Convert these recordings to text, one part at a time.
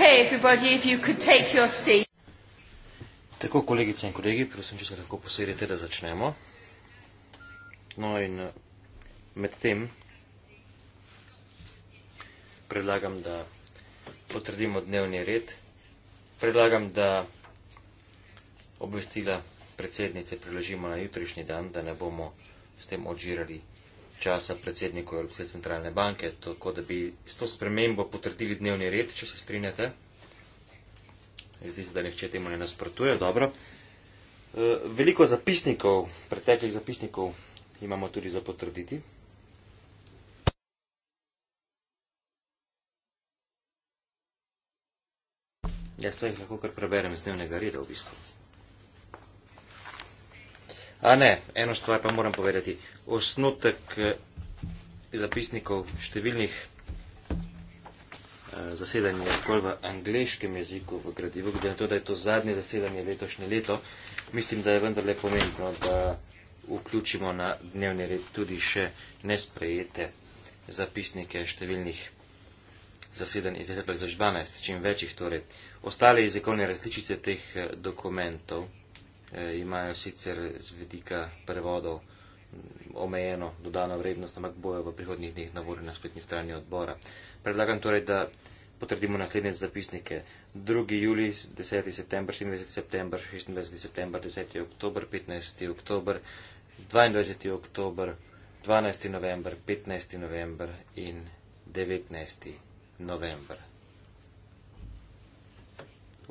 okay, Tako, kolegice in kolegi, prosim, če se lahko posedete, da začnemo. No in eh, med tem predlagam, da potrdimo dnevni red. Predlagam, da obvestila predsednice preložimo na jutrišnji dan, da ne bomo s tem odžirali časa predsedniku Evropske centralne banke, tako da bi s to spremembo potrdili dnevni red, če se strinjate. Zdi se, da nihče temu ne nasprotuje, dobro. E, veliko zapisnikov, preteklih zapisnikov, imamo tudi za potrditi. Jaz se jih lahko kar preberem z dnevnega reda v bistvu. A ne, eno stvar pa moram povedati. Osnutek eh, zapisnikov številnih eh, zasedanj je zgolj v angliškem jeziku v gradivu, glede na to, da je to zadnje zasedanje letošnje leto, mislim, da je vendarle pomembno, da vključimo na dnevni red tudi še nesprejete zapisnike številnih zasedanj iz leta 2012, čim večjih torej. Ostale jezikovne različice teh eh, dokumentov. Eh, imajo sicer z vedika prevodov omejeno dodano vrednost, ampak bojo v prihodnjih dneh na voljo na spletni strani odbora. Predlagam torej, da potrdimo naslednje zapisnike. 2. juli, 10. september, 24. september, 26. september, 10. oktober, 15. oktober, 22. oktober, 12. november, 15. november in 19. november.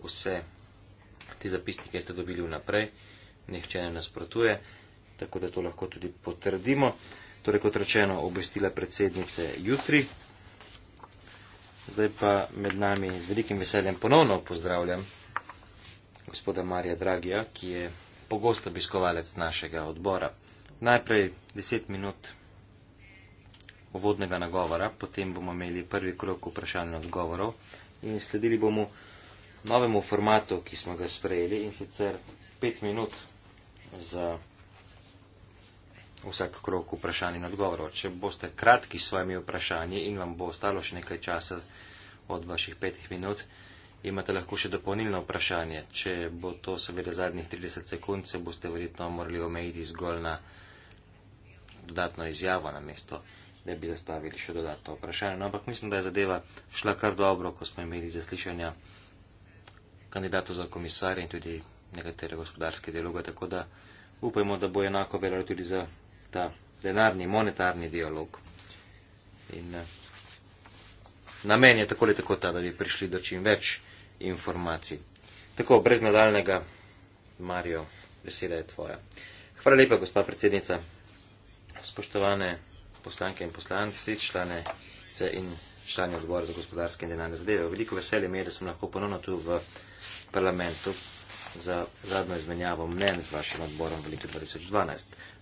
Vse te zapisnike ste dobili vnaprej, nihče ne nasprotuje, tako da to lahko tudi potrdimo. Torej, kot rečeno, obvestila predsednice jutri. Zdaj pa med nami z velikim veseljem ponovno pozdravljam gospoda Marija Dragija, ki je pogosto obiskovalec našega odbora. Najprej 10 minut uvodnega nagovora, potem bomo imeli prvi krok vprašanj in odgovorov in sledili bomo novemu formatu, ki smo ga sprejeli in sicer pet minut za vsak krok vprašanj in odgovorov. Če boste kratki s svojimi vprašanji in vam bo ostalo še nekaj časa od vaših petih minut, imate lahko še dopolnilno vprašanje. Če bo to seveda zadnjih 30 sekund, se boste verjetno morali omejiti zgolj na dodatno izjavo na mesto, da bi zastavili še dodatno vprašanje. No, ampak mislim, da je zadeva šla kar dobro, ko smo imeli zaslišanja kandidatu za komisarja in tudi nekatere gospodarske dialoge, tako da upajmo, da bo enako veljalo tudi za ta denarni, monetarni dialog. In eh, namen je tako ali tako ta, da bi prišli do čim več informacij. Tako, brez nadaljnega, Mario, beseda je tvoja. Hvala lepa, gospa predsednica. Spoštovane poslanke in poslanci, člane se in člani odbora za gospodarske in denarne zadeve. Veliko veselje mi je, da sem lahko ponovno tu v parlamentu za zadnjo izmenjavo mnen z vašim odborom v letu 2012.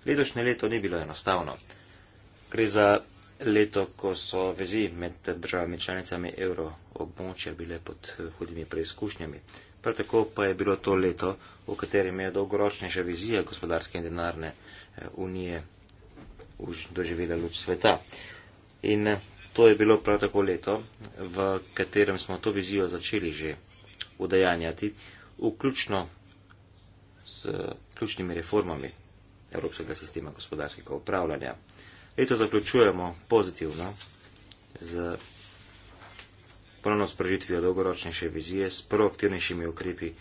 Letošnje leto ni bilo enostavno. Gre za leto, ko so vezi med državami članicami evro območja bile pod eh, hudimi preizkušnjami. Prav tako pa je bilo to leto, v katerem je dolgoročnejša vizija gospodarske in denarne eh, unije už doživela luč sveta. In eh, to je bilo prav tako leto, v katerem smo to vizijo začeli že udejanjati, vključno s ključnimi reformami Evropskega sistema gospodarskega upravljanja. Leto zaključujemo pozitivno z ponovno sprožitvijo dolgoročnejše vizije s proaktivnejšimi ukrepi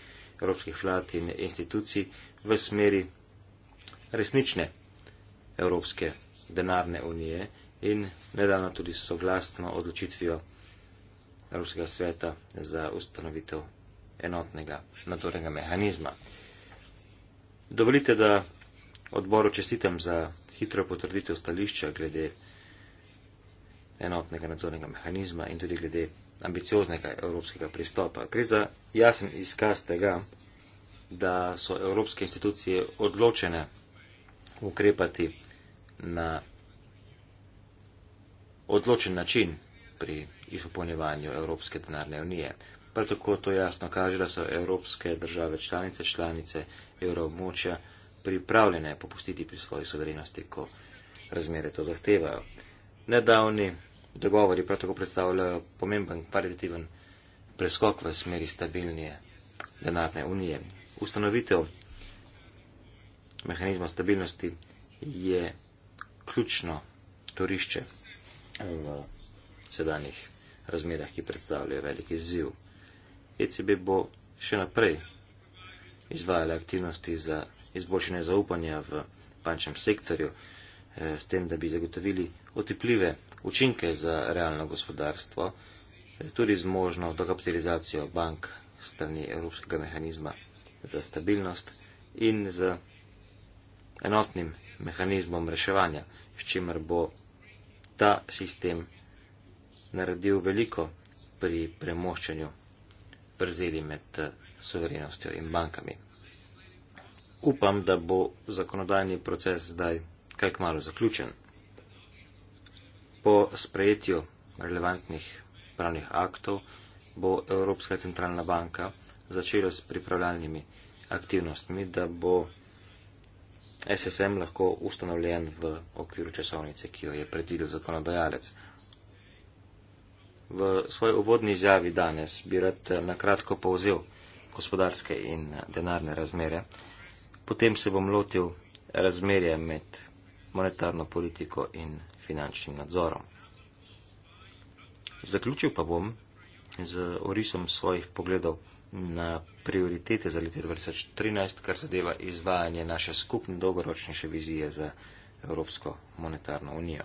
evropskih vlad in institucij v smeri resnične Evropske denarne unije in nedavno tudi soglasno odločitvijo Evropskega sveta za ustanovitev enotnega nadzornega mehanizma. Dovolite, da odboru čestitam za hitro potrditev stališča glede enotnega nadzornega mehanizma in tudi glede ambicioznega evropskega pristopa. Gre za jasen izkaz tega, da so evropske institucije odločene ukrepati na odločen način pri izpopolnjevanju Evropske denarne unije. Prav tako to jasno kaže, da so evropske države članice, članice evroobmočja pripravljene popustiti pri svoji soverenosti, ko razmere to zahtevajo. Nedavni dogovori prav tako predstavljajo pomemben kvalitativen preskok v smeri stabilnije denarne unije. Ustanovitev mehanizma stabilnosti je ključno torišče v sedanjih razmerah, ki predstavljajo velik izziv. ECB bo še naprej izvajala aktivnosti za izboljšanje zaupanja v bančnem sektorju, eh, s tem, da bi zagotovili otepljive učinke za realno gospodarstvo, eh, tudi z možno dokapitalizacijo bank strani Evropskega mehanizma za stabilnost in z enotnim mehanizmom reševanja, s čimer bo ta sistem naredil veliko pri premoščanju brzeli med eh, suverenostjo in bankami. Upam, da bo zakonodajni proces zdaj kaj kmalo zaključen. Po sprejetju relevantnih pravnih aktov bo Evropska centralna banka začela s pripravljalnimi aktivnostmi, da bo SSM lahko ustanovljen v okviru časovnice, ki jo je predvidel zakonodajalec v svoj uvodni izjavi danes bi rad eh, na kratko povzel gospodarske in eh, denarne razmere. Potem se bom lotil razmerja med monetarno politiko in finančnim nadzorom. Zaključil pa bom z orisom svojih pogledov na prioritete za leto 2013, kar zadeva izvajanje naše skupne dolgoročnejše vizije za Evropsko monetarno unijo.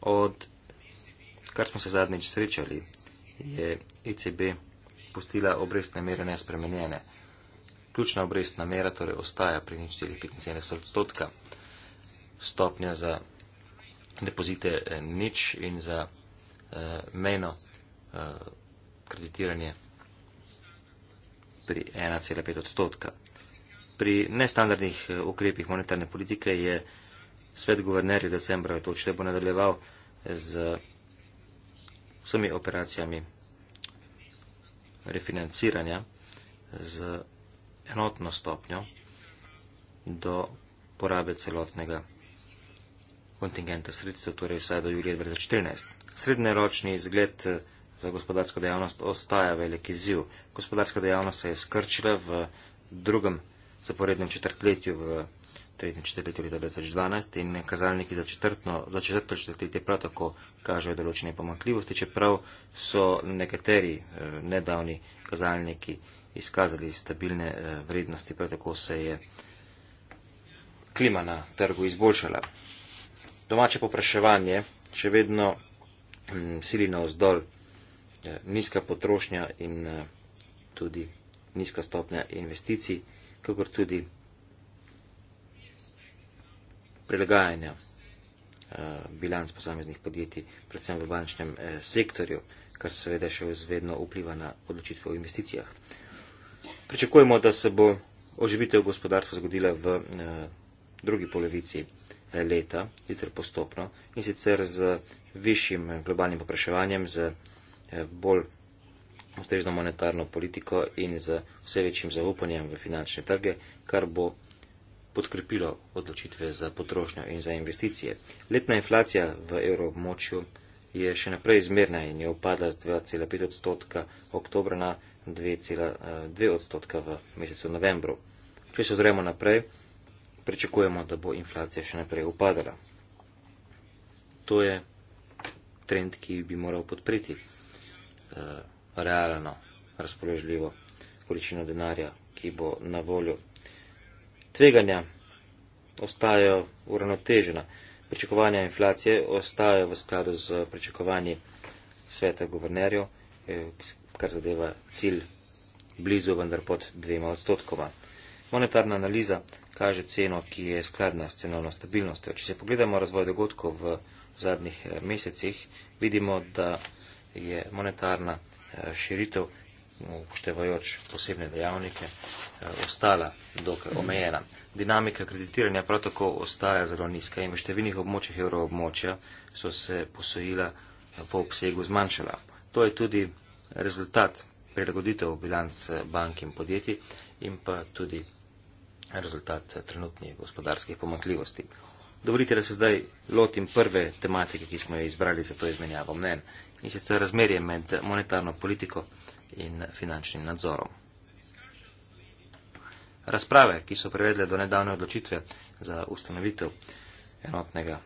Od kar smo se zadnjič srečali, je ECB pustila obrestne mere nespremenjene. Ključna obrestna mera torej ostaja pri nič celih 75 odstotka. Stopnja za depozite eh, nič in za eh, mejno eh, kreditiranje pri 1,5 odstotka. Pri nestandardnih eh, ukrepih monetarne politike je svet guvernerja decembra, to če bo nadaljeval z vsemi operacijami refinanciranja z enotno stopnjo do porabe celotnega kontingenta sredstev, torej vsaj do julija 2014. Srednjeročni izgled eh, za gospodarsko dejavnost ostaja velik izziv. Gospodarska dejavnost se je skrčila v drugem zaporednem četrtletju v tretje četrtletje leta 2012 in kazalniki za, četrtno, za četrto četrtletje prav tako kažejo določene pomakljivosti, čeprav so nekateri eh, nedavni kazalniki izkazali stabilne eh, vrednosti, prav tako se je klima na trgu izboljšala. Domače popraševanje še vedno m, mm, sili na vzdolj, eh, nizka potrošnja in tudi nizka stopnja investicij, kakor tudi prilagajanja eh, bilanc posameznih podjetij, predvsem v bančnem eh, sektorju, kar seveda še vedno vpliva na odločitve o investicijah. Pričakujemo, da se bo oživitev gospodarstva zgodila v eh, drugi polovici leta, sicer postopno, in sicer z višjim globalnim popraševanjem, z bolj ustrežno monetarno politiko in z vse večjim zaupanjem v finančne trge, kar bo podkrepilo odločitve za potrošnjo in za investicije. Letna inflacija v evroobmočju je še naprej izmerna in je upadla z 2,5 odstotka oktobra na 2,2 odstotka v mesecu novembru. Če se ozremo naprej, pričakujemo, da bo inflacija še naprej upadala. To je trend, ki bi moral podpreti eh, realno razpoložljivo količino denarja, ki bo na voljo tveganja ostajajo uravnotežena, pričakovanja inflacije ostajajo v skladu z pričakovanji sveta guvernerjev, eh, kar zadeva cilj blizu, vendar pod dvema odstotkoma. Monetarna analiza kaže ceno, ki je skladna s cenovno stabilnostjo. Če se pogledamo razvoj dogodkov v zadnjih eh, mesecih, vidimo, da je monetarna eh, širitev upoštevajoč posebne dejavnike, eh, ostala dokaj omejena. Dinamika kreditiranja prav tako ostaja zelo nizka in v številnih območjih evroobmočja so se posojila eh, po obsegu zmanjšala. To je tudi rezultat prilagoditev bilanc eh, bank in podjetij in pa tudi rezultat trenutnih gospodarskih pomakljivosti. Dovolite, da se zdaj lotim prve tematike, ki smo jo izbrali za to izmenjavo mnen in sicer razmerje med monetarno politiko in in finančnim nadzorom. Razprave, ki so privedle do nedavne odločitve za ustanovitev enotnega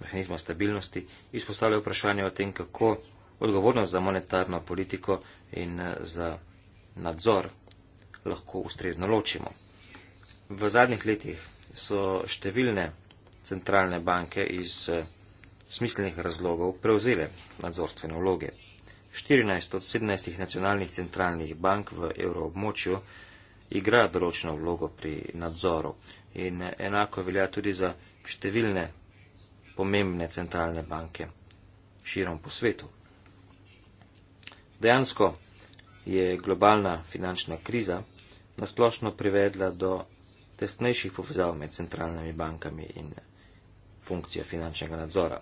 mehanizma stabilnosti, izpostavljajo vprašanje o tem, kako odgovornost za monetarno politiko in za nadzor lahko ustrezno ločimo. V zadnjih letih so številne centralne banke iz smiselnih razlogov prevzele nadzorstvene vloge. 14 od 17 nacionalnih centralnih bank v evroobmočju igra določeno vlogo pri nadzoru in enako velja tudi za številne pomembne centralne banke širom po svetu. Dejansko je globalna finančna kriza nasplošno privedla do tesnejših povezav med centralnimi bankami in funkcijo finančnega nadzora.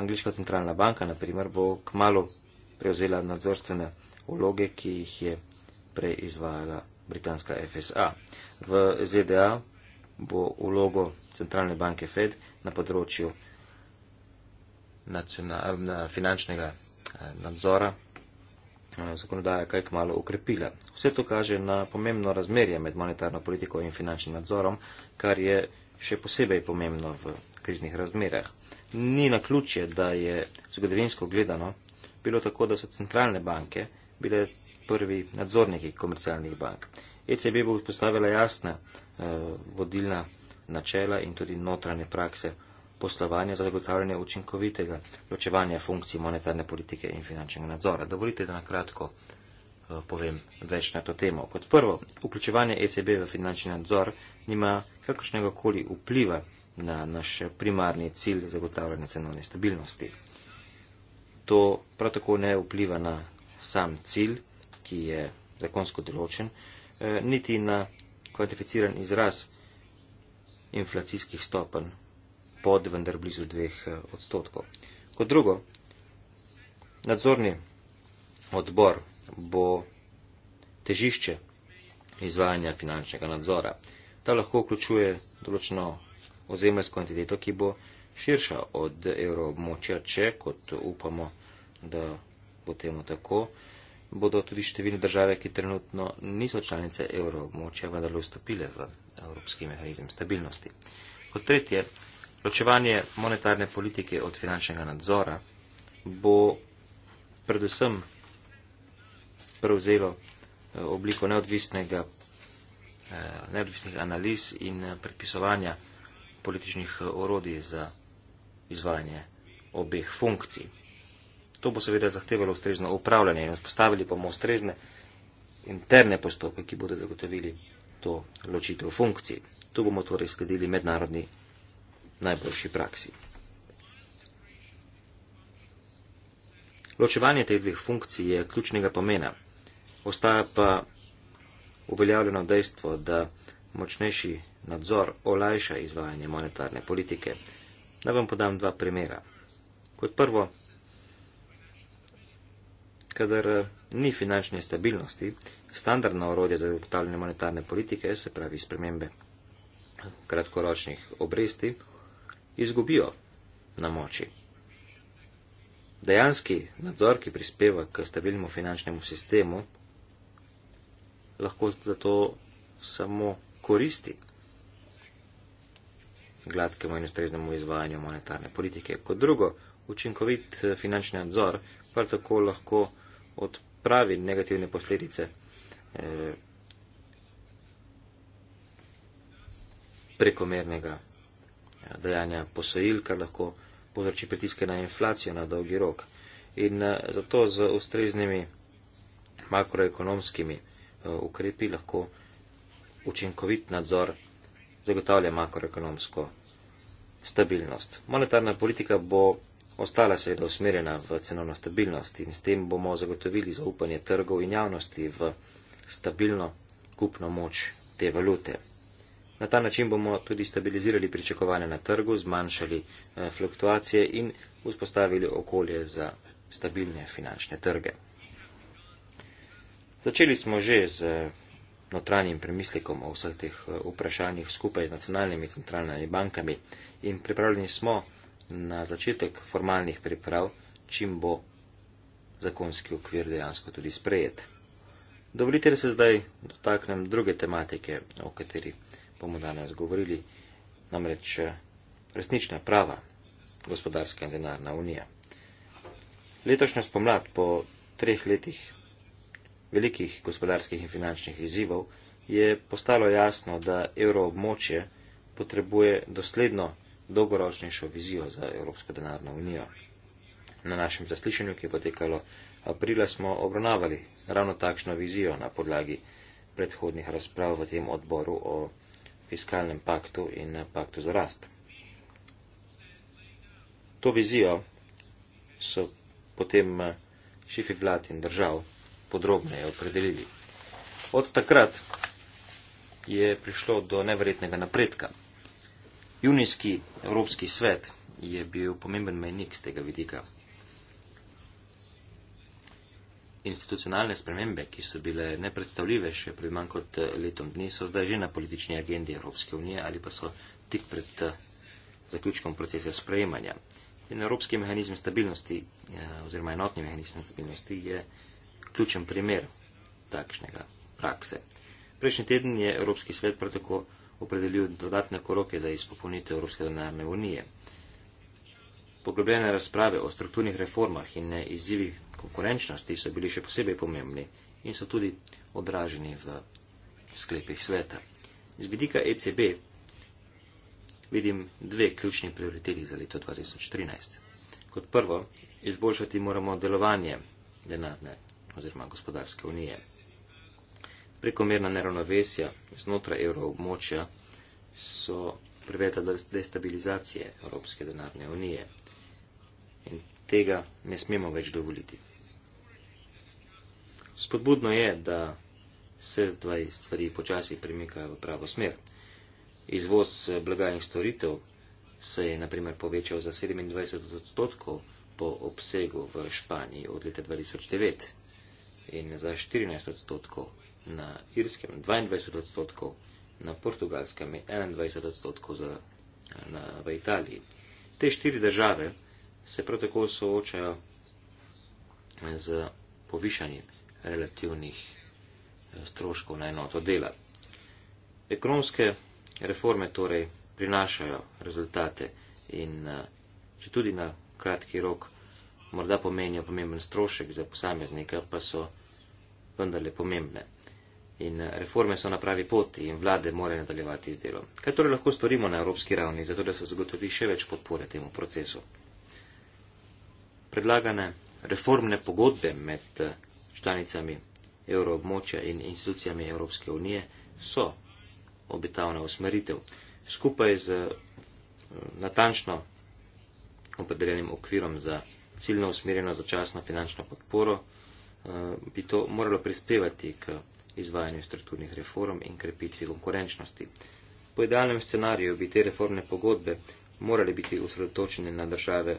Angliška centralna banka, na primer, bo k malu prevzela nadzorstvene vloge, ki jih je prej izvajala britanska FSA. V ZDA bo vlogo centralne banke Fed na področju finančnega eh, nadzora eh, zakonodaja kaj kmalo ukrepila. Vse to kaže na pomembno razmerje med monetarno politiko in finančnim nadzorom, kar je še posebej pomembno v kriznih razmerah. Ni na ključje, da je zgodovinsko gledano bilo tako, da so centralne banke bile prvi nadzorniki komercialnih bank. ECB bo vzpostavila jasna eh, vodilna načela in tudi notranje prakse poslovanja za zagotavljanje učinkovitega ločevanja funkcij monetarne politike in finančnega nadzora. Dovolite, da na kratko eh, povem več na to temo. Kot prvo, vključevanje ECB v finančni nadzor nima kakršnega koli vpliva na naš primarni cilj zagotavljanja cenovne stabilnosti. Eh, to prav tako ne vpliva na sam cilj, ki je zakonsko določen, eh, niti na kvantificiran izraz inflacijskih stopenj pod vendar blizu dveh eh, odstotkov. Kot drugo, nadzorni odbor bo težišče izvajanja finančnega nadzora. Ta lahko vključuje določeno ozemljsko entiteto, ki bo širša od evroobmočja, če, kot upamo, da bo temu tako, bodo tudi številne države, ki trenutno niso članice evroobmočja, vendar vstopile v evropski mehanizem stabilnosti. Kot tretje, ločevanje monetarne politike od finančnega nadzora bo predvsem prevzelo eh, obliko neodvisnega, eh, neodvisnih analiz in eh, predpisovanja političnih orodij za izvajanje obeh funkcij. To bo seveda zahtevalo ustrezno upravljanje in vzpostavili bomo ustrezne interne postope, ki bodo zagotovili to ločitev funkcij. Tu bomo torej sledili mednarodni najboljši praksi. Ločevanje teh dveh funkcij je ključnega pomena. Ostaja pa uveljavljeno dejstvo, da močnejši nadzor olajša izvajanje monetarne politike. Da vam podam dva primera. Kot prvo, kadar eh, ni finančne stabilnosti, standardna orodja za zagotavljanje monetarne politike, se pravi spremembe kratkoročnih obresti, izgubijo na moči. Dejanski nadzor, ki prispeva k stabilnemu finančnemu sistemu, lahko zato samo koristi gladkemu in ustreznemu izvajanju monetarne politike. Kot drugo, učinkovit eh, finančni nadzor prav tako lahko odpravi negativne posledice eh, prekomernega eh, dajanja posojil, kar lahko povzroči pritiske na inflacijo na dolgi rok. In zato z ustreznimi makroekonomskimi ukrepi lahko učinkovit nadzor zagotavlja makroekonomsko stabilnost. Monetarna politika bo ostala seveda usmerjena v cenovno stabilnost in s tem bomo zagotovili zaupanje trgov in javnosti v stabilno kupno moč te valute. Na ta način bomo tudi stabilizirali pričakovanja na trgu, zmanjšali eh, fluktuacije in vzpostavili okolje za stabilne finančne trge. Začeli smo že z notranjim premislekom o vseh teh eh, vprašanjih skupaj z nacionalnimi centralnimi bankami in pripravljeni smo na začetek formalnih priprav, čim bo zakonski okvir dejansko tudi sprejet. Dovolite, da se zdaj dotaknem druge tematike, o kateri bomo danes govorili, namreč eh, resnična prava gospodarska in denarna unija. Letošnja spomlad po treh letih velikih gospodarskih in finančnih izzivov, je postalo jasno, da evroobmočje potrebuje dosledno dolgoročnejšo vizijo za Evropsko denarno unijo. Na našem zaslišanju, ki je potekalo aprila, smo obravnavali ravno takšno vizijo na podlagi predhodnih razprav v tem odboru o fiskalnem paktu in paktu za rast. To vizijo so potem eh, šefi vlad in držav подробнее определили. От такрат je prišlo do neverjetnega napredka. Junijski Evropski svet je bil pomemben menik z tega vidika. Institucionalne spremembe, ki so bile nepredstavljive še pred manj kot eh, letom dni, so zdaj že na politični agendi Evropske unije ali pa so tik pred eh, zaključkom procesa sprejemanja. In Evropski mehanizem stabilnosti eh, oziroma enotni mehanizem stabilnosti je ključen primer takšnega prakse. Prejšnji teden je Evropski svet prav tako opredelil dodatne koroke za izpopolnitev Evropske denarne unije. Poglobljene razprave o strukturnih reformah in izzivih konkurenčnosti so bili še posebej pomembni in so tudi odraženi v sklepih sveta. Z vidika ECB vidim dve ključni prioriteti za leto 2013. Kot prvo, izboljšati moramo delovanje denarne oziroma gospodarske unije. Prekomerna neravnovesja znotraj evroobmočja so privedla do destabilizacije Evropske denarne unije in tega ne smemo več dovoliti. Spodbudno je, da se zdaj stvari počasi premikajo v pravo smer. Izvoz eh, blaga in storitev se je, na primer, povečal za 27 odstotkov po obsegu v Španiji od leta 2009 in za 14 odstotkov na Irskem, 22 odstotkov na Portugalskem in 21 odstotkov za, na, v Italiji. Te štiri države se prav tako soočajo z povišanjem relativnih eh, stroškov na enoto dela. Ekonomske reforme torej prinašajo rezultate in eh, če tudi na kratki rok morda pomenijo pomemben strošek za posameznika, pa so vendarle pomembne. In eh, reforme so na pravi poti in vlade morajo nadaljevati z delom. Kaj torej lahko storimo na evropski ravni, zato da se zagotovi še več podpore temu procesu? Predlagane reformne pogodbe med eh, članicami evroobmočja in institucijami Evropske unije so obetavna usmeritev. Skupaj z eh, natančno opredeljenim okvirom za ciljno usmerjeno začasno finančno podporo, Eh, bi to moralo prispevati k izvajanju strukturnih reform in krepitvi konkurenčnosti. Po idealnem scenariju bi te reformne pogodbe morali biti usredotočene na države,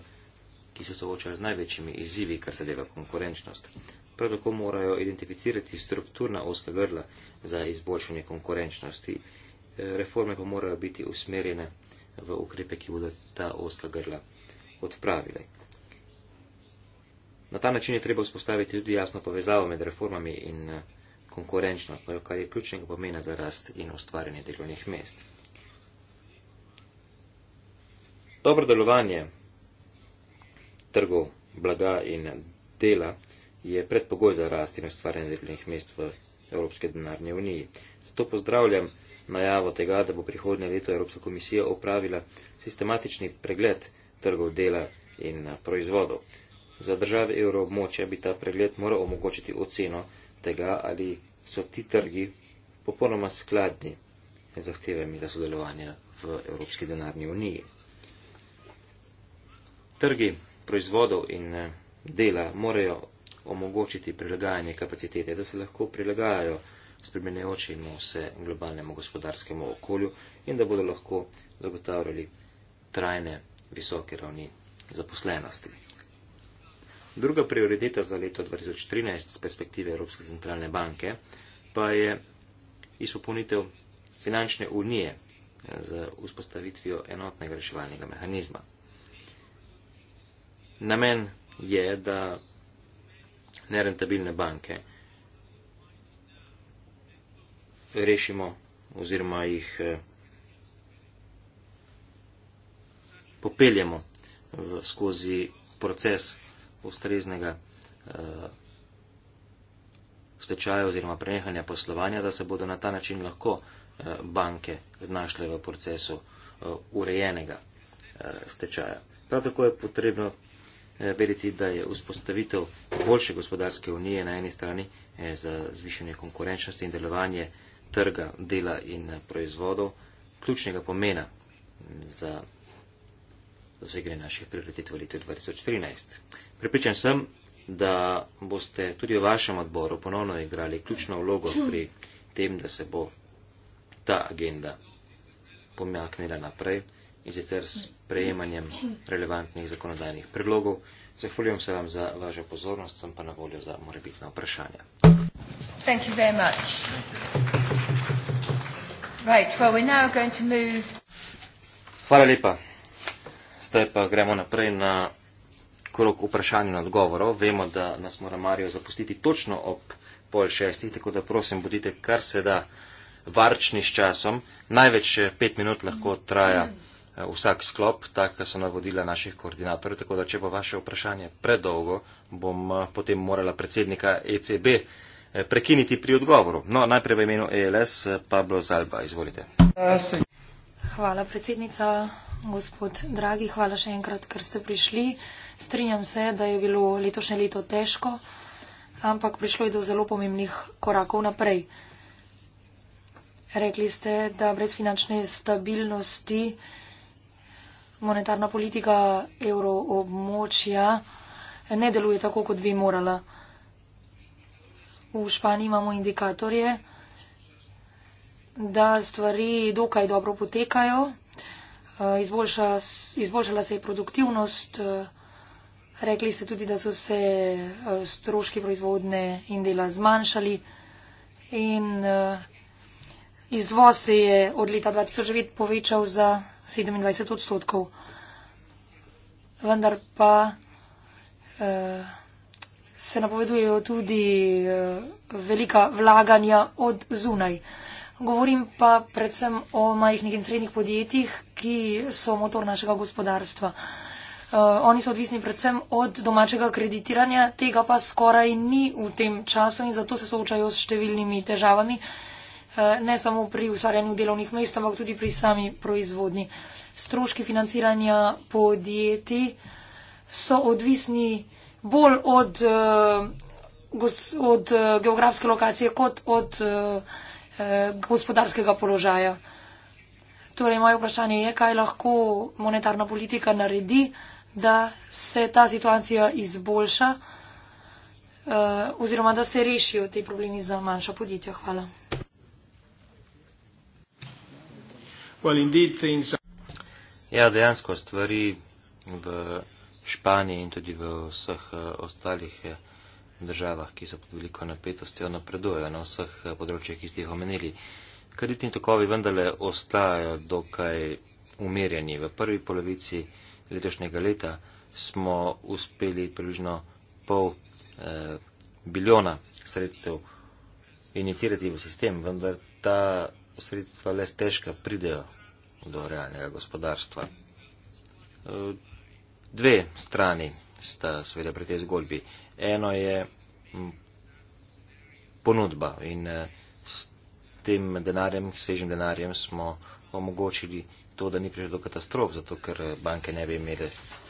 ki se soočajo z največjimi izzivi, kar zadeva konkurenčnost. Prav tako morajo identificirati strukturna oska grla za izboljšanje konkurenčnosti. Eh, reforme pa morajo biti usmerjene v ukrepe, ki bodo ta oska grla odpravile. Na ta način je treba vzpostaviti tudi jasno povezavo med reformami in eh, konkurenčnostjo, kar je ključnega pomena za rast in ustvarjanje delovnih mest. Dobro delovanje trgov blaga in dela je predpogoj za rast in ustvarjanje delovnih mest v Evropske denarne uniji. Zato pozdravljam najavo tega, da bo prihodnje leto Evropska komisija opravila sistematični pregled trgov dela in eh, proizvodov. Za države evroobmočja bi ta pregled moral omogočiti oceno tega, ali so ti trgi popolnoma skladni z zahtevami za sodelovanje v Evropski denarni uniji. Trgi proizvodov in eh, dela morajo omogočiti prilagajanje kapacitete, da se lahko prilagajajo spremenjajočemu se globalnemu gospodarskemu okolju in da bodo lahko zagotavljali trajne visoke ravni zaposlenosti. Druga prioriteta za leto 2013 z perspektive Evropske centralne banke pa je izpopolnitev finančne unije eh, z vzpostavitvijo enotnega reševalnega mehanizma. Namen je, da nerentabilne banke rešimo oziroma jih eh, popeljemo skozi proces ustreznega uh, stečaja oziroma prenehanja poslovanja, da se bodo na ta način lahko uh, banke znašle v procesu uh, urejenega uh, stečaja. Prav tako je potrebno uh, vedeti, da je vzpostavitev boljše gospodarske unije na eni strani eh, za zvišanje konkurenčnosti in delovanje trga, dela in proizvodov ključnega pomena mm, za dosegli naših prioritet v letu 2013. Pripričan sem, da boste tudi v vašem odboru ponovno igrali ključno vlogo pri tem, da se bo ta agenda pomaknila naprej in sicer s prejemanjem relevantnih zakonodajnih predlogov. Zahvaljujem se vam za vašo pozornost, sem pa na voljo za morebitna vprašanja. Thank you very much. Right, well, we're now going to move... Hvala lepa. Zdaj pa gremo naprej na krok vprašanj in odgovorov. Vemo, da nas mora Marijo zapustiti točno ob pol šestih, tako da prosim, bodite kar se da varčni s časom. Največ pet minut lahko traja eh, vsak sklop, taka so navodila naših koordinatorjev, tako da če bo vaše vprašanje predolgo, bom eh, potem morala predsednika ECB eh, prekiniti pri odgovoru. No, najprej v imenu ELS, Pablo Zalba, izvolite. Hvala, predsednica gospod Dragi, hvala še enkrat, ker ste prišli. Strinjam se, da je bilo letošnje leto težko, ampak prišlo je do zelo pomembnih korakov naprej. Rekli ste, da brez finančne stabilnosti monetarna politika evroobmočja ne deluje tako, kot bi morala. V Španiji imamo indikatorje, da stvari dokaj dobro potekajo. Eh, izboljša, izboljšala se je produktivnost, eh, rekli ste tudi, da so se eh, stroški proizvodne in dela zmanjšali in izvoz se je od leta 2009 povečal za 27 odstotkov. Vendar pa se napovedujejo tudi velika vlaganja od zunaj. Govorim pa predvsem o majhnih in srednjih podjetjih, ki so motor našega gospodarstva. Uh, oni so odvisni predvsem od domačega kreditiranja, tega pa skoraj ni v tem času in zato se soočajo s številnimi težavami, uh, ne samo pri ustvarjanju delovnih mest, ampak tudi pri sami proizvodni. Stroški financiranja podjetij so odvisni bolj od, uh, gos, od uh, geografske lokacije kot od. Uh, Eh, gospodarskega položaja. Torej, moje vprašanje je, kaj lahko monetarna politika naredi, da se ta situacija izboljša eh, oziroma da se rešijo te problemi za manjša podjetja. Hvala. Ja, dejansko stvari v Španiji in tudi v vseh eh, ostalih. Je državah, ki so pod veliko napetostjo napredujejo na vseh eh, področjih, ki ste jih omenili. Kreditni tokovi vendarle ostajajo dokaj umirjeni. V prvi polovici letošnjega leta smo uspeli približno pol eh, biliona sredstev inicirati v sistem, vendar ta sredstva le stežka pridejo do realnega gospodarstva. Eh, dve strani sta seveda pri tej zgodbi. Eno je mm, ponudba in eh, s tem denarjem, svežim denarjem smo omogočili to, da ni prišlo do katastrof, zato ker eh, banke ne bi imele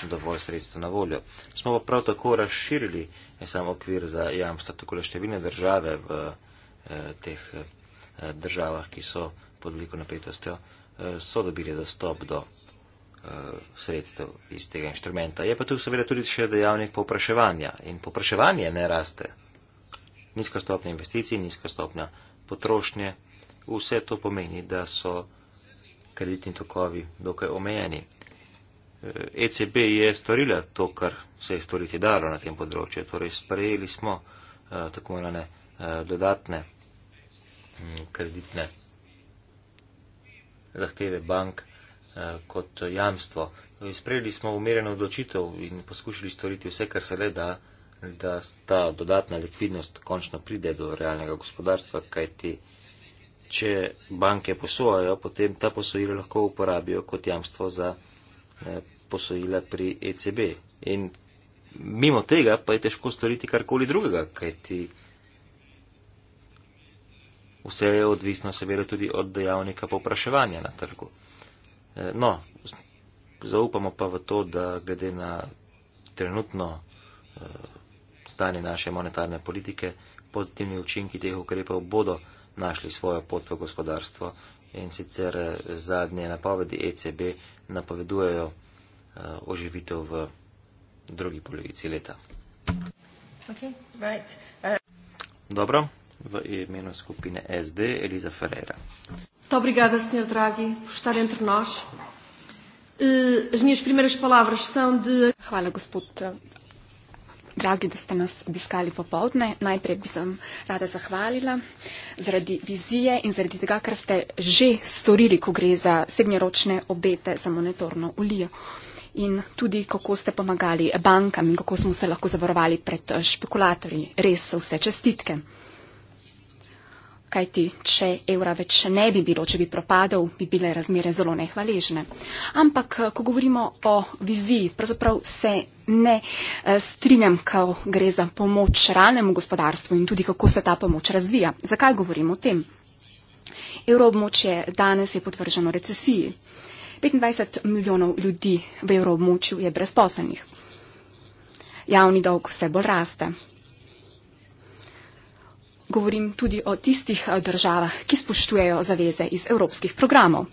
dovolj sredstva na voljo. Smo pa prav tako razširili eh, sam okvir za jamstva, tako da številne države v teh državah, ki so pod veliko napetostjo, so dobili dostop do uh, sredstev iz tega inštrumenta. Je pa tu seveda tudi še dejavnik popraševanja in popraševanje ne raste. Nizka stopnja investicij, nizka stopnja potrošnje, vse to pomeni, da so kreditni tokovi dokaj omejeni. ECB eh, e je storila to, kar se je storiti dalo na tem področju. Torej, sprejeli smo uh, tako imenovane uh, dodatne um, kreditne zahteve bank, Eh, kot jamstvo. Sprejeli smo umirjeno odločitev in poskušali storiti vse, kar se le da, da ta dodatna likvidnost končno pride do realnega gospodarstva, kajti če banke posojajo, potem ta posojila lahko uporabijo kot jamstvo za eh, posojila pri ECB. In mimo tega pa je težko storiti karkoli drugega, kajti vse je odvisno seveda tudi od dejavnika popraševanja na trgu. Eh, no, zaupamo pa v to, da glede na trenutno eh, stanje naše monetarne politike, pozitivni učinki teh ukrepov bodo našli svojo pot v gospodarstvo in sicer eh, zadnje napovedi ECB napovedujejo oživitev v drugi polovici leta. Okay, right. uh... Dobro, v imenu skupine SD Eliza Ferreira. Muito obrigada, Sr. Draghi, por estar entre nós. Eh, as minhas primeiras palavras são de. Hvala, gospodine. Dragi, da ste nas obiskali popovdne. Najprej bi sem rada zahvalila zaradi vizije in zaradi tega, kar ste že storili, ko gre za srednjeročne obete za monetorno ulijo. In tudi, kako ste pomagali bankam in kako smo se lahko zavarovali pred špekulatorji. Res so vse čestitke kajti če evra več ne bi bilo, če bi propadel, bi bile razmere zelo nehvaležne. Ampak, ko govorimo o viziji, pravzaprav se ne eh, strinjam, ko gre za pomoč realnemu gospodarstvu in tudi kako se ta pomoč razvija. Zakaj govorim o tem? Evroobmočje danes je potvrženo recesiji. 25 milijonov ljudi v evroobmočju je brezposelnih. Javni dolg vse bolj raste govorim tudi o tistih eh, državah, ki spoštujejo zaveze iz evropskih programov.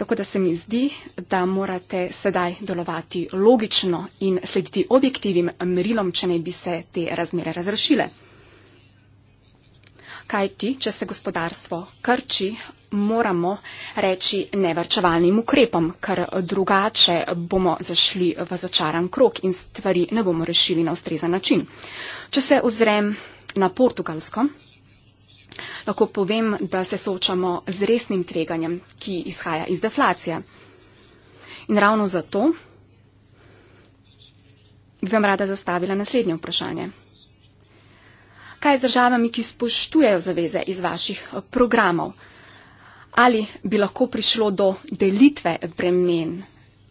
Tako da se mi zdi, da morate sedaj delovati logično in slediti objektivim merilom, če ne bi se te razmere razrešile kaj ti, če se gospodarstvo krči, moramo reči nevrčevalnim ukrepom, ker drugače bomo zašli v začaran krok in stvari ne bomo rešili na ustrezan način. Če se ozrem na portugalsko, lahko povem, da se soočamo z resnim tveganjem, ki izhaja iz deflacije. In ravno zato bi vam rada zastavila naslednje vprašanje kaj z državami, ki spoštujejo zaveze iz vaših eh, programov? Ali bi lahko prišlo do delitve bremen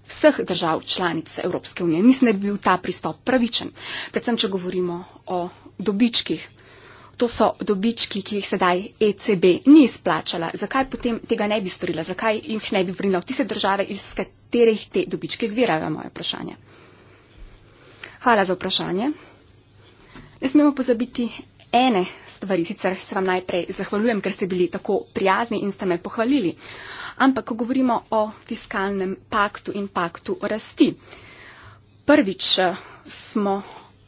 vseh držav članic Evropske unije? Mislim, da bi bil ta pristop pravičen, predvsem, če govorimo o dobičkih. To so dobički, ki jih sedaj ECB ni izplačala. Zakaj potem tega ne bi storila? Zakaj jih ne bi vrnila v tiste države, iz katerih te dobičke izvirajo? Moje vprašanje. Hvala za vprašanje. Ne smemo pozabiti ene stvari sicer se vam najprej zahvaljujem, ker ste bili tako prijazni in ste me pohvalili, ampak ko govorimo o fiskalnem paktu in paktu rasti. Prvič eh, smo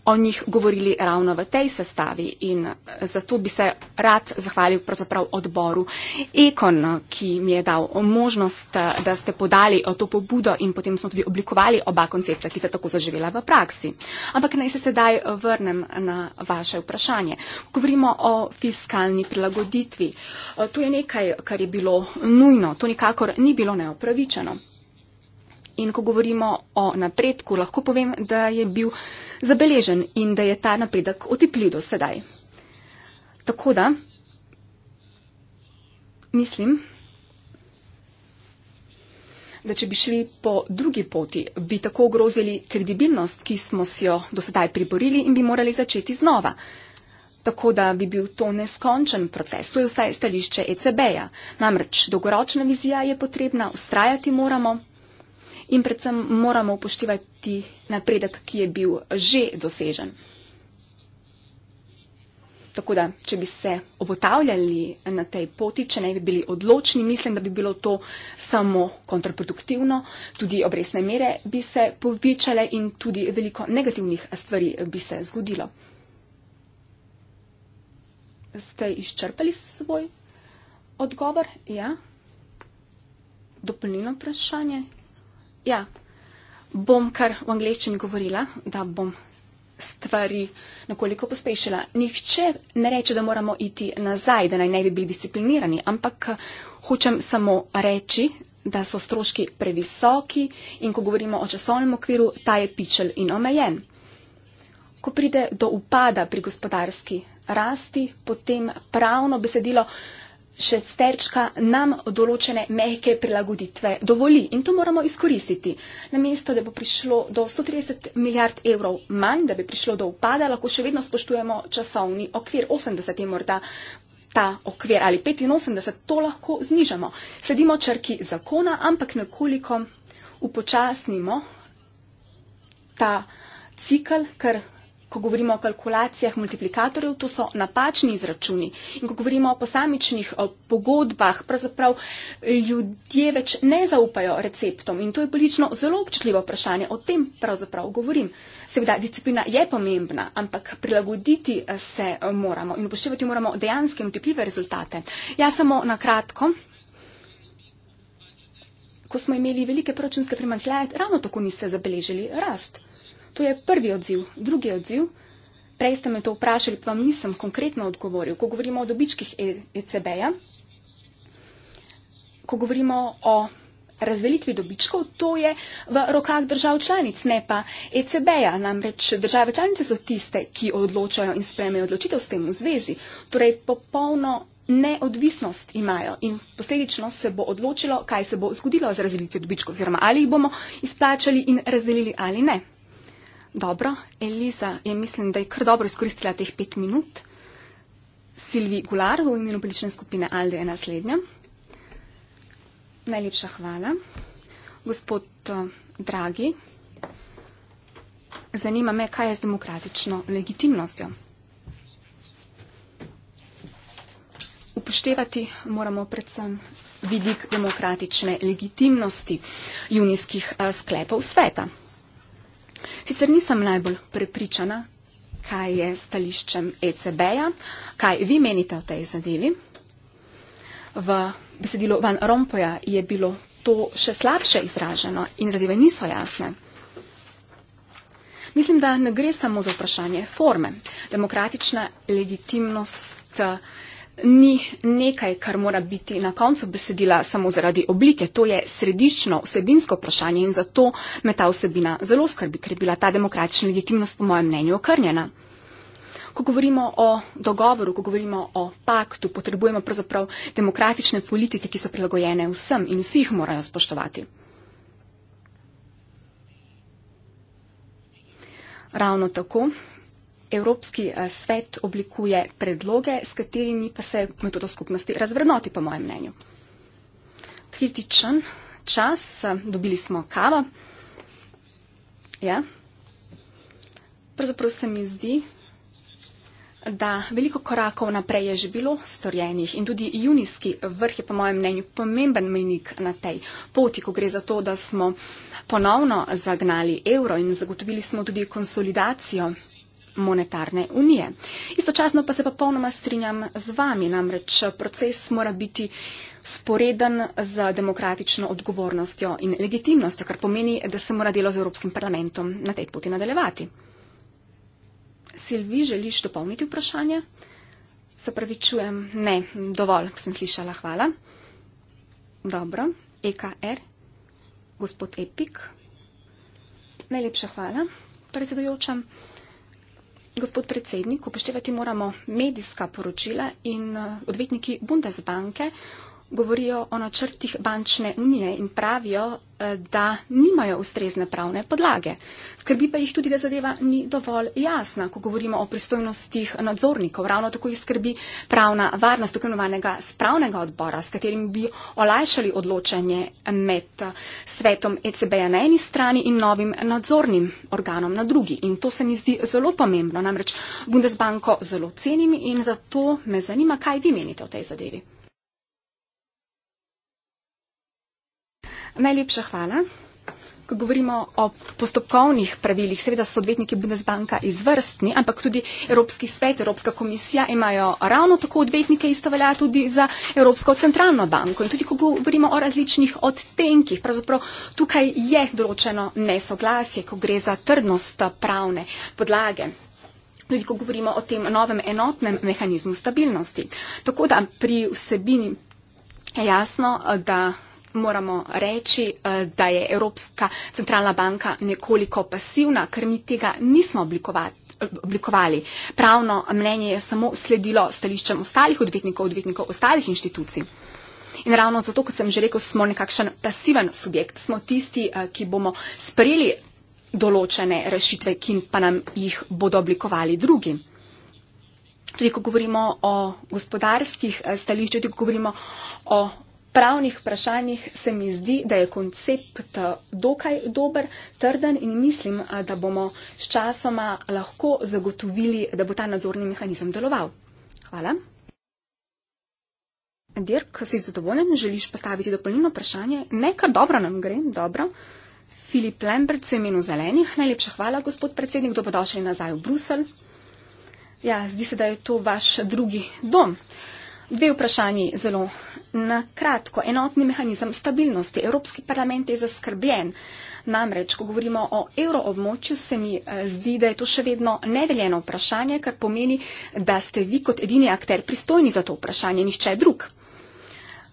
o njih govorili ravno v tej sestavi in eh, zato bi se rad zahvalil pravzaprav odboru Ekon, ki mi je dal možnost, eh, da ste podali eh, to pobudo in potem smo tudi oblikovali oba koncepta, ki sta tako zaživela v praksi. Ampak naj se sedaj vrnem na vaše vprašanje. Govorimo o fiskalni prilagoditvi. To je nekaj, kar je bilo nujno, to nikakor ni bilo neopravičeno. In ko govorimo o napredku, lahko povem, da je bil zabeležen in da je ta napredek otepljiv do sedaj. Tako da mislim, da če bi šli po drugi poti, bi tako ogrozili kredibilnost, ki smo si jo do sedaj priborili in bi morali začeti znova. Tako da bi bil to neskončen proces. To je vsaj stališče ECB-ja. Namreč dolgoročna vizija je potrebna, ustrajati moramo in predvsem moramo upoštevati napredek, ki je bil že dosežen. Tako da, če bi se obotavljali na tej poti, če ne bi bili odločni, mislim, da bi bilo to samo kontraproduktivno, tudi obresne mere bi se povečale in tudi veliko negativnih stvari bi se zgodilo. Ste izčrpali svoj odgovor? Ja. Dopolnilno vprašanje. Ja, bom kar v angleščini govorila, da bom stvari nekoliko pospešila. Nihče ne reče, da moramo iti nazaj, da naj ne bi bili disciplinirani, ampak eh, hočem samo reči, da so stroški previsoki in ko govorimo o časovnem okviru, ta je pičel in omejen. Ko pride do upada pri gospodarski rasti, potem pravno besedilo šesterčka nam določene mehke prilagoditve dovoli in to moramo izkoristiti. Namesto, da bo prišlo do 130 milijard evrov manj, da bi prišlo do upada, lahko še vedno spoštujemo časovni okvir 80 je morda ta okvir ali 85, to lahko znižamo. Sledimo črki zakona, ampak nekoliko upočasnimo ta cikl, ker ko govorimo o kalkulacijah multiplikatorjev, to so napačni izračuni. In ko govorimo o posamičnih pogodbah, pravzaprav eh, ljudje več ne zaupajo receptom. In to je politično zelo občutljivo vprašanje. O tem pravzaprav govorim. Seveda, disciplina je pomembna, ampak prilagoditi eh, se eh, moramo in upoštevati moramo dejanske multiplive rezultate. Ja, samo na kratko. Ko smo imeli velike proračunske primanjkljaje, ravno tako niste zabeležili rast. To je prvi odziv. Drugi odziv, prej ste me to vprašali, pa vam nisem konkretno odgovoril. Ko govorimo o dobičkih ECB-ja, e ko govorimo o razdelitvi dobičkov, to je v rokah držav članic, ne pa ECB-ja. Namreč države članice so tiste, ki odločajo in spremejo odločitev s tem v zvezi. Torej, popolno neodvisnost imajo in posledično se bo odločilo, kaj se bo zgodilo z razdelitvijo dobičkov oziroma ali jih bomo izplačali in razdelili ali ne. Dobro, Eliza je, mislim, da je kar dobro izkoristila teh pet minut. Silvi Gular v imenu politične skupine Alde je naslednja. Najlepša hvala. Gospod eh, Dragi, zanima me, kaj je z demokratično legitimnostjo. Upoštevati moramo predvsem vidik demokratične legitimnosti junijskih eh, sklepov sveta. Sicer nisem najbolj prepričana, kaj je stališčem ECB-ja, kaj vi menite o tej zadevi. V besedilu Van Rompoja je bilo to še slabše izraženo in zadeve niso jasne. Mislim, da ne gre samo za vprašanje forme. Demokratična legitimnost ni nekaj, kar mora biti na koncu besedila samo zaradi oblike. To je središčno vsebinsko vprašanje in zato me ta vsebina zelo skrbi, ker je bila ta demokratična legitimnost po mojem mnenju okrnjena. Ko govorimo o dogovoru, ko govorimo o paktu, potrebujemo pravzaprav demokratične politike, ki so prilagojene vsem in vsi jih morajo spoštovati. Ravno tako Evropski eh, svet oblikuje predloge, s katerimi pa se metoda skupnosti razvrednoti, po mojem mnenju. Kritičen čas, eh, dobili smo kavo. Ja. Pravzaprav se mi zdi, da veliko korakov naprej je že bilo storjenih in tudi junijski vrh je po mojem mnenju pomemben menik na tej poti, ko gre za to, da smo ponovno zagnali evro in zagotovili smo tudi konsolidacijo monetarne unije. Istočasno pa se pa polnoma strinjam z vami, namreč proces mora biti sporeden z demokratično odgovornostjo in legitimnostjo, kar pomeni, da se mora delo z Evropskim parlamentom na tej poti nadaljevati. Silvi, želiš dopolniti vprašanje? Se pravi, čujem. Ne, dovolj, sem slišala, hvala. Dobro, EKR, gospod Epik. Najlepša hvala, predsedujoča. Gospod predsednik, upoštevati moramo medijska poročila in eh, odvetniki Bundesbanke govorijo o načrtih bančne unije in pravijo, eh, da nimajo ustrezne pravne podlage. Skrbi pa jih tudi, da zadeva ni dovolj jasna, ko govorimo o pristojnostih nadzornikov. Ravno tako jih skrbi pravna varnost tako imenovanega spravnega odbora, s katerim bi olajšali odločanje med svetom ECB-ja na eni strani in novim nadzornim organom na drugi. In to se mi zdi zelo pomembno. Namreč Bundesbanko zelo cenim in zato me zanima, kaj vi menite o tej zadevi. Najlepša hvala. Ko govorimo o postopkovnih pravilih, seveda so odvetniki Bundesbanka izvrstni, ampak tudi Evropski svet, Evropska komisija imajo ravno tako odvetnike, isto velja tudi za Evropsko centralno banko. In tudi, ko govorimo o različnih odtenkih, pravzaprav tukaj je določeno nesoglasje, ko gre za trdnost pravne podlage. Tudi, ko govorimo o tem novem enotnem mehanizmu stabilnosti. Tako da pri vsebini je jasno, da moramo reči, eh, da je Evropska centralna banka nekoliko pasivna, ker mi tega nismo oblikovali. Pravno mnenje je samo sledilo stališčem ostalih odvetnikov, odvetnikov ostalih inštitucij. In ravno zato, kot sem že rekel, smo nekakšen pasiven subjekt, smo tisti, eh, ki bomo sprejeli določene rešitve, ki pa nam jih bodo oblikovali drugi. Tudi ko govorimo o gospodarskih eh, stališčih, tudi ko govorimo o pravnih vprašanjih se mi zdi, da je koncept eh, dokaj dober, trden in mislim, eh, da bomo s časoma lahko zagotovili, da bo ta nadzorni mehanizem deloval. Hvala. Dirk, si zadovoljen, želiš postaviti dopolnilno vprašanje? Neka dobro nam gre, dobro. Filip Lambert, v imenu zelenih, najlepša hvala, gospod predsednik, dobrodošli nazaj v Bruselj. Ja, zdi se, da je to vaš drugi dom. Uh, Dve vprašanji zelo na kratko. Enotni mehanizem stabilnosti. Evropski parlament je zaskrbljen. Namreč, ko govorimo o evroobmočju, se mi eh, zdi, da je to še vedno nedeljeno vprašanje, kar pomeni, da ste vi kot edini akter pristojni za to vprašanje, nihče drug.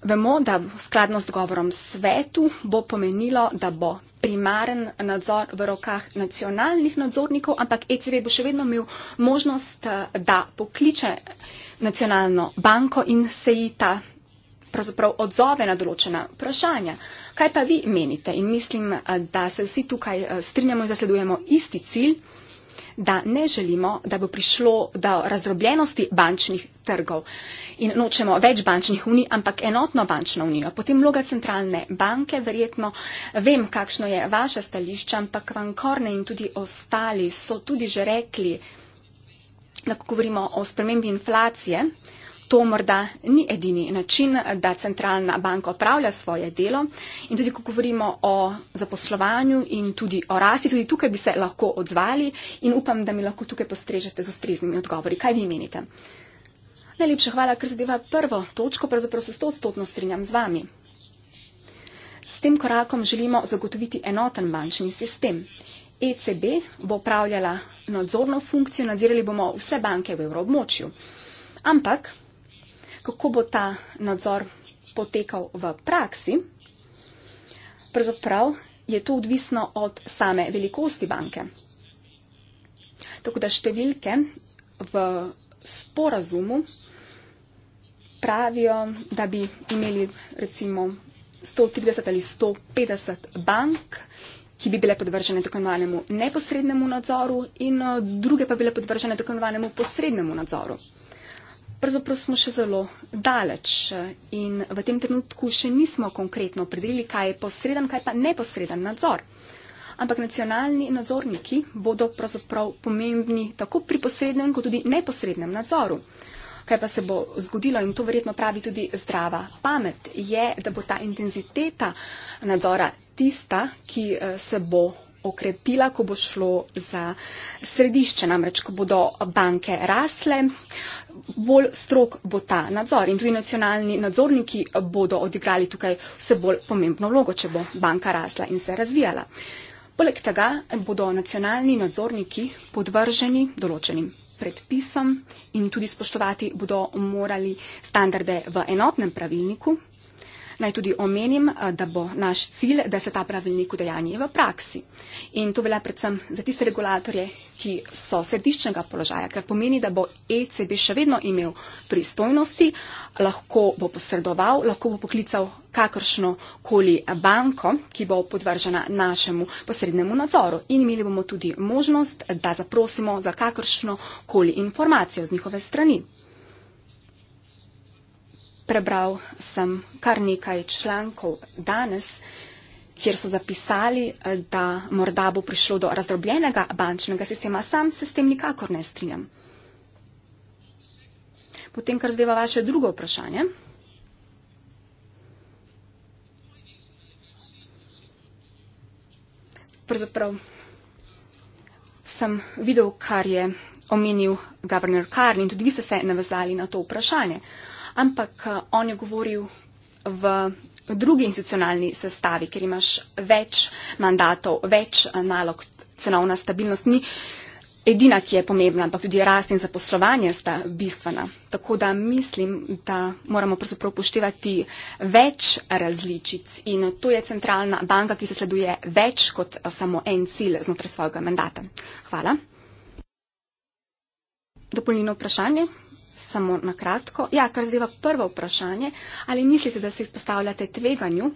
Vemo, da skladno z govorom svetu bo pomenilo, da bo primaren nadzor v rokah nacionalnih nadzornikov, ampak ECB bo še vedno imel možnost, eh, da pokliče nacionalno banko in se ji ta pravzaprav odzove na določena vprašanja. Kaj pa vi menite? In mislim, eh, da se vsi tukaj eh, strinjamo in zasledujemo isti cilj da ne želimo, da bo prišlo do razdrobljenosti bančnih trgov in nočemo več bančnih unij, ampak enotno bančno unijo. Potem vloga centralne banke, verjetno vem, kakšno je vaše stališče, ampak Van Korne in tudi ostali so tudi že rekli, da ko govorimo o spremembi inflacije, uh, to morda ni edini način, da centralna banka opravlja svoje delo. In tudi, ko govorimo o zaposlovanju in tudi o rasti, tudi tukaj bi se lahko odzvali in upam, da mi lahko tukaj postrežete z ustreznimi odgovori. Kaj vi menite? Najlepša hvala, ker zadeva prvo točko, pravzaprav se stotno strinjam z vami. S tem korakom želimo zagotoviti enoten bančni sistem. ECB bo upravljala nadzorno funkcijo, nadzirali bomo vse banke v evroobmočju. Ampak kako bo ta nadzor potekal v praksi, pravzaprav je to odvisno od same velikosti banke. Tako da številke v sporazumu pravijo, da bi imeli recimo 130 ali 150 bank, ki bi bile podvržene tako imenovanemu neposrednemu nadzoru in eh, druge pa bile podvržene tako imenovanemu posrednemu nadzoru. Pravzaprav smo še zelo daleč eh, in v tem trenutku še nismo konkretno opredelili, kaj je posreden, kaj pa neposreden nadzor. Ampak nacionalni nadzorniki bodo pravzaprav pomembni tako pri posrednem, kot tudi neposrednem nadzoru. Kaj pa se bo zgodilo, in to verjetno pravi tudi zdrava pamet, je, da bo ta intenziteta nadzora tista, ki eh, se bo okrepila, ko bo šlo za središče, namreč ko bodo banke rasle, uh, bolj strok bo ta nadzor in tudi nacionalni nadzorniki bodo odigrali tukaj vse bolj pomembno vlogo, če bo banka rasla in se razvijala. Poleg tega bodo nacionalni nadzorniki podvrženi določenim predpisom in tudi spoštovati bodo morali standarde v enotnem pravilniku, Naj tudi omenim, eh, da bo naš cilj, da se ta pravilnik udejanji v praksi. In to velja predvsem za tiste regulatorje, ki so središčnega položaja, kar pomeni, da bo ECB še vedno imel pristojnosti, lahko bo posredoval, lahko bo poklical kakršno koli banko, ki bo podvržena našemu posrednemu nadzoru. In imeli bomo tudi možnost, da zaprosimo za kakršno koli informacijo z njihove strani prebral sem kar nekaj člankov danes, kjer so zapisali, da morda bo prišlo do razdrobljenega bančnega sistema. Sam se s tem nikakor ne strinjam. Potem, kar zdaj vaše drugo vprašanje. Pravzaprav sem videl, kar je omenil governor Karn in tudi vi ste se navezali na to vprašanje ampak eh, on je govoril v drugi institucionalni sestavi, ker imaš več mandatov, več eh, nalog, cenovna stabilnost ni edina, ki je pomembna, ampak tudi rast in zaposlovanje sta bistvena. Tako da mislim, da moramo pravzaprav poštevati več različic in to je centralna banka, ki se sleduje več kot eh, samo en cilj znotraj svojega mandata. Hvala. Dopolnilno vprašanje samo na kratko. Ja, kar zdaj je prvo vprašanje, ali mislite, da se izpostavljate tveganju,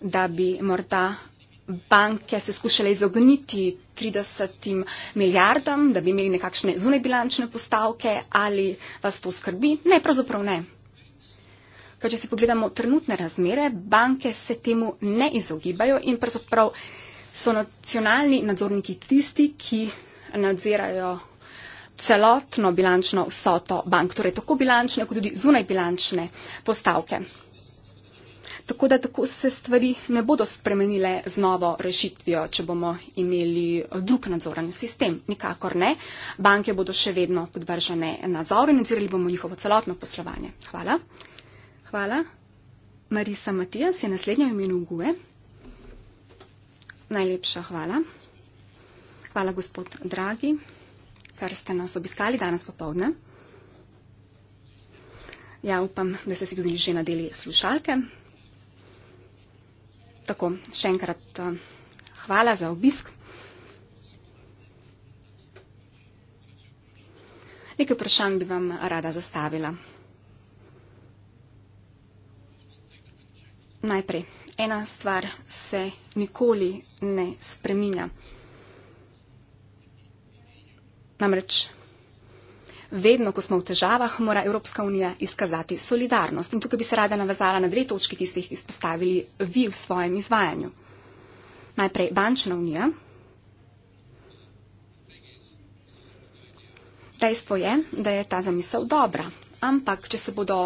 da bi morda banke se skušale izogniti 30 milijardam, da bi imeli nekakšne zunebilančne postavke, ali vas to skrbi? Ne, pravzaprav ne. Ker če si pogledamo trenutne razmere, banke se temu ne izogibajo in pravzaprav so nacionalni nadzorniki tisti, ki nadzirajo celotno bilančno vsoto bank, torej tako bilančne, kot tudi zunaj bilančne postavke. Tako da tako se stvari ne bodo spremenile z novo rešitvijo, če bomo imeli drug nadzoren sistem. Nikakor ne. Banke bodo še vedno podvržene nadzoru in nadzirali bomo njihovo celotno poslovanje. Hvala. Hvala. Marisa Matijas je naslednja v imenu Gue. Najlepša hvala. Hvala, gospod Dragi ker ste nas obiskali danes popovdne. Ja, upam, da ste si tudi že nadeli slušalke. Tako, še enkrat eh, hvala za obisk. Nekaj vprašanj bi vam rada zastavila. Najprej, ena stvar se nikoli ne spreminja. Namreč vedno, ko smo v težavah, mora Evropska unija izkazati solidarnost. In tukaj bi se rada navezala na dve točki, ki ste jih izpostavili vi v svojem izvajanju. Najprej bančna unija. Dejstvo je, da je ta zamisel dobra, ampak če se bodo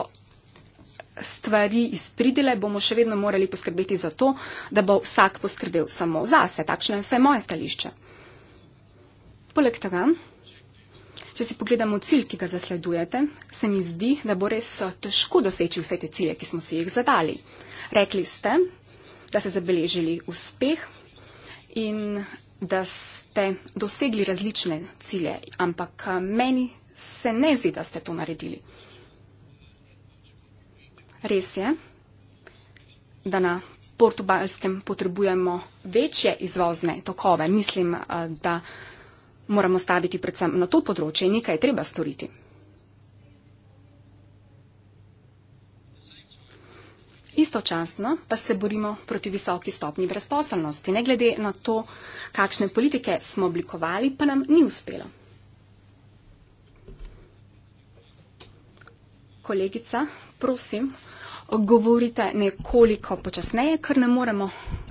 stvari izpridile, bomo še vedno morali poskrbeti za to, da bo vsak poskrbel samo zase. Takšno je vse moje stališče. Poleg tega Če si pogledamo cilj, ki ga zasledujete, se mi zdi, da bo res eh, težko doseči vse te cilje, ki smo si jih zadali. Rekli ste, da ste zabeležili uspeh in da ste dosegli različne cilje, ampak eh, meni se ne zdi, da ste to naredili. Res je, da na portugalskem potrebujemo večje izvozne tokove. Mislim, eh, da moramo staviti predvsem na to področje in nekaj je treba storiti. Istočasno pa se borimo proti visoki stopni brezposelnosti, ne glede na to, kakšne politike smo oblikovali, pa nam ni uspelo. Kolegica, prosim govorite nekoliko počasneje, ker ne moremo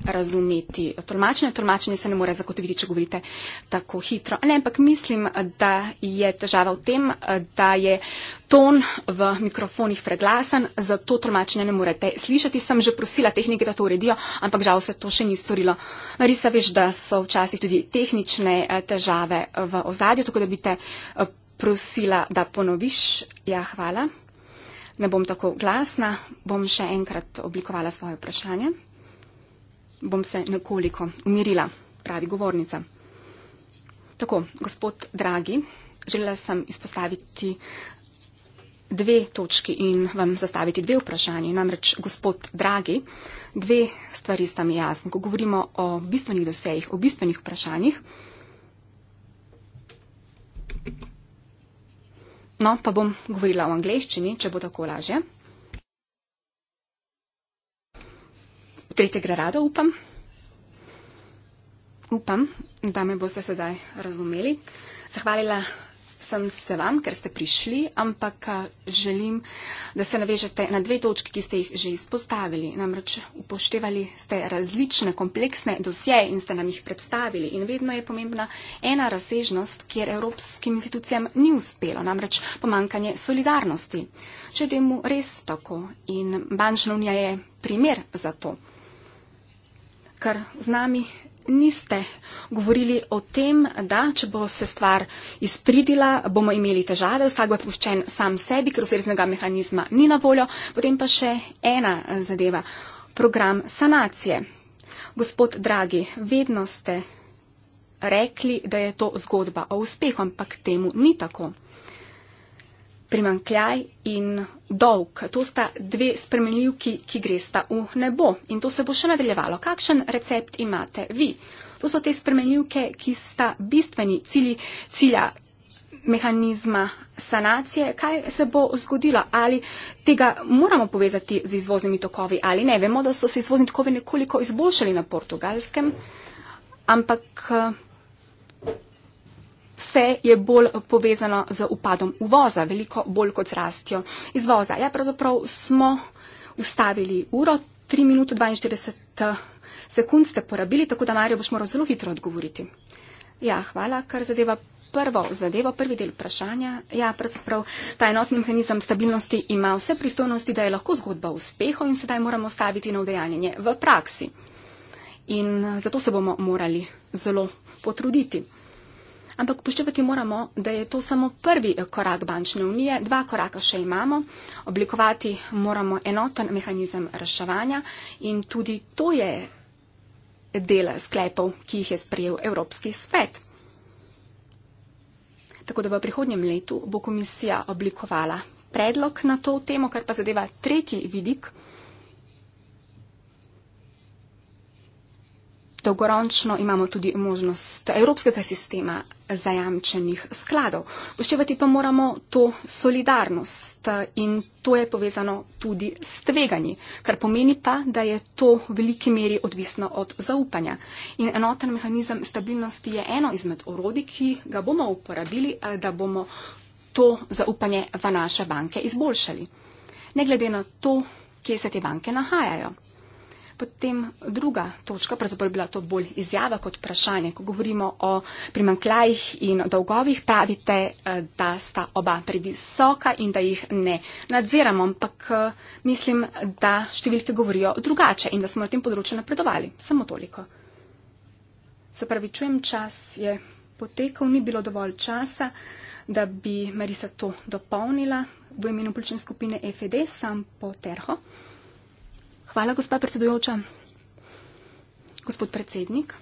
razumeti tolmačenja. Tolmačenje se ne more zagotoviti, če govorite tako hitro. Ne, ampak mislim, da je težava v tem, da je ton v mikrofonih preglasen, zato tolmačenja ne morete slišati. Sem že prosila tehnike, da to uredijo, ampak žal se to še ni storilo. Marisa, veš, da so včasih tudi tehnične eh, težave v ozadju, tako da bi te eh, prosila, da ponoviš. Ja, hvala ne bom tako glasna, bom še enkrat oblikovala svoje vprašanje. Bom se nekoliko umirila, pravi govornica. Tako, gospod Dragi, želela sem izpostaviti dve točki in vam zastaviti dve vprašanje. Namreč, gospod Dragi, dve stvari sta mi jasni. Ko govorimo o bistvenih dosejih, o bistvenih vprašanjih, No, pa bom govorila v angleščini, če bo tako lažje. Tretjega rada upam. Upam, da me boste sedaj razumeli. Zahvalila sem se vam, ker ste prišli, ampak želim, da se navežete na dve točki, ki ste jih že izpostavili. Namreč upoštevali ste različne kompleksne dosjeje in ste nam jih predstavili. In vedno je pomembna ena razsežnost, kjer evropskim institucijam ni uspelo, namreč pomankanje solidarnosti. Če je temu res tako in bančna unija je primer za to, kar z nami niste govorili o tem, da če bo se stvar izpridila, bomo imeli težave, vsak bo je puščen sam sebi, ker osrednjega mehanizma ni na voljo. Potem pa še ena eh, zadeva, program sanacije. Gospod Dragi, vedno ste rekli, da je to zgodba o uspehu, ampak temu ni tako primankljaj in dolg. To sta dve spremenljivki, ki gresta v nebo in to se bo še nadaljevalo. Kakšen recept imate vi? To so te spremenljivke, ki sta bistveni cilji, cilja mehanizma sanacije, kaj se bo zgodilo, ali tega moramo povezati z izvoznimi tokovi ali ne. Vemo, da so se izvozni tokovi nekoliko izboljšali na portugalskem, ampak eh, vse je bolj povezano z upadom uvoza, veliko bolj kot z rastjo izvoza. Ja, pravzaprav smo ustavili uro 3 minuto 42 sekund ste porabili, tako da Marijo boš moral zelo hitro odgovoriti. Ja, hvala, kar zadeva prvo zadevo, prvi del vprašanja. Ja, pravzaprav ta enotni mehanizem stabilnosti ima vse pristojnosti, da je lahko zgodba uspehov in sedaj moramo staviti na udejanjenje v praksi. In eh, zato se bomo morali zelo potruditi ampak upoštevati moramo, da je to samo prvi eh, korak bančne unije, dva koraka še imamo, oblikovati moramo enoten mehanizem reševanja in tudi to je del sklepov, ki jih je sprejel Evropski svet. Tako da v prihodnjem letu bo komisija oblikovala predlog na to temo, kar pa zadeva tretji vidik. dolgoročno imamo tudi možnost evropskega sistema zajamčenih skladov. Poštevati pa moramo to solidarnost eh, in to je povezano tudi s tveganji, kar pomeni pa, da je to v veliki meri odvisno od zaupanja. In enoten mehanizem stabilnosti je eno izmed orodij, ki ga bomo uporabili, eh, da bomo to zaupanje v naše banke izboljšali. Ne glede na to, kje se te banke nahajajo. Potem druga točka, pravzaprav je bila to bolj izjava kot vprašanje, ko govorimo o primankljajih in dolgovih, pravite, eh, da sta oba previsoka in da jih ne nadziramo, ampak eh, mislim, da številke govorijo drugače in da smo na tem področju napredovali. Samo toliko. Se pravi, čujem, čas je potekal, ni bilo dovolj časa, da bi Marisa to dopolnila v imenu politične skupine FED, sam po Terho. Hvala, gospa predsedujoča. Gospod predsednik,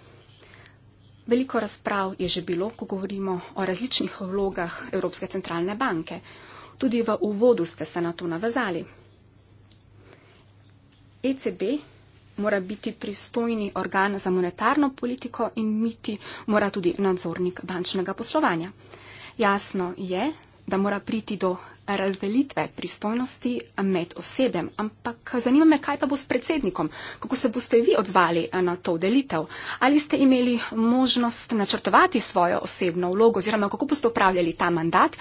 veliko razprav je že bilo, ko govorimo o različnih vlogah Evropske centralne banke. Tudi v uvodu ste se na to navezali. ECB mora biti pristojni organ za monetarno politiko in miti mora tudi nadzornik bančnega poslovanja. Jasno je, da mora priti do razdelitve pristojnosti med osebem. Ampak zanima me, kaj pa bo s predsednikom? Kako se boste vi odzvali eh, na to delitev? Ali ste imeli možnost načrtovati svojo osebno vlogo oziroma kako boste upravljali ta mandat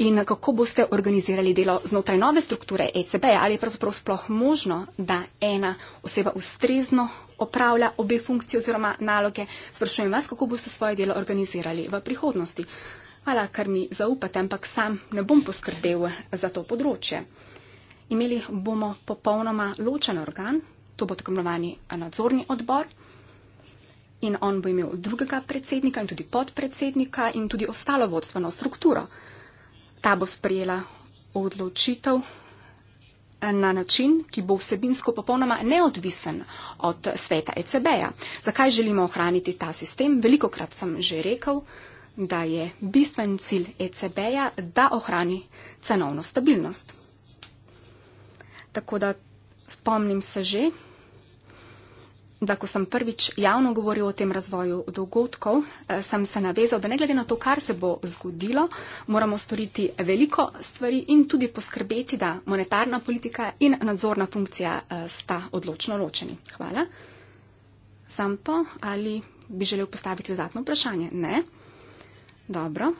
in kako boste organizirali delo znotraj nove strukture ECB? Ali je pravzaprav sploh možno, da ena oseba ustrezno opravlja obe funkcije oziroma naloge? Sprašujem vas, kako boste svoje delo organizirali v prihodnosti? Hvala, kar mi zaupate, ampak sam ne bom poskrbel za to področje. Imeli bomo popolnoma ločen organ, to bo tako imenovani nadzorni odbor in on bo imel drugega predsednika in tudi podpredsednika in tudi ostalo vodstveno strukturo. Ta bo sprejela odločitev na način, ki bo vsebinsko popolnoma neodvisen od sveta ECB-ja. Zakaj želimo ohraniti ta sistem? Veliko krat sem že rekel, da je bistven cilj ECB-ja, da ohrani cenovno stabilnost. Tako da spomnim se že, da ko sem prvič javno govoril o tem razvoju dogodkov, eh, sem se navezal, da ne glede na to, kar se bo zgodilo, moramo storiti veliko stvari in tudi poskrbeti, da monetarna politika in nadzorna funkcija eh, sta odločno ločeni. Hvala. Sam pa ali bi želel postaviti dodatno vprašanje? Ne. Dobro.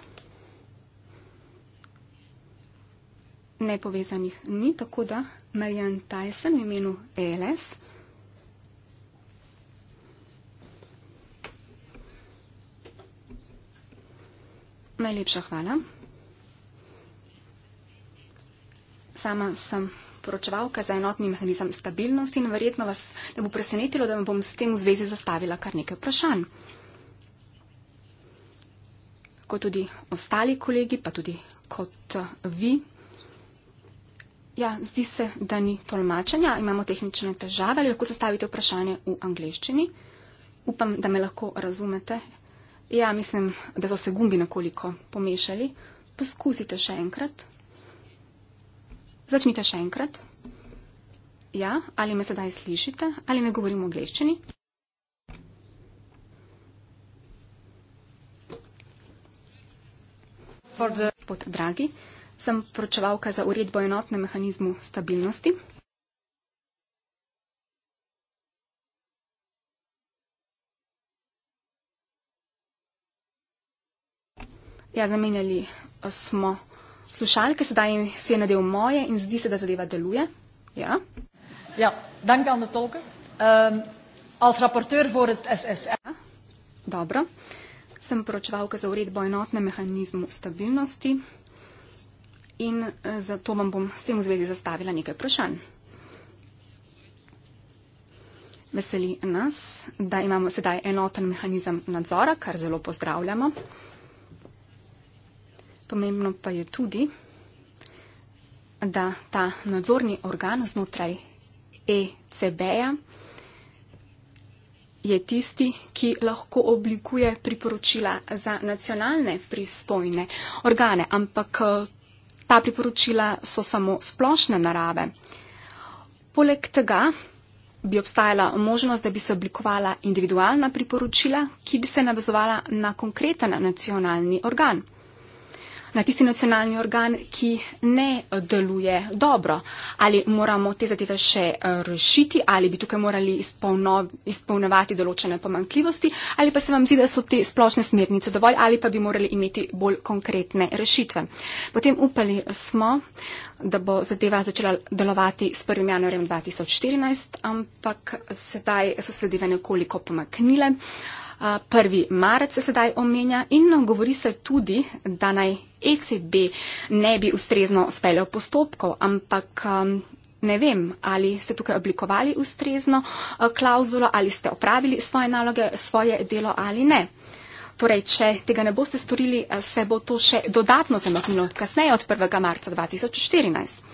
Nepovezanih ni, tako da Marijan Tyson v imenu ELS. Najlepša hvala. Sama sem poročevalka za enotni mehanizem stabilnosti in verjetno vas ne bo presenetilo, da vam bom s tem v zvezi zastavila kar nekaj vprašanj kot tudi ostali kolegi, pa tudi kot eh, vi. Ja, zdi se, da ni tolmačenja, imamo tehnične težave, ali lahko sestavite vprašanje v angleščini. Upam, da me lahko razumete. Ja, mislim, da so se gumbi nekoliko pomešali. Poskusite še enkrat. Začnite še enkrat. Ja, ali me sedaj slišite, ali ne govorim v angleščini. Gospod Dragi, sem poročevalka za uredbo enotne mehanizmu stabilnosti. Ja, zamenjali eh, smo slušalke, sedaj si je nadel moje in zdi se, da zadeva deluje. Ja. Ja, dank aan de tolken. Um, als rapporteur voor het SSR. Ja, dobro sem poročevalka za uredbo enotne mehanizmu stabilnosti in eh, zato vam bom s tem v zvezi zastavila nekaj vprašanj. Veseli nas, da imamo sedaj enoten mehanizem nadzora, kar zelo pozdravljamo. Pomembno pa je tudi, da ta nadzorni organ znotraj ECB-ja je tisti, ki lahko oblikuje priporočila za nacionalne pristojne organe, ampak eh, ta priporočila so samo splošne narave. Poleg tega bi obstajala možnost, da bi se oblikovala individualna priporočila, ki bi se navezovala na konkreten nacionalni organ na tisti nacionalni organ, ki ne deluje dobro. Ali moramo te zadeve še eh, rešiti, ali bi tukaj morali izpolno, izpolnevati določene pomankljivosti, ali pa se vam zdi, da so te splošne smernice dovolj, ali pa bi morali imeti bolj konkretne rešitve. Potem upali smo, da bo zadeva začela delovati s 1. januarjem 2014, ampak sedaj so zadeve nekoliko pomaknile. 1. Eh, marec se sedaj omenja in govori se tudi, da naj ECB ne bi ustrezno speljal postopkov, ampak um, ne vem, ali ste tukaj oblikovali ustrezno uh, klauzulo, ali ste opravili svoje naloge, svoje delo ali ne. Torej, če tega ne boste storili, uh, se bo to še dodatno zamaknilo kasneje od 1. marca 2014.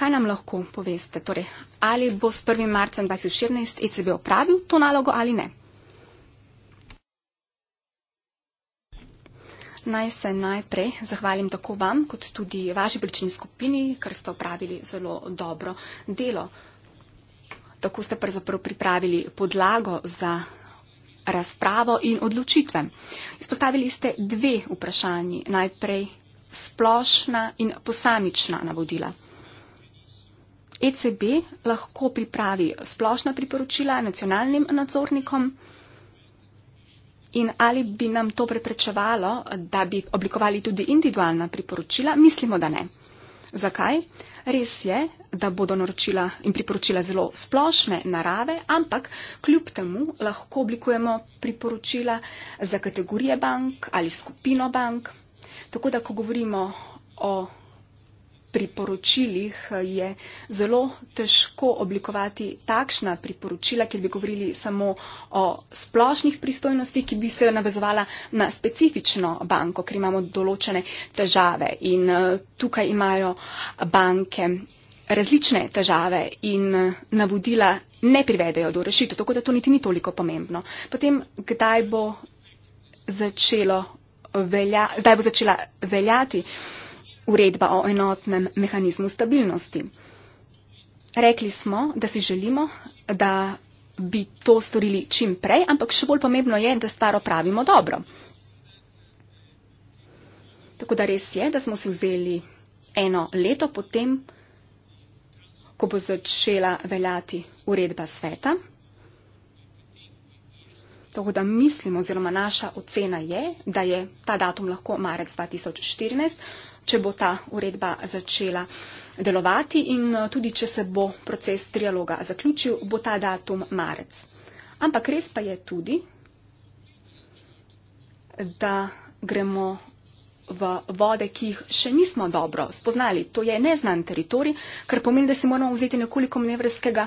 Kaj nam lahko poveste? Torej, ali bo s 1. marcem 2014 ECB opravil to nalogo ali ne? naj se najprej zahvalim tako vam, kot tudi vaši politični skupini, ker ste opravili zelo dobro delo. Tako ste pripravili podlago za razpravo in odločitve. Izpostavili ste dve vprašanji, najprej splošna in posamična navodila. ECB lahko pripravi splošna priporočila nacionalnim nadzornikom, In ali bi nam to preprečevalo, da bi oblikovali tudi individualna priporočila? Mislimo, da ne. Zakaj? Res je, da bodo naročila in priporočila zelo splošne narave, ampak kljub temu lahko oblikujemo priporočila za kategorije bank ali skupino bank. Tako da, ko govorimo o priporočilih eh, je zelo težko oblikovati takšna priporočila, kjer bi govorili samo o splošnih pristojnostih, ki bi se navezovala na specifično banko, ker imamo določene težave in eh, tukaj imajo banke različne težave in eh, navodila ne privedejo do rešitev, tako da to niti ni toliko pomembno. Potem, kdaj bo, velja, kdaj bo začela veljati? Uredba o enotnem mehanizmu stabilnosti. Rekli smo, da si želimo, da bi to storili čim prej, ampak še bolj pomembno je, da staro pravimo dobro. Tako da res je, da smo si vzeli eno leto potem, ko bo začela veljati uredba sveta. Tako da mislimo, oziroma naša ocena je, da je ta datum lahko marec 2014 če bo ta uredba začela delovati in eh, tudi če se bo proces trialoga zaključil, bo ta datum marec. Ampak res pa je tudi, da gremo v vode, ki jih še nismo dobro spoznali. To je neznan teritorij, kar pomeni, da si moramo vzeti nekoliko mnevreskega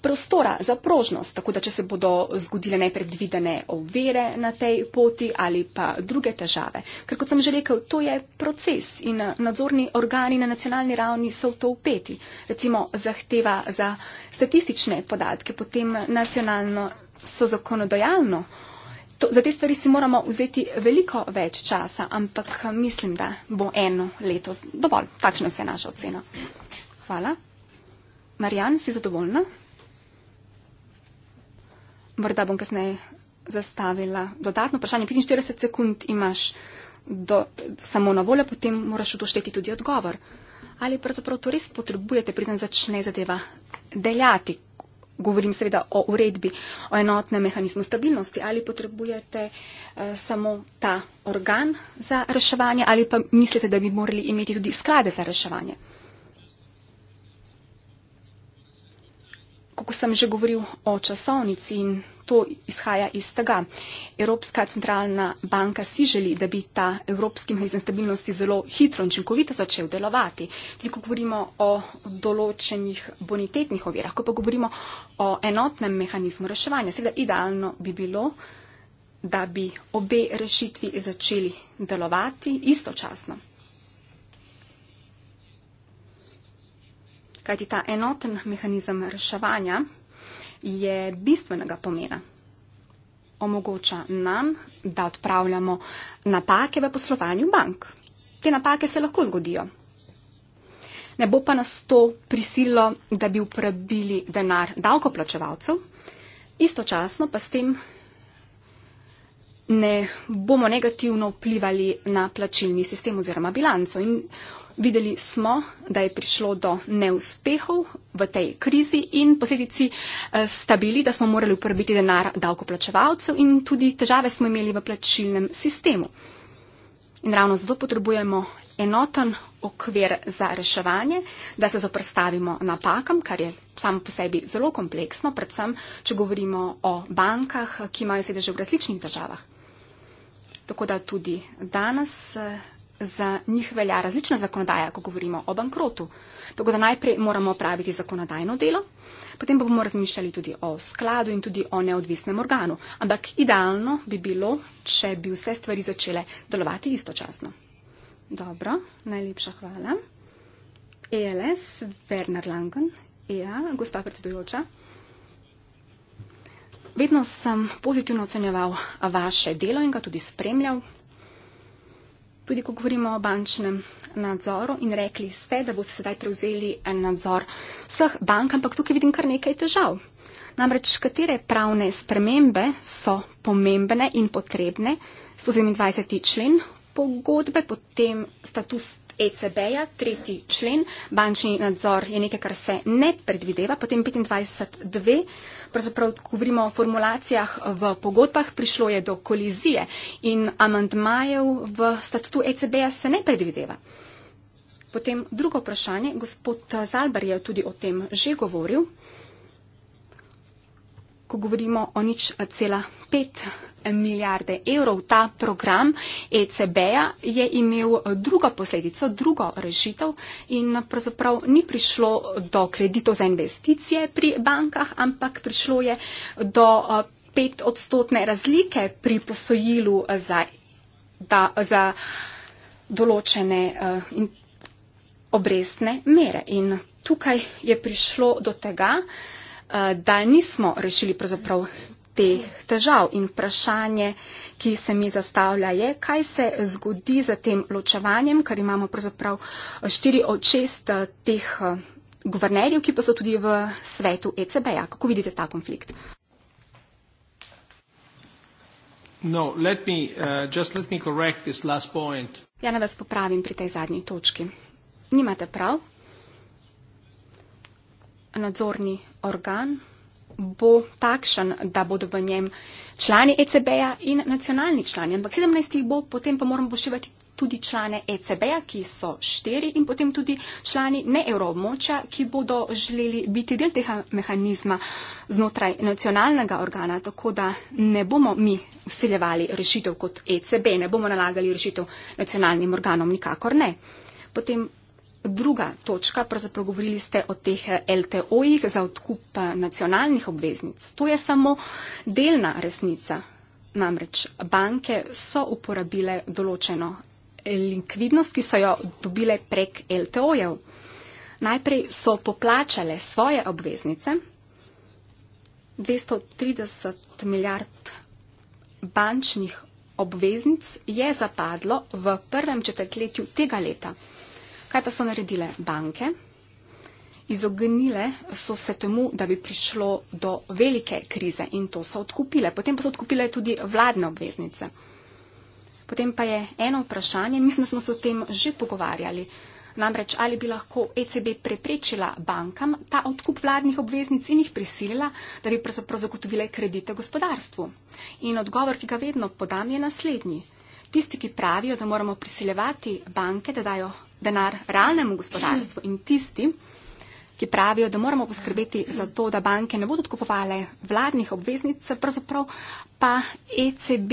prostora za prožnost, tako da če se bodo zgodile nepredvidene ovire na tej poti ali pa druge težave. Ker kot sem že rekel, to je proces in nadzorni organi na nacionalni ravni so v to upeti. Recimo zahteva za statistične podatke, potem nacionalno so zakonodajalno. To, za te stvari si moramo vzeti veliko več časa, ampak mislim, da bo eno leto dovolj. Takšna je vse naša ocena. Hvala. Marjan, si zadovoljna? morda bom kasneje zastavila dodatno vprašanje. 45 sekund imaš do, samo na voljo, potem moraš odošteti tudi odgovor. Ali pravzaprav to res potrebujete, preden začne zadeva deljati? Govorim seveda o uredbi, o enotnem mehanizmu stabilnosti. Ali potrebujete eh, samo ta organ za reševanje ali pa mislite, da bi morali imeti tudi sklade za reševanje? kako sem že govoril o časovnici in to izhaja iz tega. Evropska centralna banka si želi, da bi ta evropski mehanizem stabilnosti zelo hitro in učinkovito začel delovati. Tudi ko govorimo o določenih bonitetnih ovirah, ko pa govorimo o enotnem mehanizmu reševanja, seveda idealno bi bilo, da bi obe rešitvi začeli delovati istočasno. kajti ta enoten mehanizem reševanja je bistvenega pomena. Omogoča nam, da odpravljamo napake v poslovanju bank. Te napake se lahko zgodijo. Ne bo pa nas to prisililo, da bi uporabili denar davkoplačevalcev, istočasno pa s tem ne bomo negativno vplivali na plačilni sistem oziroma bilanco. In Videli smo, da je prišlo do neuspehov v tej krizi in posledici eh, sta bili, da smo morali uporabiti denar davkoplačevalcev in tudi težave smo imeli v plačilnem sistemu. In ravno zato potrebujemo enoten okvir za reševanje, da se zoprstavimo napakam, kar je samo po sebi zelo kompleksno, predvsem, če govorimo o bankah, ki imajo sedeže v različnih državah. Tako da tudi danes eh, za njih velja različna zakonodaja, ko govorimo o bankrotu. Tako da najprej moramo opraviti zakonodajno delo, potem pa bomo razmišljali tudi o skladu in tudi o neodvisnem organu. Ampak idealno bi bilo, če bi vse stvari začele delovati istočasno. Dobro, najlepša hvala. ELS, Werner Langen, EA, gospa predsedujoča. Vedno sem pozitivno ocenjeval vaše delo in ga tudi spremljal. Tudi ko govorimo o bančnem nadzoru in rekli ste, da boste sedaj prevzeli eh, nadzor vseh bank, ampak tukaj vidim kar nekaj težav. Namreč, katere pravne spremembe so pomembne in potrebne, 127. člen pogodbe, potem status ECB-ja, tretji člen, bančni nadzor je nekaj, kar se ne predvideva, potem 25.2. Pravzaprav govorimo o formulacijah v pogodbah, prišlo je do kolizije in amandmajev v statutu ECB-ja se ne predvideva. Potem drugo vprašanje, gospod Zalbar je tudi o tem že govoril ko govorimo o nič cela pet milijarde evrov. Ta program ECB-ja je imel drugo posledico, drugo rešitev in pravzaprav ni prišlo do kreditov za investicije pri bankah, ampak prišlo je do uh, pet odstotne razlike pri posojilu za, da, za določene uh, in, obrestne mere. In tukaj je prišlo do tega, uh, Eh, da nismo rešili pravzaprav teh težav. In vprašanje, ki se mi zastavlja, je, kaj se zgodi z tem ločevanjem, ker imamo pravzaprav štiri od šest eh, teh eh, guvernerjev, ki pa so tudi v svetu ECB-ja. Kako vidite ta konflikt? No, let me, uh, just let me correct this last point. Ja, naj vas popravim pri tej zadnji točki. Nimate prav, nadzorni organ bo takšen, da bodo v njem člani ECB-ja in nacionalni člani. Ampak 17 jih bo, potem pa moramo poševati tudi člane ECB-ja, ki so štiri in potem tudi člani neevroobmočja, ki bodo želeli biti del tega mehanizma znotraj nacionalnega organa, tako da ne bomo mi vseljevali rešitev kot ECB, ne bomo nalagali rešitev nacionalnim organom, nikakor ne. Potem druga točka, pravzaprav govorili ste o teh eh, LTO-jih za odkup eh, nacionalnih obveznic. To je samo delna resnica. Namreč banke so uporabile določeno eh, likvidnost, ki so jo dobile prek LTO-jev. Najprej so poplačale svoje obveznice, 230 milijard bančnih obveznic je zapadlo v prvem četrtletju tega leta. Kaj pa so naredile banke? Izognile so se temu, da bi prišlo do velike krize in to so odkupile. Potem pa so odkupile tudi vladne obveznice. Potem pa je eno vprašanje, mislim, da smo se o tem že pogovarjali. Namreč, ali bi lahko ECB preprečila bankam ta odkup vladnih obveznic in jih prisilila, da bi pravzaprav zagotovile kredite gospodarstvu? In odgovor, ki ga vedno podam, je naslednji. Tisti, ki pravijo, da moramo prisilevati banke, da dajo denar realnemu gospodarstvu in tisti, ki pravijo, da moramo poskrbeti za to, da banke ne bodo kupovale vladnih obveznic, pravzaprav pa ECB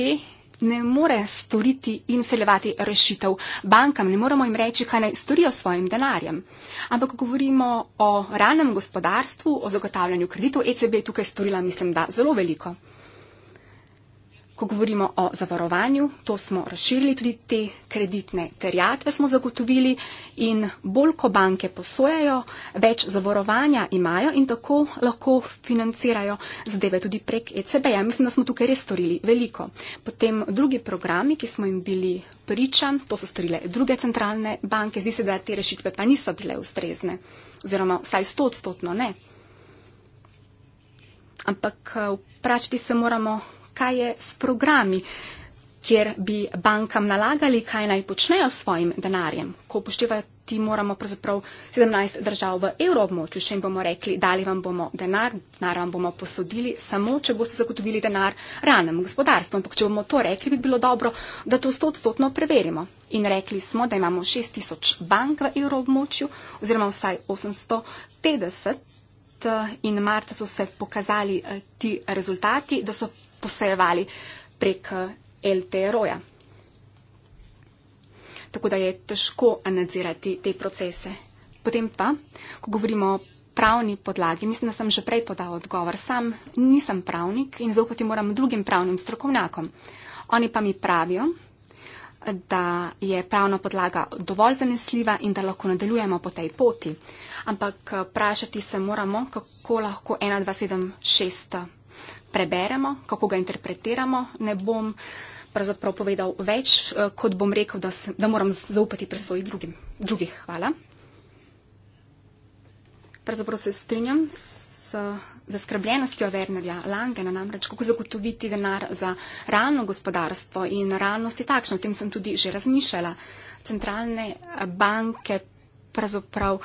ne more storiti in vseljevati rešitev bankam, ne moremo jim reči, kaj naj storijo s svojim denarjem. Ampak ko govorimo o realnem gospodarstvu, o zagotavljanju kreditov, ECB je tukaj storila, mislim, da zelo veliko. Ko govorimo o zavarovanju, to smo razširili, tudi te kreditne terjatve smo zagotovili in bolj, ko banke posojajo, več zavarovanja imajo in tako lahko financirajo zadeve tudi prek ECB-ja. Mislim, da smo tukaj res storili veliko. Potem drugi programi, ki smo jim bili priča, to so storile druge centralne banke, zdi se, da te rešitve pa niso bile ustrezne, oziroma vsaj stotstotno ne. Ampak eh, vprašati se moramo, kaj je s programi, kjer bi bankam nalagali, kaj naj počnejo s svojim denarjem, ko upoštevajo ti moramo pravzaprav 17 držav v evroobmočju, še jim bomo rekli, dali vam bomo denar, denar vam bomo posodili, samo če boste zagotovili denar ranem gospodarstvu. Ampak če bomo to rekli, bi bilo dobro, da to stotstotno preverimo. In rekli smo, da imamo 6000 bank v evroobmočju, oziroma vsaj 850 eh, in marca so se pokazali eh, ti rezultati, da so posejevali prek eh, LTRO-ja. Tako da je težko nadzirati te procese. Potem pa, ko govorimo o pravni podlagi, mislim, da sem že prej podal odgovor. Sam nisem pravnik in zaupati moram drugim pravnim strokovnjakom. Oni pa mi pravijo, da je pravna podlaga dovolj zanesljiva in da lahko nadaljujemo po tej poti. Ampak eh, vprašati se moramo, kako lahko 1276 preberemo, kako ga interpretiramo. Ne bom pravzaprav povedal več, eh, kot bom rekel, da, se, da moram zaupati presoji drugim. drugih. Hvala. Pravzaprav se strinjam z zaskrbljenostjo Wernerja Langena, namreč kako zagotoviti denar za realno gospodarstvo in realnost je takšna. O tem sem tudi že razmišljala. Centralne eh, banke pravzaprav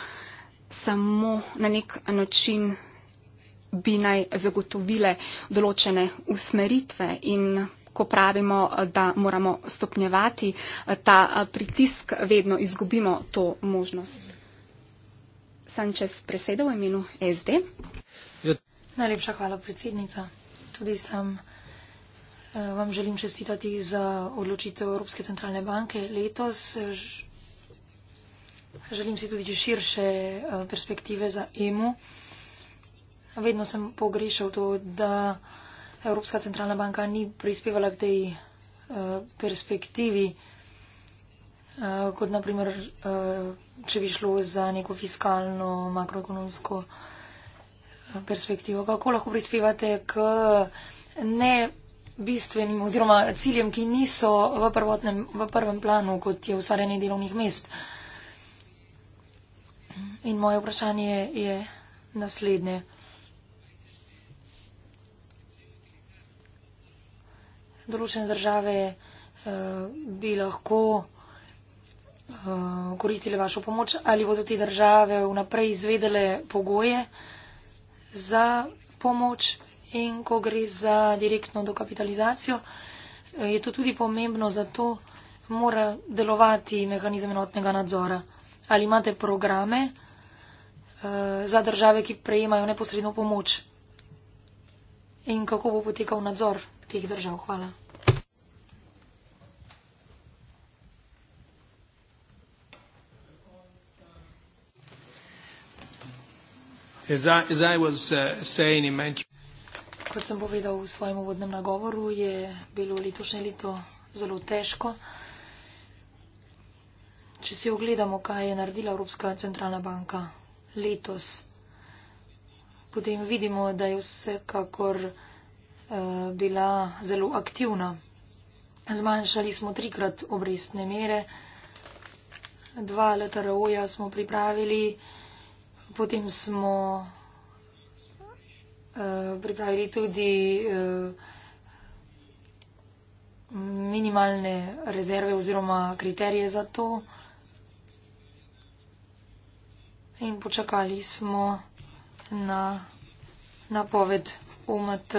samo na nek način bi naj zagotovile določene usmeritve in ko pravimo, da moramo stopnjevati ta pritisk, vedno izgubimo to možnost. Sančes preseda v imenu SD. Ja. Najlepša hvala, predsednica. Tudi sam e, vam želim čestitati za odločitev Evropske centralne banke letos. E, želim si tudi širše e, perspektive za EMU vedno sem pogrešal to, da Evropska centralna banka ni prispevala k tej uh, perspektivi, uh, kot naprimer, uh, eh, če bi šlo za neko fiskalno, makroekonomsko perspektivo. Kako lahko prispevate k ne bistvenim oziroma ciljem, ki niso v, prvotnem, v prvem planu, kot je ustvarjanje delovnih mest. In moje vprašanje je naslednje. določene države uh, bi lahko uh, koristile vašo pomoč ali bodo te države vnaprej izvedele pogoje za pomoč in ko gre za direktno dokapitalizacijo, eh, je to tudi pomembno, zato mora delovati mehanizem enotnega nadzora. Ali imate programe uh, za države, ki prejemajo neposredno pomoč? In kako bo potekal nadzor teh držav. Hvala. Uh, Kot sem povedal v svojem uvodnem nagovoru, je bilo letošnje leto zelo težko. Če si ogledamo, kaj je naredila Evropska centralna banka letos, potem vidimo, da je vsekakor. Eh, bila zelo aktivna. Zmanjšali smo trikrat obrestne mere, dva LTRO-ja smo pripravili, potem smo eh, pripravili tudi eh, minimalne rezerve oziroma kriterije za to in počakali smo na napoved OMT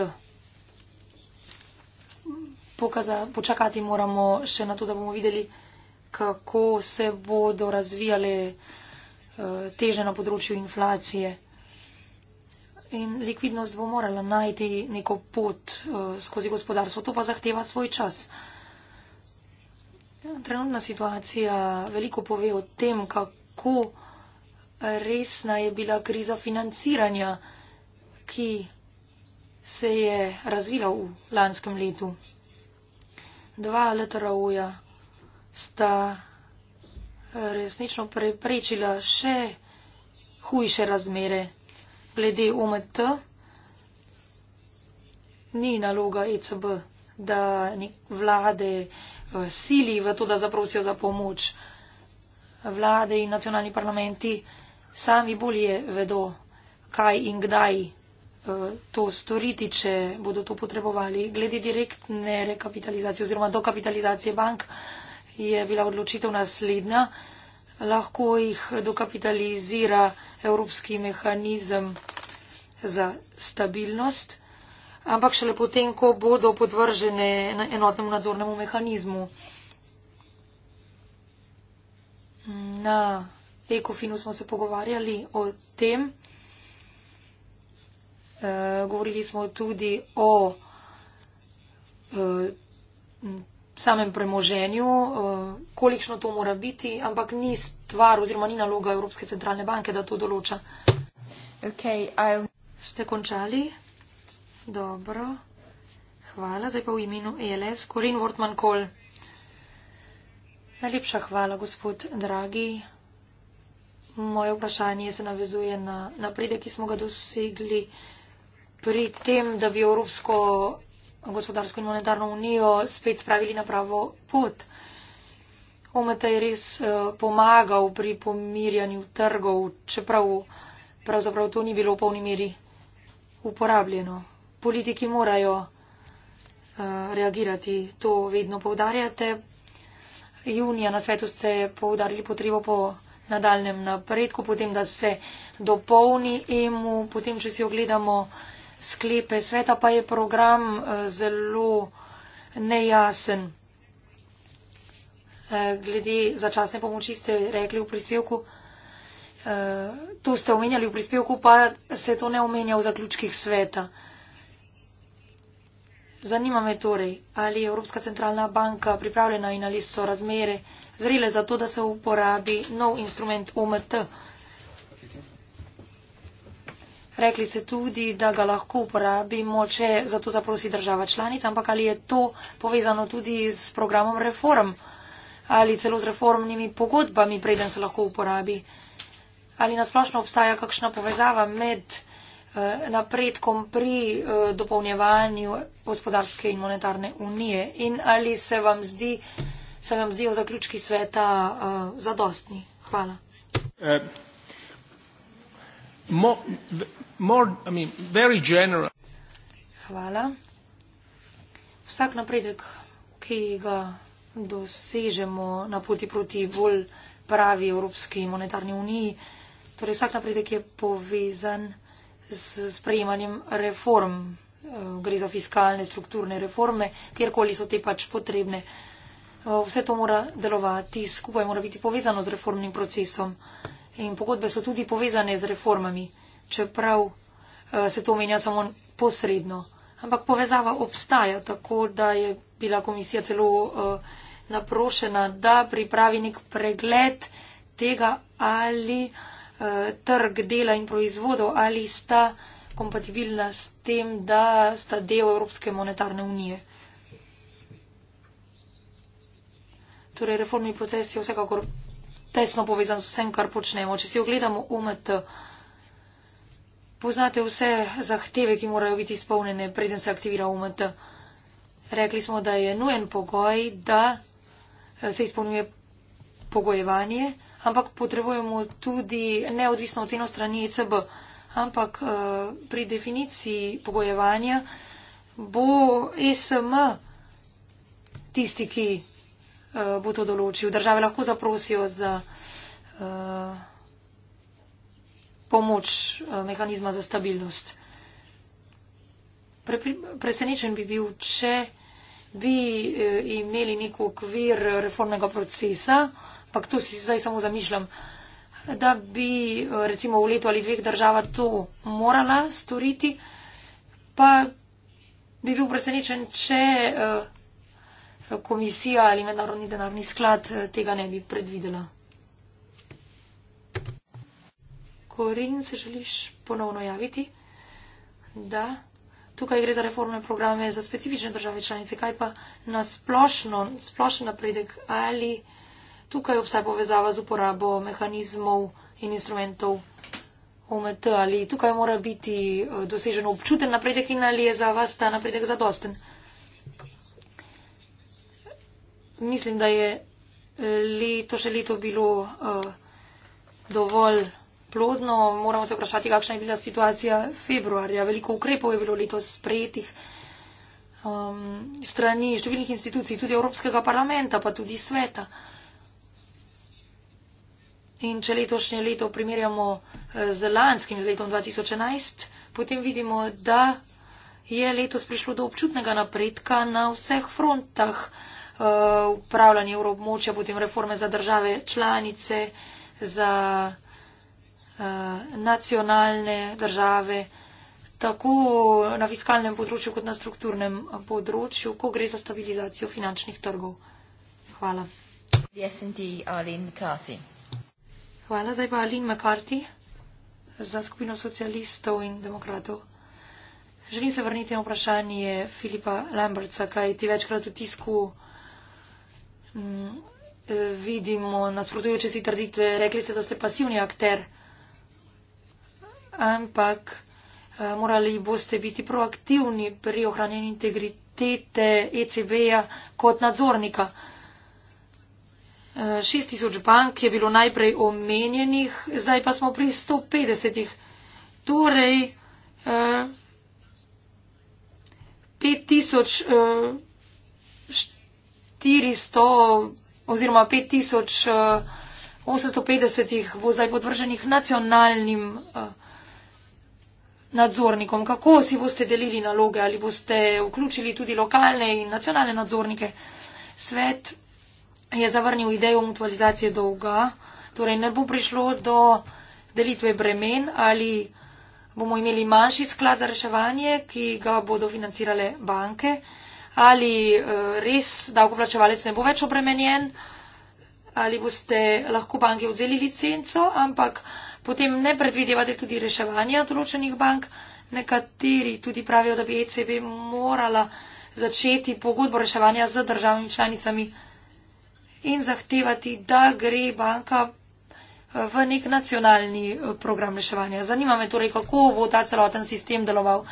pokaza, počakati moramo še na to, da bomo videli, kako se bodo razvijale eh, teže na področju inflacije. In likvidnost bo morala najti neko pot eh, skozi gospodarstvo. To pa zahteva svoj čas. Ja, trenutna situacija veliko pove o tem, kako resna je bila kriza financiranja, ki se je razvila v lanskem letu dva letarauja sta eh, resnično preprečila še hujše razmere. Glede UMT ni naloga ECB, da vlade eh, sili v to, da zaprosijo za pomoč. Vlade in nacionalni parlamenti sami bolje vedo, kaj in kdaj to storiti, če bodo to potrebovali. Glede direktne rekapitalizacije oziroma dokapitalizacije bank je bila odločitev naslednja. Lahko jih dokapitalizira Evropski mehanizem za stabilnost, ampak šele potem, ko bodo podvržene enotnemu nadzornemu mehanizmu. Na ECOFINU smo se pogovarjali o tem, Eh, govorili smo tudi o eh, samem premoženju, eh, kolikšno to mora biti, ampak ni stvar oziroma ni naloga Evropske centralne banke, da to določa. Okay, Ste končali? Dobro. Hvala. Zdaj pa v imenu ELS. Korin Wortman Kol. Najlepša hvala, gospod Dragi. Moje vprašanje se navezuje na napredek, ki smo ga dosegli pri tem, da bi Evropsko gospodarsko in monetarno unijo spet spravili na pravo pot. OMT je res eh, pomagal pri pomirjanju trgov, čeprav pravzaprav to ni bilo v polni meri uporabljeno. Politiki morajo eh, reagirati, to vedno povdarjate. Junija na svetu ste povdarili potrebo po nadaljem napredku, potem da se dopolni EMU, potem, če si ogledamo, sklepe. Sveta pa je program eh, zelo nejasen. Eh, glede začasne pomoči ste rekli v prispevku, eh, to ste omenjali v prispevku, pa se to ne omenja v zaključkih sveta. Zanima me torej, ali je Evropska centralna banka pripravljena in ali so razmere zrele za to, da se uporabi nov instrument OMT. Rekli ste tudi, da ga lahko uporabimo, če za to zaprosi država članica, ampak ali je to povezano tudi s programom reform ali celo z reformnimi pogodbami, preden se lahko uporabi? Ali nasplošno obstaja kakšna povezava med eh, napredkom pri eh, dopolnjevanju gospodarske in monetarne unije in ali se vam zdi, se vam zdijo zaključki sveta eh, zadostni? Hvala more, I mean, very general. Hvala. Vsak napredek, ki ga dosežemo na poti proti bolj pravi Evropski monetarni uniji, torej vsak napredek je povezan s sprejemanjem reform. Gre za fiskalne, strukturne reforme, kjerkoli so te pač potrebne. Vse to mora delovati skupaj, mora biti povezano z reformnim procesom. In pogodbe so tudi povezane z reformami čeprav eh, se to omenja samo posredno. Ampak povezava obstaja, tako da je bila komisija celo eh, naprošena, da pripravi nek pregled tega, ali eh, trg dela in proizvodov, ali sta kompatibilna s tem, da sta del Evropske monetarne unije. Torej, reformni proces je vsekakor tesno povezan s vsem, kar počnemo. Če si ogledamo umet, uh, poznate vse zahteve, ki morajo biti izpolnjene, preden se aktivira UMT. Rekli smo, da je nujen pogoj, da eh, se izpolnjuje pogojevanje, ampak potrebujemo tudi neodvisno oceno strani ECB. Ampak eh, pri definiciji pogojevanja bo e SM tisti, ki eh, bo to določil. Države lahko zaprosijo za pomoč eh, mehanizma za stabilnost. Pre, presenečen bi bil, če bi eh, imeli nek okvir reformnega procesa, pa to si zdaj samo zamišljam, da bi eh, recimo v letu ali dveh država to morala storiti, pa bi bil presenečen, če komisija ali mednarodni denarni sklad tega ne bi predvidela. Korin, se želiš ponovno javiti? Da. Tukaj gre za reformne programe za specifične države članice. Kaj pa na splošno, splošen napredek ali tukaj obstaja povezava z uporabo mehanizmov in instrumentov OMT ali tukaj mora biti eh, dosežen občuten napredek in ali je za vas ta napredek zadosten? Mislim, da je eh, leto še leto bilo uh, dovolj plodno. Moramo se vprašati, kakšna je bila situacija februarja. Veliko ukrepov je bilo letos sprejetih um, strani številnih institucij, tudi Evropskega parlamenta, pa tudi sveta. In če letošnje leto primerjamo eh, z lanskim, z letom 2011, potem vidimo, da je letos prišlo do občutnega napredka na vseh frontah eh, upravljanja evroobmočja, potem reforme za države članice, za Eh, nacionalne države, tako na fiskalnem področju kot na strukturnem področju, ko gre za stabilizacijo finančnih trgov. Hvala. SND, Hvala zdaj pa Alin McCarthy za skupino socialistov in demokratov. Želim se vrniti na vprašanje Filipa Lamberca, kaj ti večkrat v tisku m, mm, eh, vidimo nasprotujoče si trditve. Rekli ste, da ste pasivni akter ampak eh, morali boste biti proaktivni pri ohranjanju integritete ECB-ja kot nadzornika. 6000 eh, bank je bilo najprej omenjenih, zdaj pa smo pri 150. Torej, 5400 eh, oziroma 5850 bo zdaj podvrženih nacionalnim nadzornikom? Kako si boste delili naloge? Ali boste vključili tudi lokalne in nacionalne nadzornike? Svet je zavrnil idejo mutualizacije dolga, torej ne bo prišlo do delitve bremen ali bomo imeli manjši sklad za reševanje, ki ga bodo financirale banke ali eh, res davkoplačevalec ne bo več obremenjen ali boste lahko banki vzeli licenco, ampak Potem ne predvidevate tudi reševanja določenih bank. Nekateri tudi pravijo, da bi ECB morala začeti pogodbo reševanja z državami članicami in zahtevati, da gre banka eh, v nek nacionalni eh, program reševanja. Zanima me torej, kako bo ta celoten sistem deloval.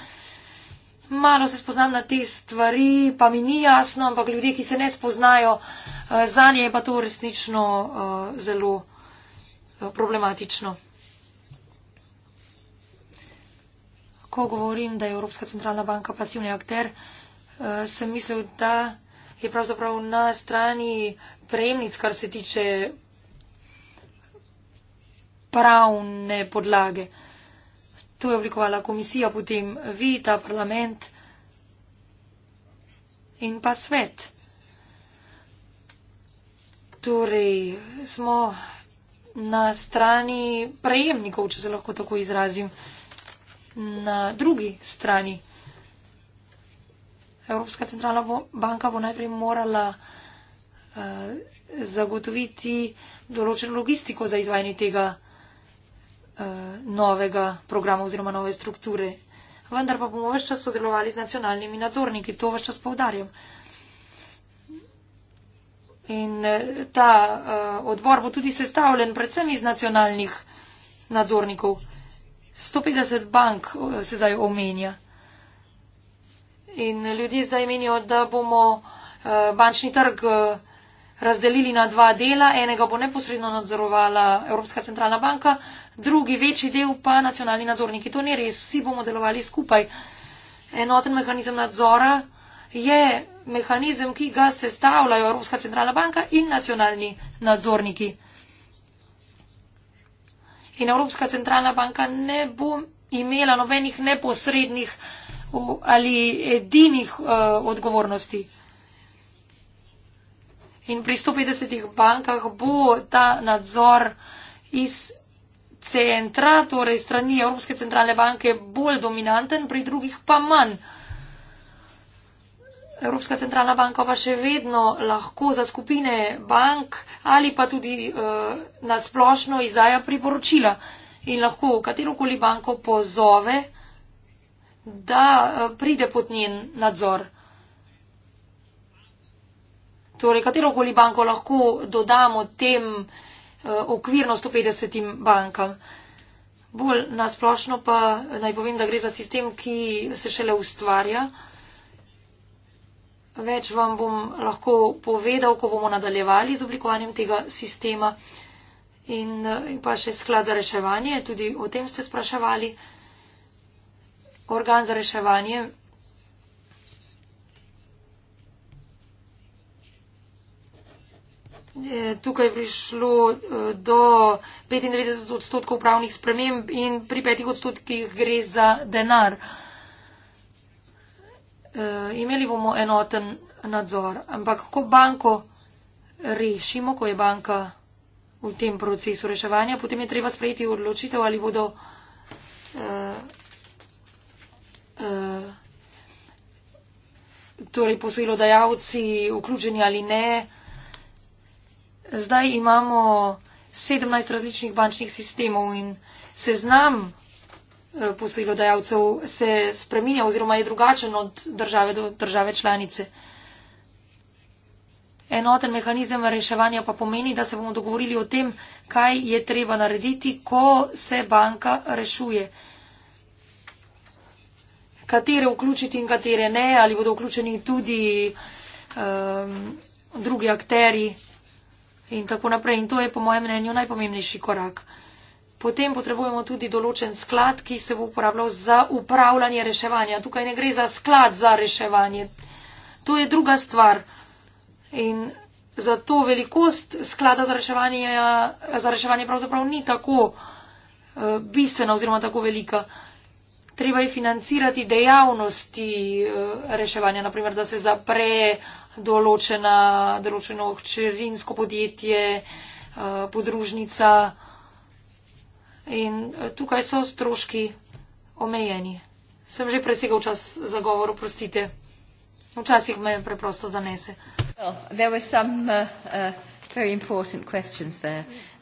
Malo se spoznam na te stvari, pa mi ni jasno, ampak ljudje, ki se ne spoznajo, eh, za nje je pa to resnično zelo problematično. ko govorim, da je Evropska centralna banka pasivni akter, eh, sem mislil, da je pravzaprav na strani prejemnic, kar se tiče pravne podlage. To je oblikovala komisija, potem vi, ta parlament in pa svet. Torej, smo na strani prejemnikov, če se lahko tako izrazim na drugi strani. Evropska centralna banka bo najprej morala uh, zagotoviti določeno logistiko za izvajanje tega uh, novega programa oziroma nove strukture. Vendar pa bomo vse čas sodelovali z nacionalnimi nadzorniki, to vse čas povdarjam. In eh, ta uh, odbor bo tudi sestavljen predvsem iz nacionalnih nadzornikov. 150 bank se zdaj omenja. In ljudje zdaj menijo, da bomo eh, bančni trg eh, razdelili na dva dela. Enega bo neposredno nadzorovala Evropska centralna banka, drugi večji del pa nacionalni nadzorniki. To ni res, vsi bomo delovali skupaj. Enoten mehanizem nadzora je mehanizem, ki ga sestavljajo Evropska centralna banka in nacionalni nadzorniki in Evropska centralna banka ne bo imela nobenih neposrednih ali edinih uh, odgovornosti. In pri 150 bankah bo ta nadzor iz centra, torej strani Evropske centralne banke, bolj dominanten, pri drugih pa manj. Evropska centralna banka pa še vedno lahko za skupine bank ali pa tudi uh, eh, nasplošno izdaja priporočila in lahko katerokoli banko pozove, da uh, pride pod njen nadzor. Torej, katerokoli banko lahko dodamo tem uh, okvirno 150 bankam. Bolj nasplošno pa naj povem, da gre za sistem, ki se šele ustvarja. Uh, Več vam bom lahko povedal, ko bomo nadaljevali z oblikovanjem tega sistema. Eh, in pa še sklad za reševanje, tudi o tem ste spraševali. Organ za reševanje. Tukaj je prišlo eh, do 95 odstotkov pravnih sprememb in pri petih odstotkih gre za denar. Eh, imeli bomo enoten nadzor. Ampak ko banko rešimo, ko je banka v tem procesu reševanja, potem je treba sprejeti odločitev, ali bodo uh, uh, torej posojilodajalci vključeni ali ne. Zdaj imamo 17 različnih bančnih sistemov in seznam Eh, posojilodajalcev se spreminja oziroma je drugačen od države do države članice. Enoten mehanizem reševanja pa pomeni, da se bomo dogovorili o tem, kaj je treba narediti, ko se banka rešuje. Katere vključiti in katere ne, ali bodo vključeni tudi um, drugi akteri in tako naprej. In to je po mojem mnenju najpomembnejši korak. Potem potrebujemo tudi določen sklad, ki se bo uporabljal za upravljanje reševanja. Tukaj ne gre za sklad za reševanje. To je druga stvar. In zato velikost sklada za reševanje, za reševanje pravzaprav ni tako eh, bistvena oziroma tako velika. Treba je financirati dejavnosti eh, reševanja, naprimer, da se zapre določena, določeno hčerinsko podjetje, eh, podružnica. In e, tukaj so stroški omejeni. Sem že presegal čas za govor, oprostite. Včasih me preprosto zanese. Well, some, uh, uh,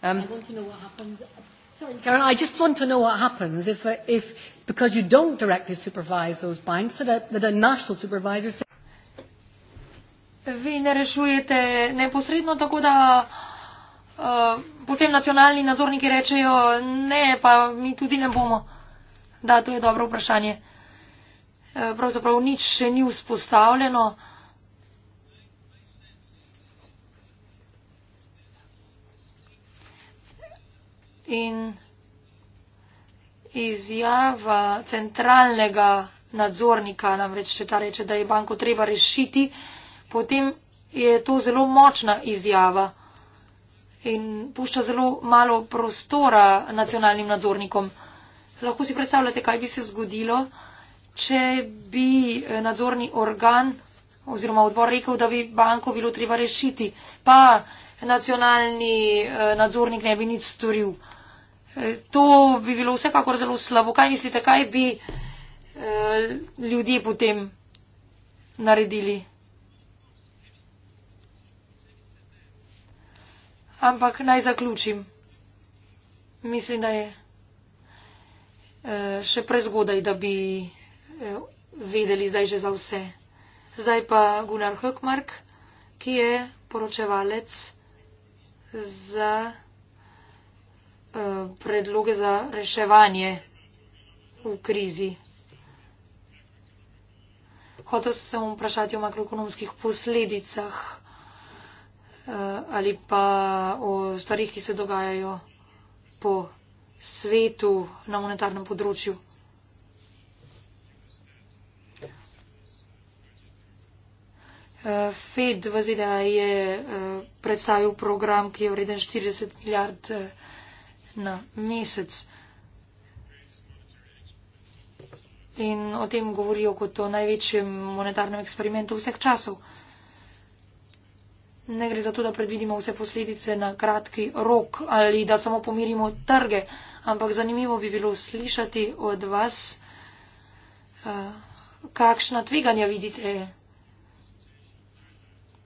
um, Sorry, Karen, I just want to know what happens if, uh, if because you don't directly supervise those banks, that a, that a national supervisor says... Vi ne rešujete neposredno, tako da... Eh, potem nacionalni nadzorniki rečejo, ne, pa mi tudi ne bomo. Da, to je dobro vprašanje. Eh, pravzaprav nič še ni vzpostavljeno. In izjava centralnega nadzornika namreč, če ta reče, da je banko treba rešiti, potem je to zelo močna izjava in pušča zelo malo prostora nacionalnim nadzornikom. Lahko si predstavljate, kaj bi se zgodilo, če bi eh, nadzorni organ oziroma odbor rekel, da bi banko bilo treba rešiti, pa nacionalni eh, nadzornik ne bi nič storil. Eh, to bi bilo vsekakor zelo slabo. Kaj mislite, kaj bi ljudje potem naredili? Ampak naj zaključim. Mislim, da je eh, še prezgodaj, da bi eh, vedeli zdaj že za vse. Zdaj pa Gunnar Hökmark, ki je poročevalec za eh, predloge za reševanje v krizi. Hotel sem vprašati o makroekonomskih posledicah. Eh, ali pa o stvarih, ki se dogajajo po svetu na monetarnem področju. Eh, Fed v ZDA je eh, predstavil program, ki je vreden 40 milijard na mesec. In o tem govorijo kot o največjem monetarnem eksperimentu vseh časov. Ne gre za to, da predvidimo vse posledice na kratki rok ali da samo pomirimo trge, ampak zanimivo bi bilo slišati od vas, eh, kakšna tveganja vidite.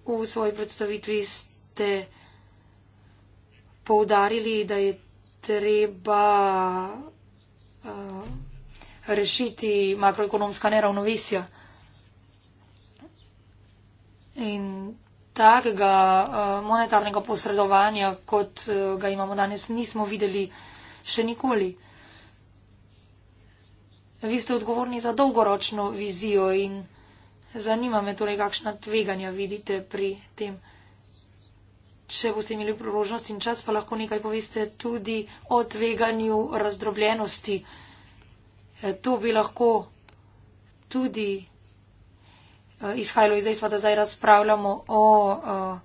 V svoji predstavitvi ste poudarili, da je treba eh, rešiti makroekonomska neravnovesja. In takega eh, monetarnega posredovanja, kot eh, ga imamo danes, nismo videli še nikoli. Vi ste odgovorni za dolgoročno vizijo in zanima me torej, kakšna tveganja vidite pri tem. Če boste imeli priložnost in čas, pa lahko nekaj poveste tudi o tveganju razdrobljenosti. Eh, to bi lahko tudi Eh, izhajalo iz dejstva, da zdaj razpravljamo o eh,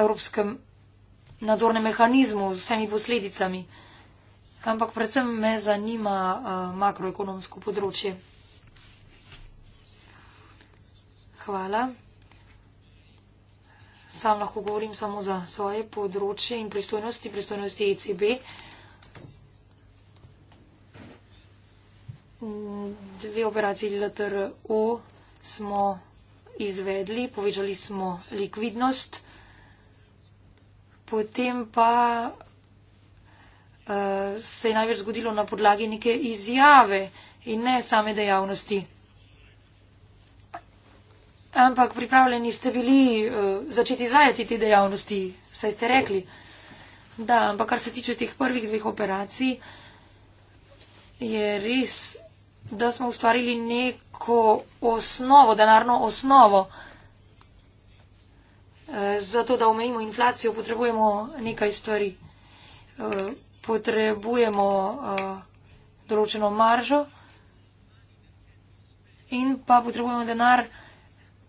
evropskem nadzornem mehanizmu z vsemi posledicami. Ampak predvsem me zanima eh, makroekonomsko področje. Hvala. Sam lahko govorim samo za svoje področje in pristojnosti, pristojnosti ECB. Mm, dve operacije LTRO smo izvedli, povečali smo likvidnost, potem pa uh, se je največ zgodilo na podlagi neke izjave in ne same dejavnosti. Ampak pripravljeni ste bili uh, začeti izvajati te dejavnosti, saj ste rekli. Da, ampak kar se tiče teh prvih dveh operacij, je res da smo ustvarili neko osnovo, denarno osnovo. E, zato, da omejimo inflacijo, potrebujemo nekaj stvari. E, potrebujemo e, določeno maržo in pa potrebujemo denar,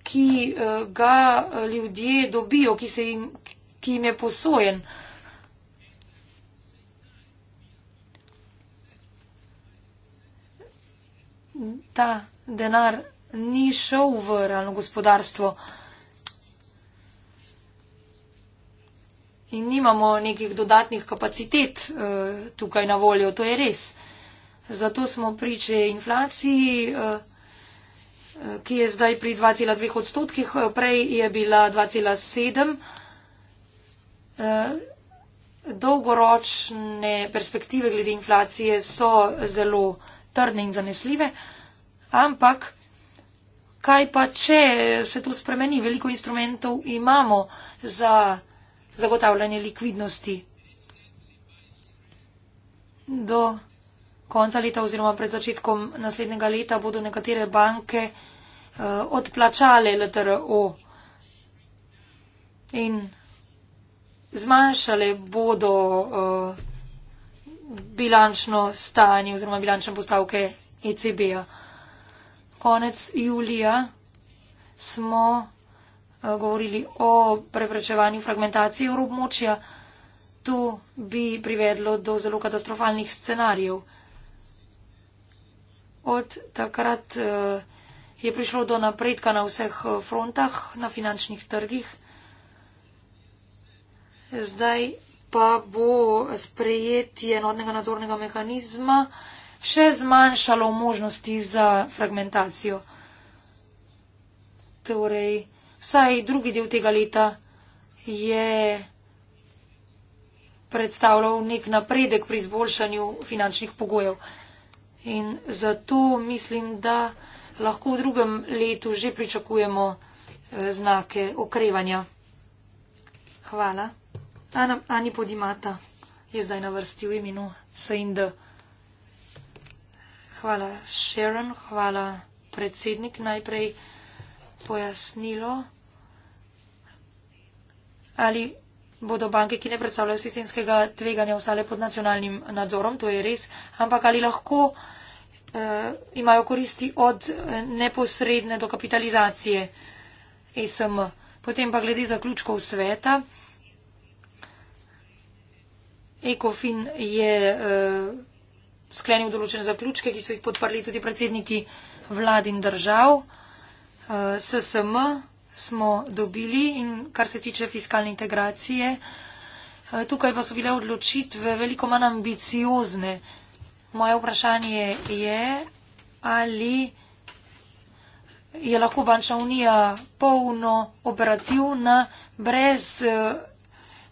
ki ga ljudje dobijo, ki, jim, ki jim je posojen. ta denar ni šel v realno gospodarstvo in nimamo nekih dodatnih kapacitet uh, tukaj na voljo, to je res. Zato smo priče inflaciji, uh, ki je zdaj pri 2,2 odstotkih, eh, prej je bila 2,7. Dolgoročne perspektive glede inflacije so zelo trdne in zanesljive, ampak kaj pa, če se to spremeni, veliko instrumentov imamo za zagotavljanje likvidnosti do konca leta oziroma pred začetkom naslednjega leta bodo nekatere banke uh, odplačale LTRO in zmanjšale bodo uh, bilančno stanje oziroma bilančne postavke ECB-a. Konec julija smo eh, govorili o preprečevanju fragmentacije evrobmočja. To bi privedlo do zelo katastrofalnih scenarijev. Od takrat eh, je prišlo do napredka na vseh eh, frontah, na finančnih trgih. Zdaj pa bo sprejetje enotnega nadzornega mehanizma še zmanjšalo možnosti za fragmentacijo. Torej, vsaj drugi del tega leta je predstavljal nek napredek pri izboljšanju finančnih pogojev. In zato mislim, da lahko v drugem letu že pričakujemo eh, znake okrevanja. Hvala. Ana, Ani Podimata je zdaj na vrsti v imenu SND. Hvala, Sharon, hvala, predsednik. Najprej pojasnilo, ali bodo banke, ki ne predstavljajo sistemskega tveganja, ostale pod nacionalnim nadzorom, to je res, ampak ali lahko eh, imajo koristi od eh, neposredne dokapitalizacije SM. Potem pa glede zaključkov sveta. Ekofin je uh, sklenil določene zaključke, ki so jih podprli tudi predsedniki vlad in držav. Uh, eh, SSM smo dobili in kar se tiče fiskalne integracije, uh, tukaj pa so bile odločitve veliko manj ambiciozne. Moje vprašanje je, ali je lahko bančna unija polno operativna, brez uh,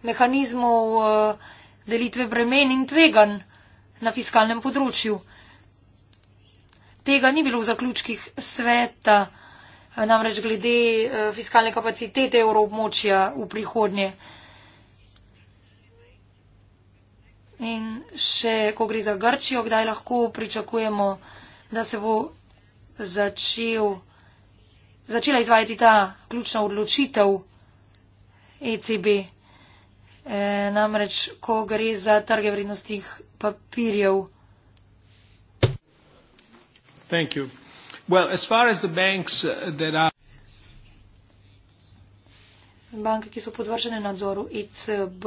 mehanizmov. Uh, delitve bremen in tvegan na fiskalnem področju. Tega ni bilo v zaključkih sveta, namreč glede eh, fiskalne kapacitete evroobmočja v prihodnje. In še, ko gre za Grčijo, kdaj lahko pričakujemo, da se bo začel, začela izvajati ta ključna odločitev ECB. E, namreč, ko gre za trge vrednostih papirjev. Well, as as uh, are... Banke, ki so podvržene nadzoru ECB,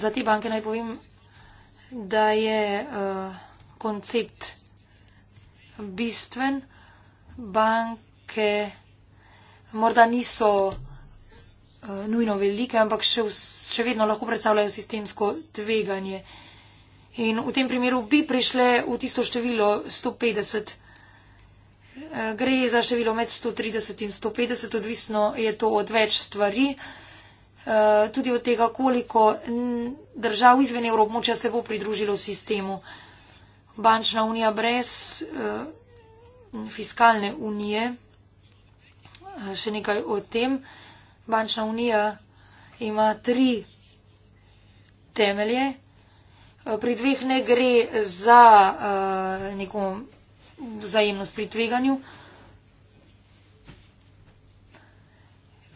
za te banke naj povem, da je uh, koncept bistven. Banke morda niso. Eh, nujno velike, ampak še, v, še vedno lahko predstavljajo sistemsko tveganje. In v tem primeru bi prišle v tisto število 150. Eh, gre za število med 130 in 150, odvisno je to od več stvari, eh, tudi od tega, koliko držav izven evrobmočja se bo pridružilo sistemu. Bančna unija brez fiskalne unije, še nekaj o tem. Bančna unija ima tri temelje. Pri dveh ne gre za uh, neko vzajemnost pri tveganju.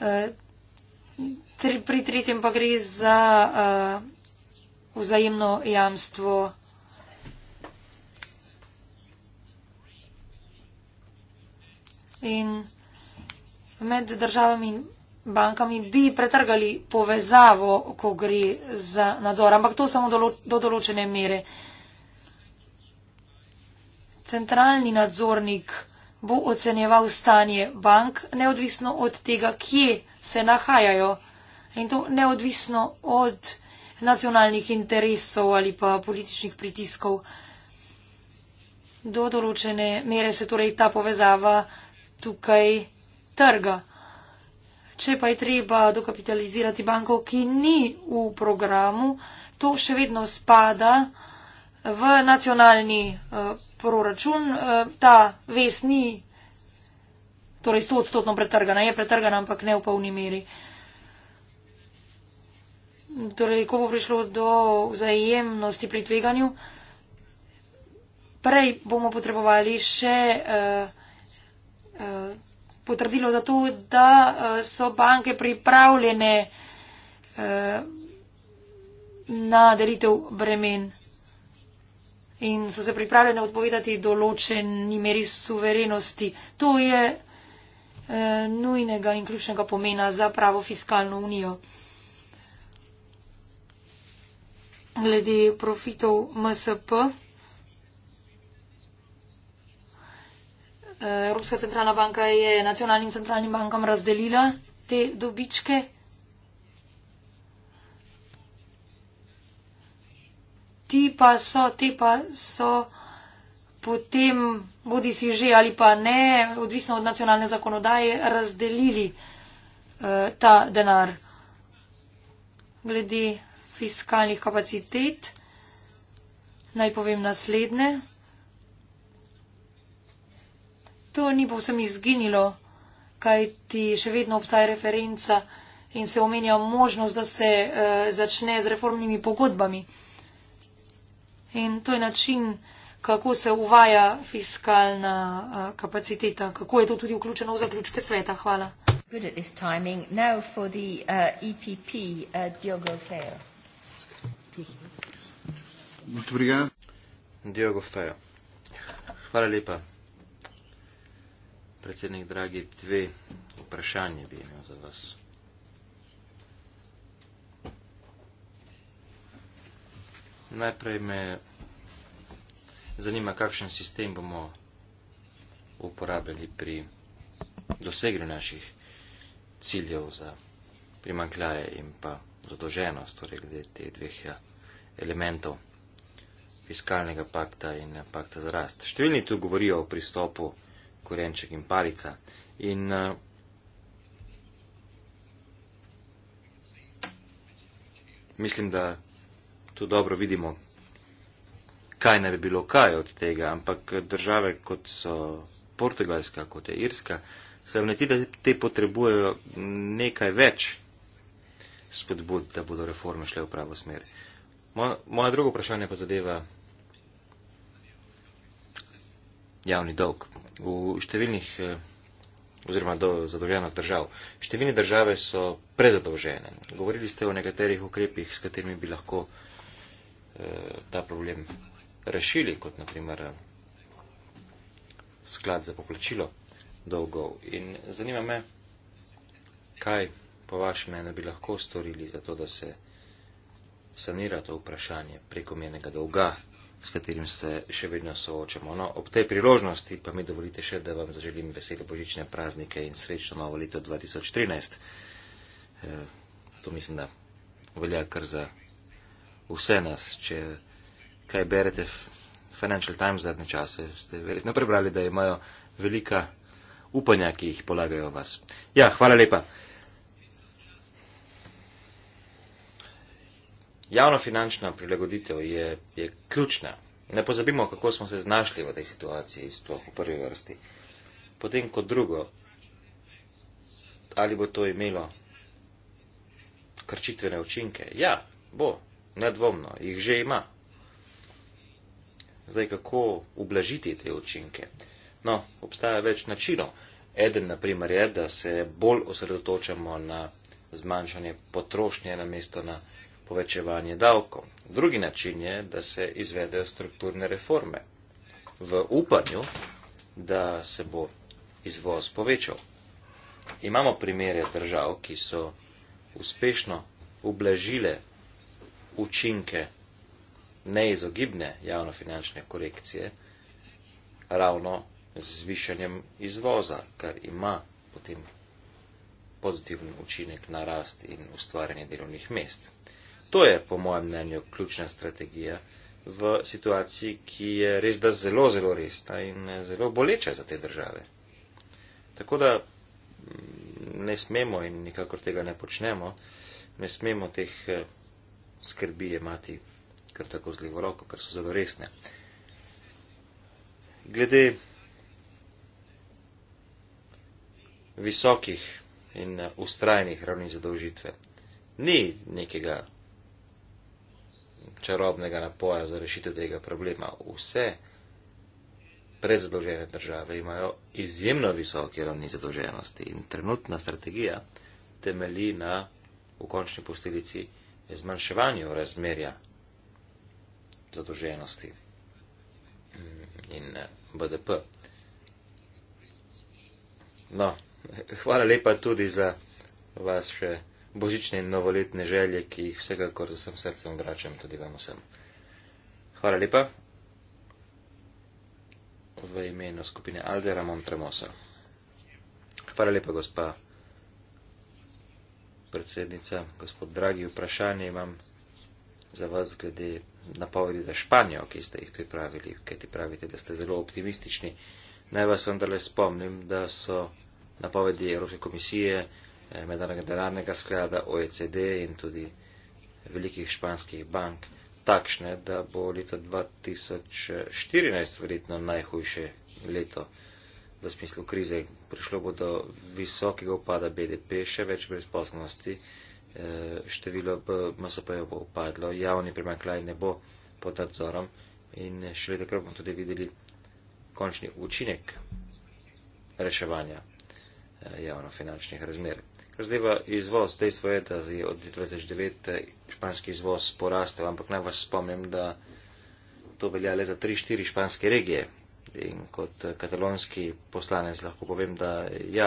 Uh, eh, tri, pri tretjem pa gre za uh, vzajemno jamstvo. In med državami bankami bi pretrgali povezavo, ko gre za nadzor, ampak to samo do določene mere. Centralni nadzornik bo ocenjeval stanje bank, neodvisno od tega, kje se nahajajo in to neodvisno od nacionalnih interesov ali pa političnih pritiskov. Do določene mere se torej ta povezava tukaj trga. Če pa je treba dokapitalizirati banko, ki ni v programu, to še vedno spada v nacionalni uh, proračun. Uh, ta ves ni, torej 100 odstotno pretrgana, je pretrgana, ampak ne v polni meri. Torej, ko bo prišlo do vzajemnosti pri tveganju, prej bomo potrebovali še. Uh, uh, potrdilo za to, da eh, so banke pripravljene eh, na delitev bremen in so se pripravljene odpovedati določeni meri suverenosti. To je eh, nujnega in ključnega pomena za pravo fiskalno unijo. Glede profitov MSP. Evropska centralna banka je nacionalnim centralnim bankam razdelila te dobičke. Ti pa so, te pa so potem, bodi si že ali pa ne, odvisno od nacionalne zakonodaje, razdelili eh, ta denar. Glede fiskalnih kapacitet, naj povem naslednje to ni povsem izginilo, kaj ti še vedno obstaja referenca in se omenja možnost, da se uh, začne z reformnimi pogodbami. In to je način, kako se uvaja fiskalna uh, kapaciteta, kako je to tudi vključeno v zaključke sveta. Hvala. Dobro, eh, e Diogo Fejo. Hvala lepa. Predsednik, dragi, dve vprašanje bi imel za vas. Najprej me zanima, kakšen sistem bomo uporabili pri dosegli naših ciljev za primankljaje in pa zadolženost, torej glede teh dveh ja, elementov fiskalnega pakta in pakta za rast. Številni tu govorijo o pristopu korenček in palica. In uh, mislim, da tu dobro vidimo, kaj ne bi bilo kaj od tega, ampak države, kot so Portugalska, kot je Irska, se vam ne zdi, da te potrebujejo nekaj več spodbud, da bodo reforme šle v pravo smer. Moja, moja druga vprašanja pa zadeva javni dolg v številnih, eh, oziroma do zadolženost držav. Številne države so prezadolžene. Govorili ste o nekaterih ukrepih, s katerimi bi lahko eh, ta problem rešili, kot naprimer eh, sklad za poplačilo dolgov. In zanima me, kaj po vašem mnenju bi lahko storili za to, da se sanira to vprašanje prekomernega dolga s katerim se še vedno soočamo. No, ob tej priložnosti pa mi dovolite še, da vam zaželim vesele božične praznike in srečno novo leto 2013. E, eh, to mislim, da velja kar za vse nas. Če kaj berete v Financial Times zadnje čase, ste verjetno prebrali, da imajo velika upanja, ki jih polagajo v vas. Ja, hvala lepa. Javnofinančna prilagoditev je, je ključna. Ne pozabimo, kako smo se znašli v tej situaciji, sploh v prvi vrsti. Potem kot drugo, ali bo to imelo krčitvene učinke? Ja, bo, nedvomno, jih že ima. Zdaj, kako ublažiti te učinke? No, obstaja več načinov. Eden, na primer, je, da se bolj osredotočamo na zmanjšanje potrošnje namesto na mesto na povečevanje davkov. Drugi način je, da se izvedejo strukturne reforme v upanju, da se bo izvoz povečal. Imamo primere držav, ki so uspešno ublažile učinke neizogibne javnofinančne korekcije ravno z zvišanjem izvoza, kar ima potem pozitiven učinek na rast in ustvarjanje delovnih mest. To je, po mojem mnenju, ključna strategija v situaciji, ki je res da zelo, zelo resna in eh, zelo boleča za te države. Tako da mm, ne smemo in nikakor tega ne počnemo, ne smemo teh eh, skrbi imati kar tako zlivo roko, ker so zelo resne. Glede visokih in ustrajnih eh, ravni zadolžitve, ni nekega čarobnega napoja za rešitev tega problema. Vse predzadolžene države imajo izjemno visoke ravni zadolženosti in trenutna strategija temelji na v končni posledici zmanjševanju razmerja zadolženosti in eh, BDP. No, hvala lepa tudi za vaše božične in novoletne želje, ki jih vsekakor z vsem srcem vračam tudi vam vsem. Hvala lepa. V imenu skupine Aldera Montremosa. Hvala lepa, gospa predsednica, gospod dragi, vprašanje imam za vas glede napovedi za Španijo, ki ste jih pripravili, kaj ti pravite, da ste zelo optimistični. Naj vas vendarle spomnim, da so napovedi Evropske komisije Eh, mednarodnega denarnega sklada, OECD in tudi velikih španskih bank takšne, da bo leto 2014 verjetno najhujše leto v smislu krize. Prišlo bo do visokega upada BDP, še več brezposlenosti, eh, število MSP je bo upadlo, javni primanklaj ne bo pod nadzorom in šele takrat bomo tudi videli končni učinek reševanja eh, javnofinančnih razmer. Kar zdaj izvoz, dejstvo je, da je od 2009 španski izvoz porastel, ampak naj vas spomnim, da to velja le za 3-4 španske regije. In kot eh, katalonski poslanec lahko povem, da ja,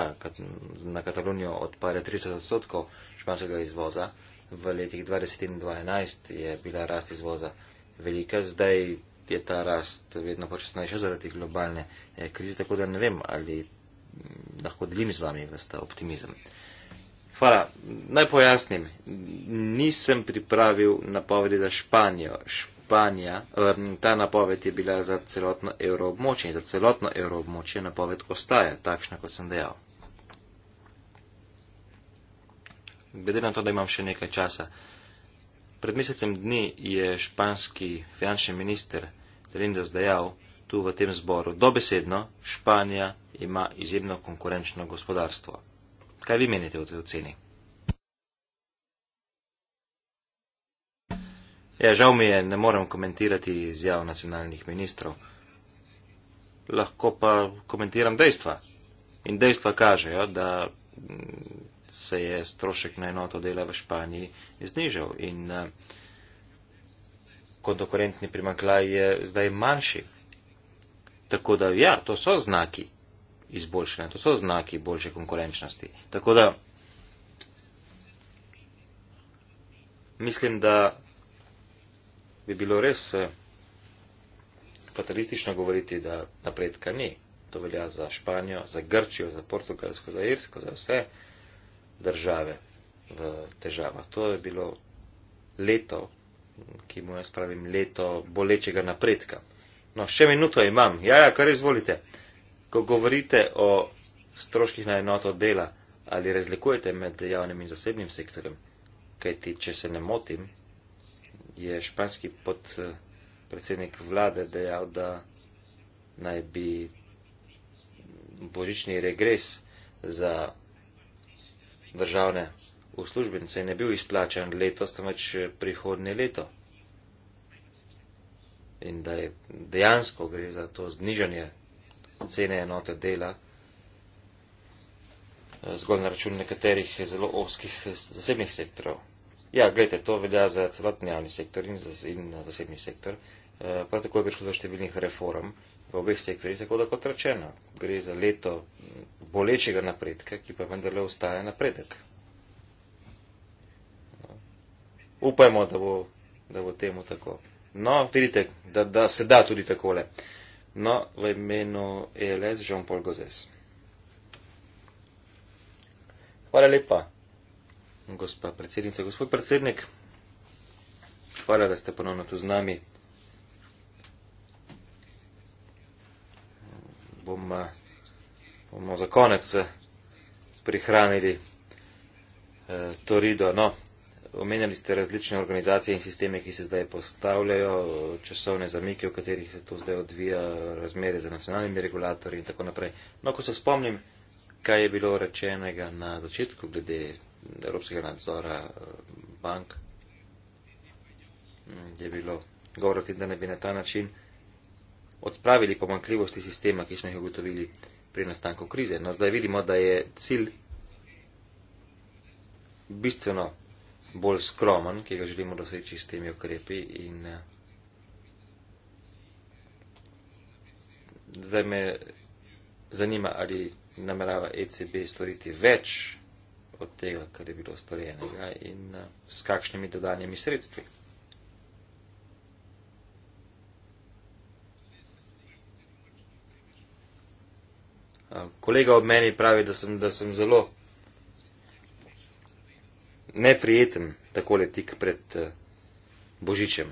na Katalonijo odpade 30 odstotkov španskega izvoza. V letih 20 in 2011 je bila rast izvoza velika, zdaj je ta rast vedno počasnejša zaradi globalne eh, krize, tako da ne vem, ali mm, lahko delim z vami vsta optimizem. Hvala. Naj pojasnim. Nisem pripravil napovedi za Španijo. Španija, eh, ta napoved je bila za celotno evroobmočje in za celotno evroobmočje napoved ostaja takšna, kot sem dejal. Glede na to, da imam še nekaj časa. Pred mesecem dni je španski finančni minister Rindos dejal tu v tem zboru, dobesedno Španija ima izjemno konkurenčno gospodarstvo. Kaj vi menite o tej oceni? Ja, žal mi je, ne morem komentirati izjav nacionalnih ministrov. Lahko pa komentiram dejstva. In dejstva kažejo, da mm, se je strošek na enoto dela v Španiji znižal in eh, konkurentni primaklaj je zdaj manjši. Tako da ja, to so znaki, izboljšanja. To so znaki boljše konkurenčnosti. Tako da mislim, da bi bilo res eh, fatalistično govoriti, da napredka ni. To velja za Španijo, za Grčijo, za Portugalsko, za Irsko, za vse države v težavah. To je bilo leto, ki mu jaz pravim, leto bolečega napredka. No, še minuto imam. Ja, ja, kar izvolite. Ko govorite o stroških na enoto dela, ali razlikujete med javnim in zasebnim sektorjem? Kajti, če se ne motim, je španski podpredsednik vlade dejal, da naj bi božični regres za državne uslužbence ne bil izplačan letos, temveč prihodnje leto. In da je dejansko gre za to znižanje cene enote dela, eh, zgolj na račun nekaterih zelo oskih zasebnih sektorov. Ja, gledajte, to velja za celotni javni sektor in za, in za zasebni sektor. Eh, prav tako je prišlo do številnih reform v obeh sektorjih, tako da kot rečeno, gre za leto bolečega napredka, ki pa vendarle ostaja napredek. No. Upajmo, da bo, da bo temu tako. No, vidite, da, da se da tudi takole no nemeno ELS Jean-Paul Gozes. Hvala lepa, gospa predsednica, gospod predsednik. Hvala, da ste ponovno tu z nami. Bom, eh, bomo za konec eh, prihranili eh, to rido. No omenjali ste različne organizacije in sisteme, ki se zdaj postavljajo, časovne zamike, v katerih se to zdaj odvija, razmere za nacionalnimi regulatorji in tako naprej. No, ko se spomnim, kaj je bilo rečenega na začetku glede evropskega nadzora eh, bank, mm, je bilo govor o tem, da ne bi na ta način odpravili pomankljivosti sistema, ki smo jih ugotovili pri nastanku krize. No, zdaj vidimo, da je cilj bistveno bolj skromen, ki ga želimo doseči s temi okrepi. In, uh, zdaj me zanima, ali namerava ECB storiti več od tega, kar je bilo storjenega in uh, s kakšnimi dodanjami sredstvi. Eh, kolega od meni pravi, da sem, da sem zelo neprijeten, tako le tik pred eh, Božičem.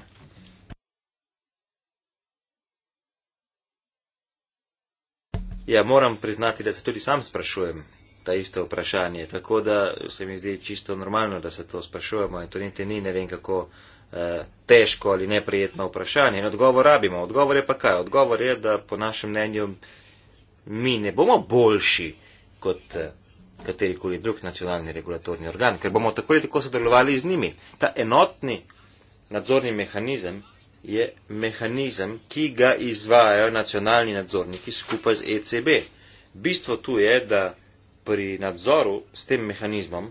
Ja, moram priznati, da se tudi sam sprašujem ta isto vprašanje, tako da se mi zdi čisto normalno, da se to sprašujemo in to niti ni ne vem kako eh, težko ali neprijetno vprašanje. In odgovor rabimo. Odgovor je pa kaj? Odgovor je, da po našem mnenju mi ne bomo boljši kot. Eh, katerikoli drug nacionalni regulatorni organ, ker bomo tako ali tako sodelovali z njimi. Ta enotni nadzorni mehanizem je mehanizem, ki ga izvajajo nacionalni nadzorniki skupaj z ECB. Bistvo tu je, da pri nadzoru s tem mehanizmom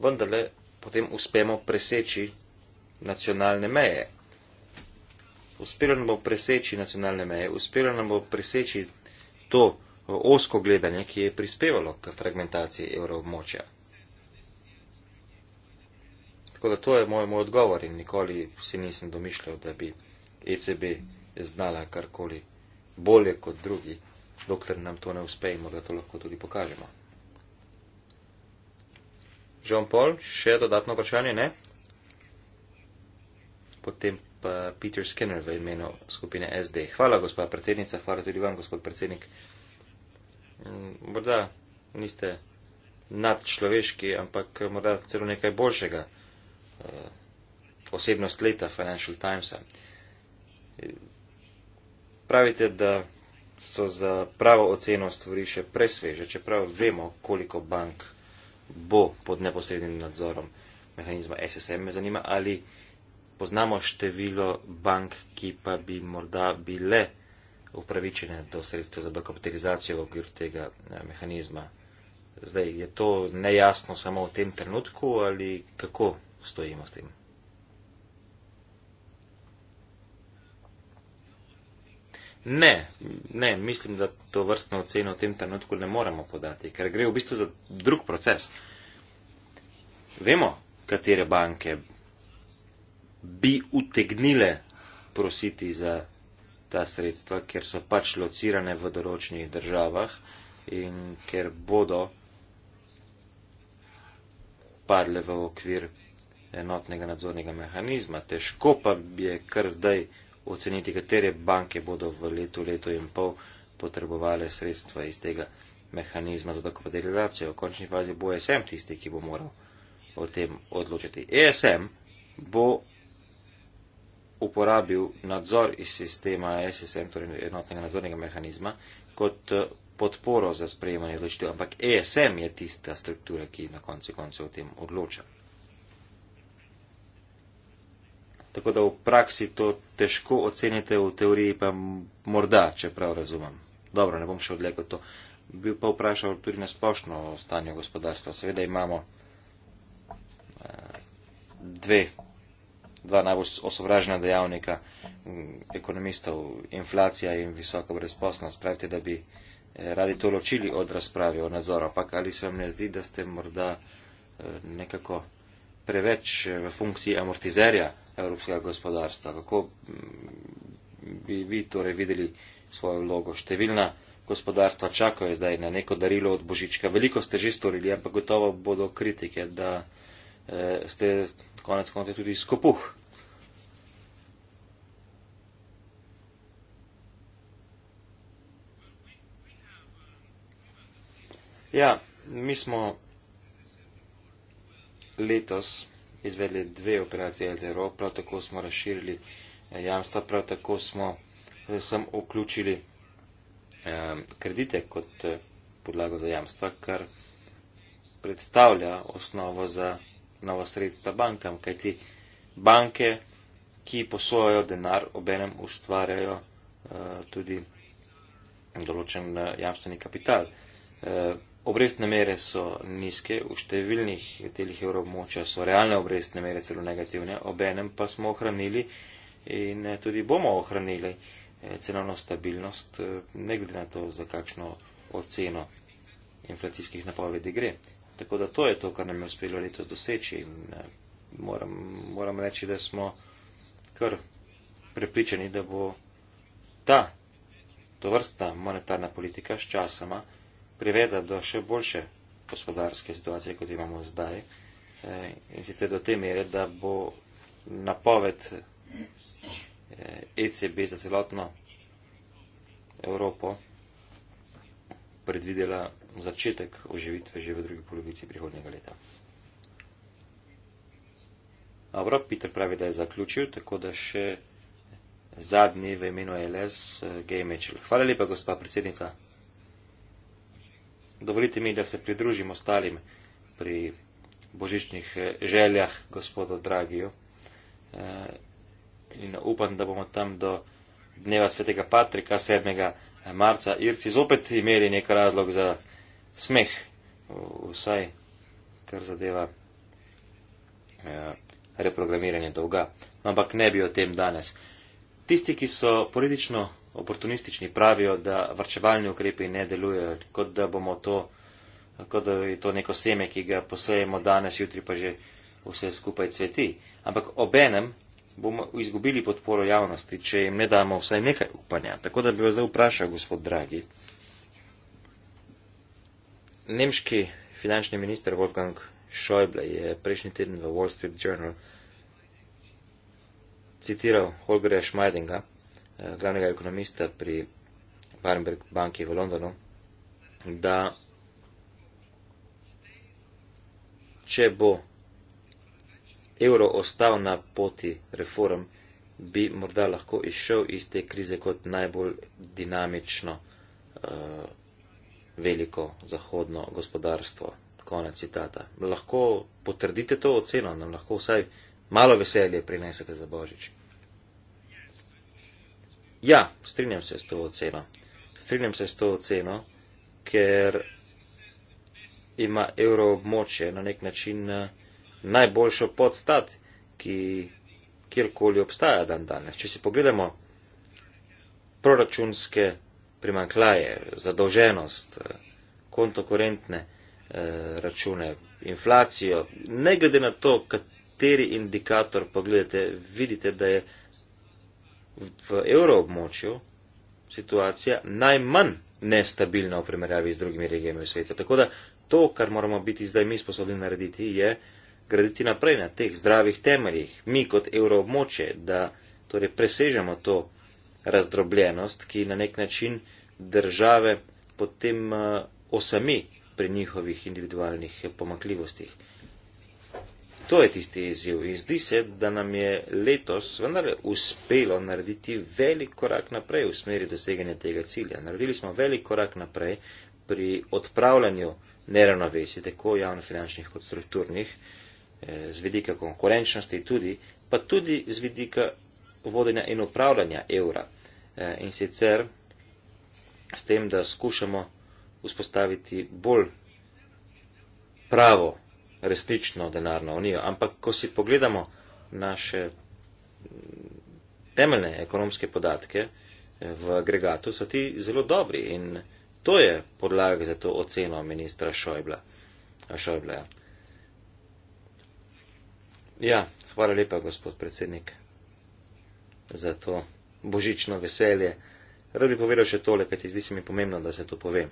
vendarle potem uspemo preseči nacionalne meje. Uspelo nam bo preseči nacionalne meje, uspelo nam bo preseči to, v osko gledanje, ki je prispevalo k fragmentaciji evroobmočja. Tako da to je moj, moj odgovor in nikoli si nisem domišljal, da bi ECB znala karkoli bolje kot drugi, dokler nam to ne uspe in morda to lahko tudi pokažemo. Žan Paul, še dodatno vprašanje, ne? Potem pa Peter Skinner v imenu skupine SD. Hvala, gospod predsednica, hvala tudi vam, gospod predsednik. Mm, morda niste nadčloveški, ampak morda celo nekaj boljšega eh, osebnost leta Financial Timesa. Pravite, da so za pravo oceno stvari še presveže, čeprav vemo, koliko bank bo pod neposrednim nadzorom mehanizma SSM. Me zanima, ali poznamo število bank, ki pa bi morda bile upravičene do sredstev za dokapitalizacijo v okviru tega eh, mehanizma. Zdaj je to nejasno samo v tem trenutku ali kako stojimo s tem? Ne, ne, mislim, da to vrstno oceno v tem trenutku ne moramo podati, ker gre v bistvu za drug proces. Vemo, katere banke bi utegnile prositi za ta sredstva, ker so pač locirane v določenih državah in ker bodo padle v okvir enotnega nadzornega mehanizma. Težko pa je kar zdaj oceniti, katere banke bodo v letu, leto in pol potrebovale sredstva iz tega mehanizma za dokapitalizacijo. V končni fazi bo e SM tisti, ki bo moral o tem odločiti. ESM bo uporabil nadzor iz sistema SSM, torej enotnega nadzornega mehanizma, kot eh, podporo za sprejemanje odločitev, ampak ESM je tista struktura, ki na koncu koncev o tem odloča. Tako da v praksi to težko ocenite, v teoriji pa morda, če prav razumem. Dobro, ne bom šel dlje kot to. Bil pa vprašal tudi na splošno stanje gospodarstva. Seveda imamo eh, dve dva najbolj osovražena dejavnika ekonomistov, inflacija in visoka brezposnost. Pravite, da bi eh, radi to ločili od razprave o nadzoru, ampak ali se vam ne zdi, da ste morda eh, nekako preveč eh, v funkciji amortizerja evropskega gospodarstva? Kako bi vi torej videli svojo vlogo? Številna gospodarstva čakajo zdaj na neko darilo od Božička. Veliko ste že storili, ampak gotovo bodo kritike, da Eh, ste konec konca tudi skopuh. Ja, mi smo letos izvedli dve operacije LDRO, prav tako smo razširili eh, jamstva, prav tako smo eh, sem vključili eh, kredite kot eh, podlago za jamstva, kar predstavlja osnovo za nova sredstva bankam, kajti banke, ki posojajo denar, obenem ustvarjajo eh, tudi določen eh, jamstveni kapital. Eh, obrestne mere so nizke, v številnih delih evroobmočja so realne obrestne mere celo negativne, obenem pa smo ohranili in tudi bomo ohranili cenovno stabilnost, ne glede na to, za kakšno oceno inflacijskih napovedi gre. Tako da to je to, kar nam je uspelo letos doseči in eh, moram, moram reči, da smo kar prepričani, da bo ta tovrstna monetarna politika s časoma priveda do še boljše gospodarske situacije, kot imamo zdaj. Eh, in sicer do te mere, da bo napoved ECB eh, e za celotno Evropo predvidela začetek oživitve že v drugi polovici prihodnjega leta. Dobro, Peter pravi, da je zaključil, tako da še zadnji v imenu LS, Gay Mitchell. Hvala lepa, gospa predsednica. Dovolite mi, da se pridružim ostalim pri božičnih željah gospodo Dragiju. Eh, in upam, da bomo tam do dneva svetega Patrika 7. marca Irci zopet imeli nek razlog za smeh, vsaj kar zadeva eh, reprogramiranje dolga. Ampak ne bi o tem danes. Tisti, ki so politično oportunistični, pravijo, da vrčevalni ukrepi ne delujejo, kot da bomo to, kot da je to neko seme, ki ga posejemo danes, jutri pa že vse skupaj cveti. Ampak obenem bomo izgubili podporo javnosti, če jim ne damo vsaj nekaj upanja. Tako da bi vas zdaj vprašal, gospod Dragi. Nemški finančni minister Wolfgang Schäuble je prejšnji teden v Wall Street Journal citiral Holgerja Schmeidinga, eh, glavnega ekonomista pri Barenberg banki v Londonu, da če bo evro ostal na poti reform, bi morda lahko izšel iz te krize kot najbolj dinamično. Uh, veliko zahodno gospodarstvo. Konec citata. Lahko potrdite to oceno, nam lahko vsaj malo veselje prinesete za Božič. Ja, strinjam se s to oceno. Strinjam se s to oceno, ker ima evroobmočje na nek način eh, najboljšo podstat, ki kjerkoli obstaja dan danes. Če si pogledamo proračunske primankljaje, zadolženost, eh, kontokorentne eh, račune, inflacijo. Ne glede na to, kateri indikator pogledate, vidite, da je v evroobmočju situacija najmanj nestabilna v primerjavi z drugimi regijami v svetu. Tako da to, kar moramo biti zdaj mi sposobni narediti, je graditi naprej na teh zdravih temeljih, mi kot evroobmoče, da torej presežemo to razdrobljenost, ki na nek način države potem eh, osami pri njihovih individualnih pomakljivostih. To je tisti izziv in zdi se, da nam je letos vendar uspelo narediti velik korak naprej v smeri doseganja tega cilja. Naredili smo velik korak naprej pri odpravljanju neravnovesij, tako javnofinančnih kot strukturnih, eh, z vidika konkurenčnosti tudi, pa tudi z vidika vodenja in upravljanja evra. Eh, in sicer s tem, da skušamo vzpostaviti bolj pravo, resnično denarno unijo. Ampak, ko si pogledamo naše temeljne ekonomske podatke eh, v agregatu, so ti zelo dobri in to je podlaga za to oceno ministra Šojbleja. Ja, hvala lepa, gospod predsednik, za to božično veselje. Rad bi povedal še tole, kajti zdi se mi pomembno, da se to pove.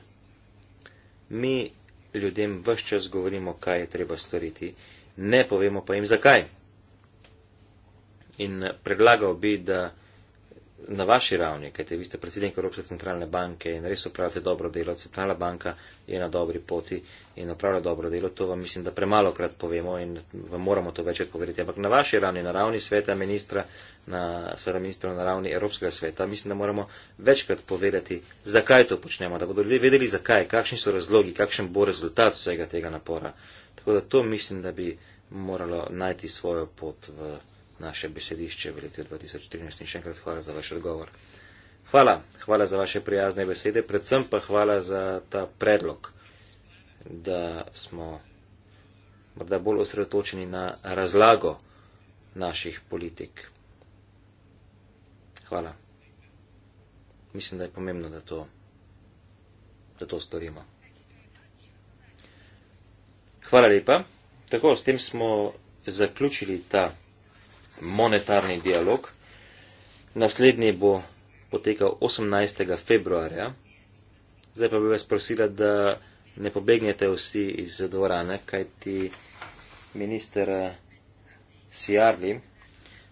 Mi ljudem vse čas govorimo, kaj je treba storiti, ne povemo pa jim zakaj. In predlagal bi, da na vaši ravni, kajte vi ste predsednik Evropske centralne banke in res upravljate dobro delo, centralna banka je na dobri poti in upravlja dobro delo, to vam mislim, da premalo krat povemo in vam moramo to večkrat povedati. Ampak na vaši ravni, na ravni sveta ministra, na sveta ministra, na ravni Evropskega sveta, mislim, da moramo večkrat povedati, zakaj to počnemo, da bodo ljudje vedeli, zakaj, kakšni so razlogi, kakšen bo rezultat vsega tega napora. Tako da to mislim, da bi moralo najti svojo pot v naše besedišče v letu 2013 in še enkrat hvala za vaš odgovor. Hvala, hvala za vaše prijazne besede, predvsem pa hvala za ta predlog, da smo morda bolj osredotočeni na razlago naših politik. Hvala. Mislim, da je pomembno, da to, da to storimo. Hvala lepa. Tako, s tem smo zaključili ta monetarni dialog. Naslednji bo potekal 18. februarja. Zdaj pa bi vas prosila, da ne pobegnete vsi iz dvorane, kajti minister eh, Sijarli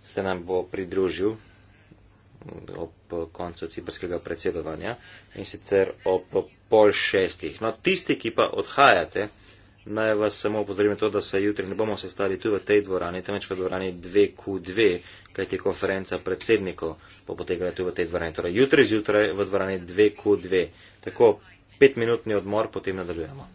se nam bo pridružil mm, ob koncu ciprskega predsedovanja in sicer ob pol šestih. No, tisti, ki pa odhajate, Naj vas samo opozorim to, da se jutri ne bomo sestali tu v tej dvorani, temveč v dvorani 2Q2, kajti konferenca predsednikov bo potekala tu v tej dvorani. Torej jutri zjutraj v dvorani 2Q2. Tako, pet minutni odmor, potem nadaljujemo.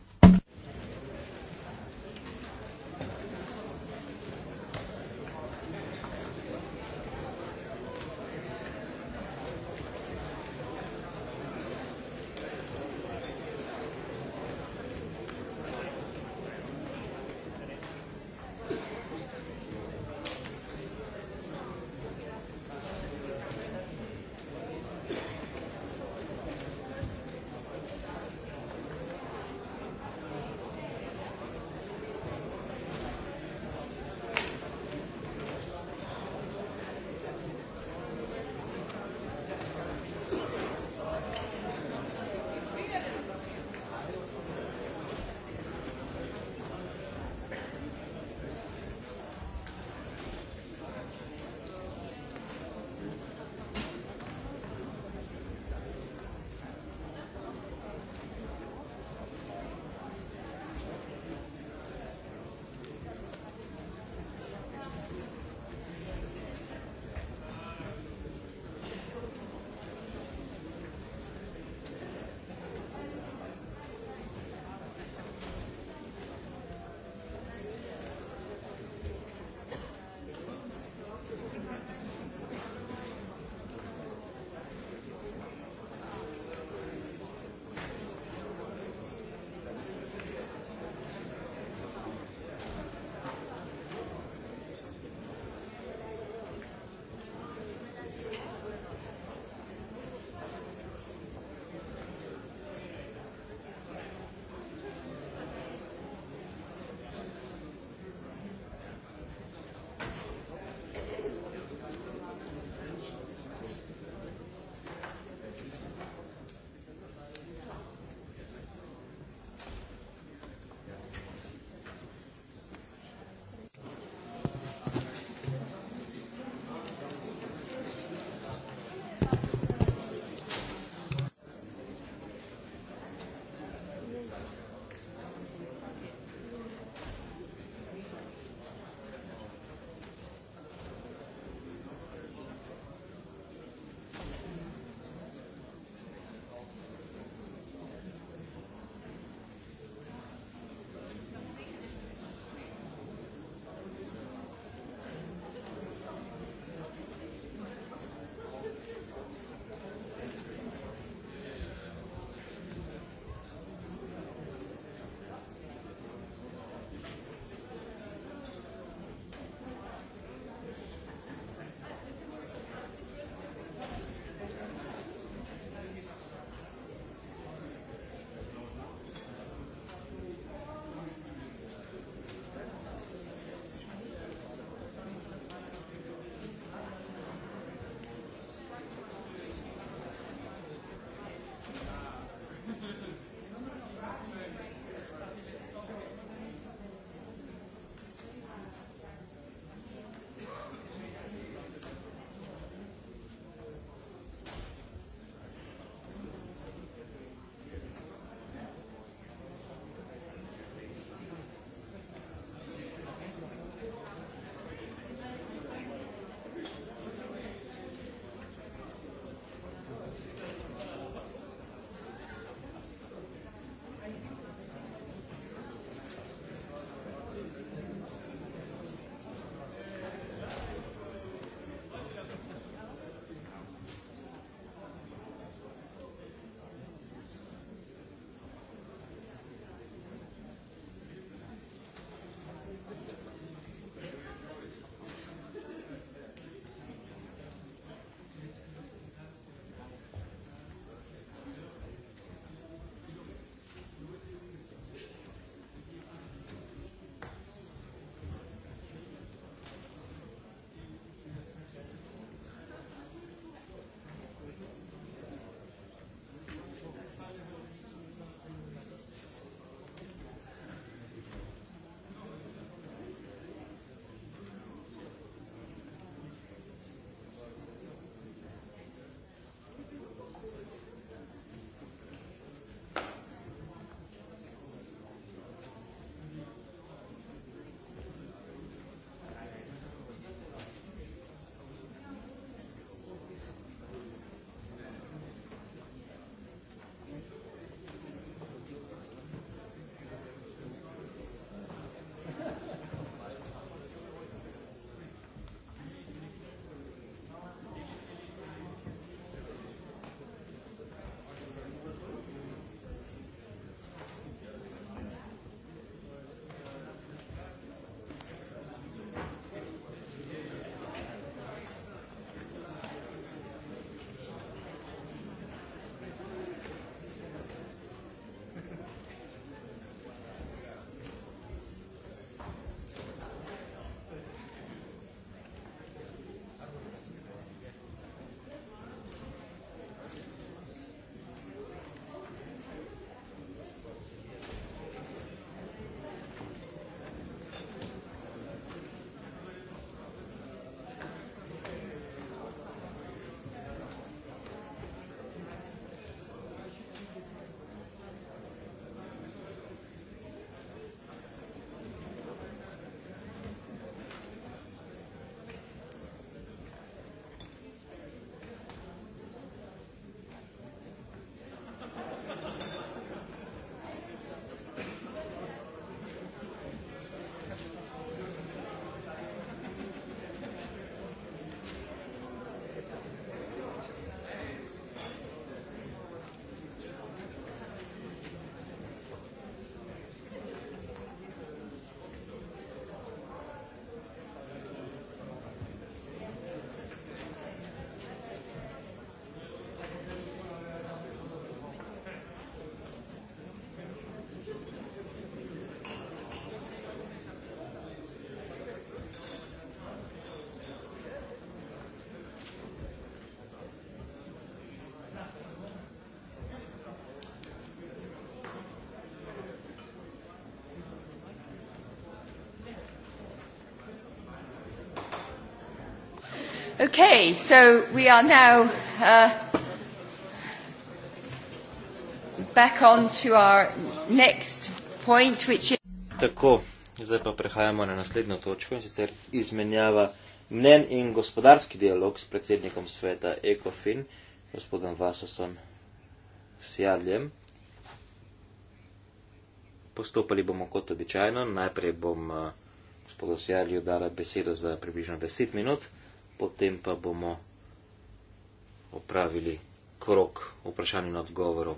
Okay, so we are now uh, back on to our next point, which is. Tako, zdaj pa prehajamo na naslednjo točko in sicer izmenjava mnen in gospodarski dialog s predsednikom sveta ECOFIN, gospodom Vasosom Sjadljem. Postopali bomo kot običajno. Najprej bom uh, gospodu Sjadlju dala besedo za približno 10 minut potem pa bomo opravili krok vprašanj in odgovorov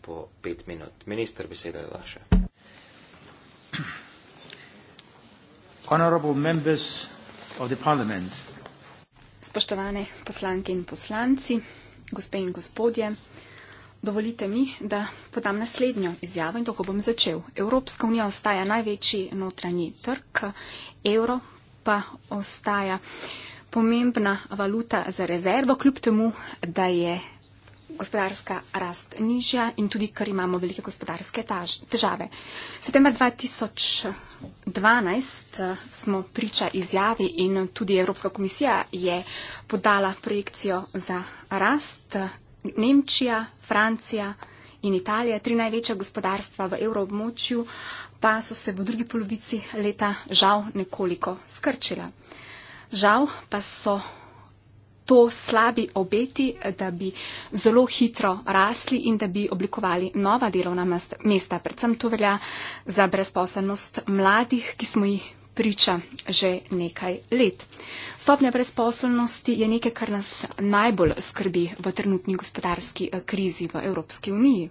po pet minut. Minister, beseda je vaša. Spoštovane poslanke in poslanci, gospe in gospodje, dovolite mi, da podam naslednjo izjavo in tako bom začel. Evropska unija ostaja največji notranji trg, evro pa ostaja. Uh, pomembna valuta za rezervo, kljub temu, da je gospodarska rast nižja in tudi, ker imamo velike gospodarske taž, težave. September 2012 eh, smo priča izjavi in tudi Evropska komisija je podala projekcijo za rast. Eh, Nemčija, Francija in Italija, tri največja gospodarstva v evroobmočju, pa so se v drugi polovici leta žal nekoliko skrčila. Žal pa so to slabi obeti, da bi zelo hitro rasli in da bi oblikovali nova delovna mesta. Predvsem to velja za brezposelnost mladih, ki smo jih priča že nekaj let. Stopnja brezposelnosti je nekaj, kar nas najbolj skrbi v trenutni gospodarski eh, krizi v Evropski uniji.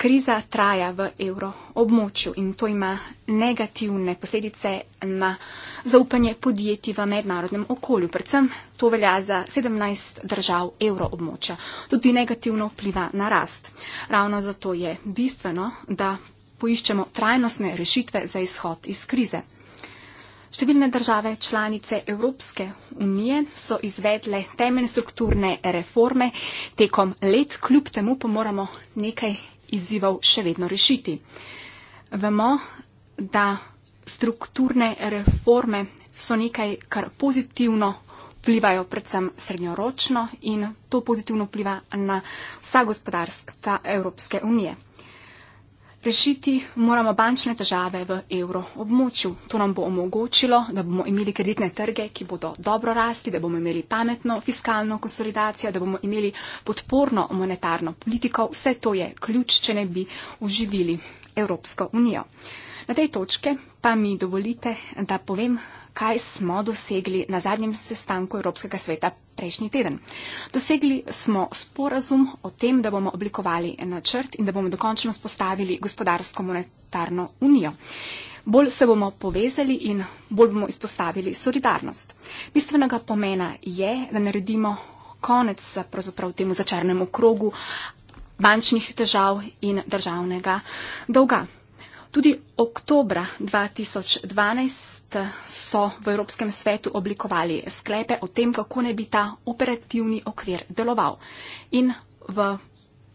Kriza traja v evroobmočju in to ima negativne posledice na zaupanje podjetij v mednarodnem okolju. Predvsem to velja za 17 držav evroobmočja. Tudi negativno vpliva na rast. Ravno zato je bistveno, da poiščemo trajnostne rešitve za izhod iz krize. Številne države članice Evropske unije so izvedle temeljne strukturne reforme tekom let, kljub temu pa moramo nekaj izzivov še vedno rešiti. Vemo, da strukturne reforme so nekaj, kar pozitivno vplivajo predvsem srednjeročno in to pozitivno vpliva na vsa gospodarstva Evropske unije. Rešiti moramo bančne težave v evroobmočju. To nam bo omogočilo, da bomo imeli kreditne trge, ki bodo dobro rasti, da bomo imeli pametno fiskalno konsolidacijo, da bomo imeli podporno monetarno politiko. Vse to je ključ, če ne bi uživili Evropsko unijo. Na tej točki pa mi dovolite, da povem, kaj smo dosegli na zadnjem sestanku Evropskega sveta prejšnji teden. Dosegli smo sporazum o tem, da bomo oblikovali načrt in da bomo dokončno spostavili gospodarsko monetarno unijo. Bolj se bomo povezali in bolj bomo izpostavili solidarnost. Bistvenega pomena je, da naredimo konec pravzaprav temu začarnemu krogu bančnih težav in državnega dolga. Tudi oktobra 2012 so v Evropskem svetu oblikovali sklepe o tem, kako ne bi ta operativni okvir deloval. In v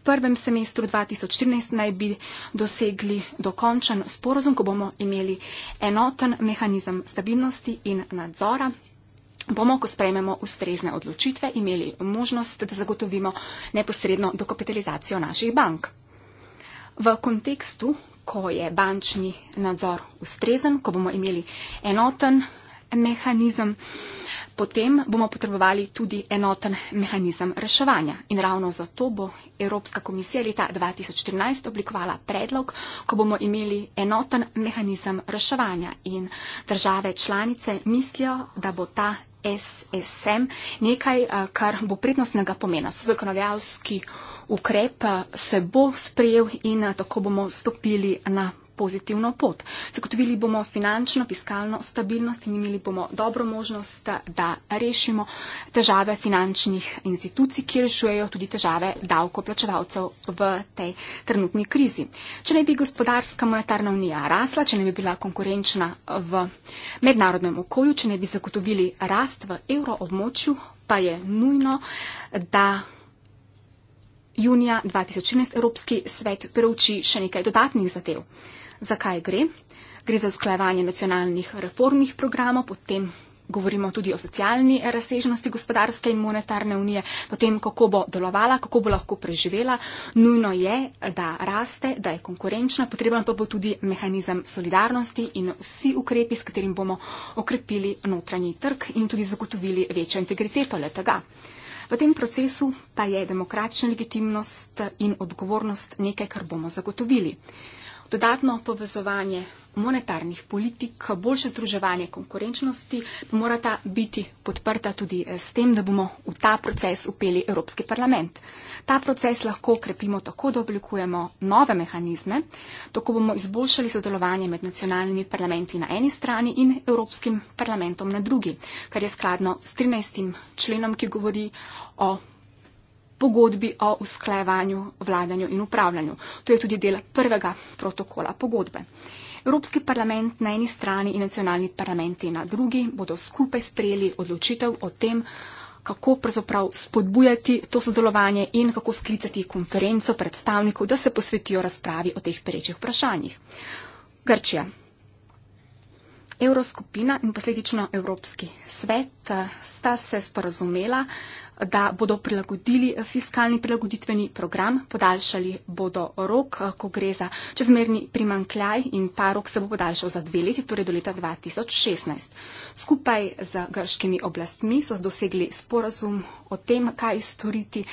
prvem semestru 2014 naj bi dosegli dokončen sporozum, ko bomo imeli enoten mehanizem stabilnosti in nadzora bomo, ko sprejmemo ustrezne odločitve, imeli možnost, da zagotovimo neposredno dokapitalizacijo naših bank. V kontekstu ko je bančni nadzor ustrezen, ko bomo imeli enoten mehanizem, potem bomo potrebovali tudi enoten mehanizem reševanja. In ravno zato bo Evropska komisija leta 2013 oblikovala predlog, ko bomo imeli enoten mehanizem reševanja. In države članice mislijo, da bo ta. SSM nekaj, eh, kar bo prednostnega pomena. So zakonodajalski ukrep se bo sprejel in eh, tako bomo stopili na pozitivno pot. Zagotovili bomo finančno, fiskalno stabilnost in imeli bomo dobro možnost, da rešimo težave finančnih institucij, ki rešujejo tudi težave davkoplačevalcev v tej trenutni krizi. Če ne bi gospodarska monetarna unija rasla, če ne bi bila konkurenčna v mednarodnem okolju, če ne bi zagotovili rast v evroobmočju, pa je nujno, da junija 2013 Evropski svet preuči še nekaj dodatnih zadev. Zakaj gre? Gre za usklajevanje nacionalnih reformnih programov, potem govorimo tudi o socialni razsežnosti gospodarske in monetarne unije, potem kako bo delovala, kako bo lahko preživela. Nujno je, da raste, da je konkurenčna, potreben pa bo tudi mehanizem solidarnosti in vsi ukrepi, s katerim bomo okrepili notranji trg in tudi zagotovili večjo integriteto letega. V tem procesu pa je demokratična legitimnost in odgovornost nekaj, kar bomo zagotovili dodatno povezovanje monetarnih politik, boljše združevanje konkurenčnosti, morata biti podprta tudi eh, s tem, da bomo v ta proces upeli Evropski parlament. Ta proces lahko krepimo tako, da oblikujemo nove mehanizme, tako bomo izboljšali sodelovanje med nacionalnimi parlamenti na eni strani in Evropskim parlamentom na drugi, kar je skladno s 13. členom, ki govori o pogodbi o usklajevanju, vladanju in upravljanju. To je tudi del prvega protokola pogodbe. Evropski parlament na eni strani in nacionalni parlamenti na drugi bodo skupaj sprejeli odločitev o tem, kako pravzaprav spodbujati to sodelovanje in kako sklicati konferenco predstavnikov, da se posvetijo razpravi o teh perečih vprašanjih. Grčija. Evroskupina in posledično Evropski svet eh, sta se sporazumela, da bodo prilagodili fiskalni prilagoditveni program, podaljšali bodo rok, ko gre za čezmerni primankljaj in ta rok se bo podaljšal za dve leti, torej do leta 2016. Skupaj z grškimi oblastmi so dosegli sporazum o tem, kaj storiti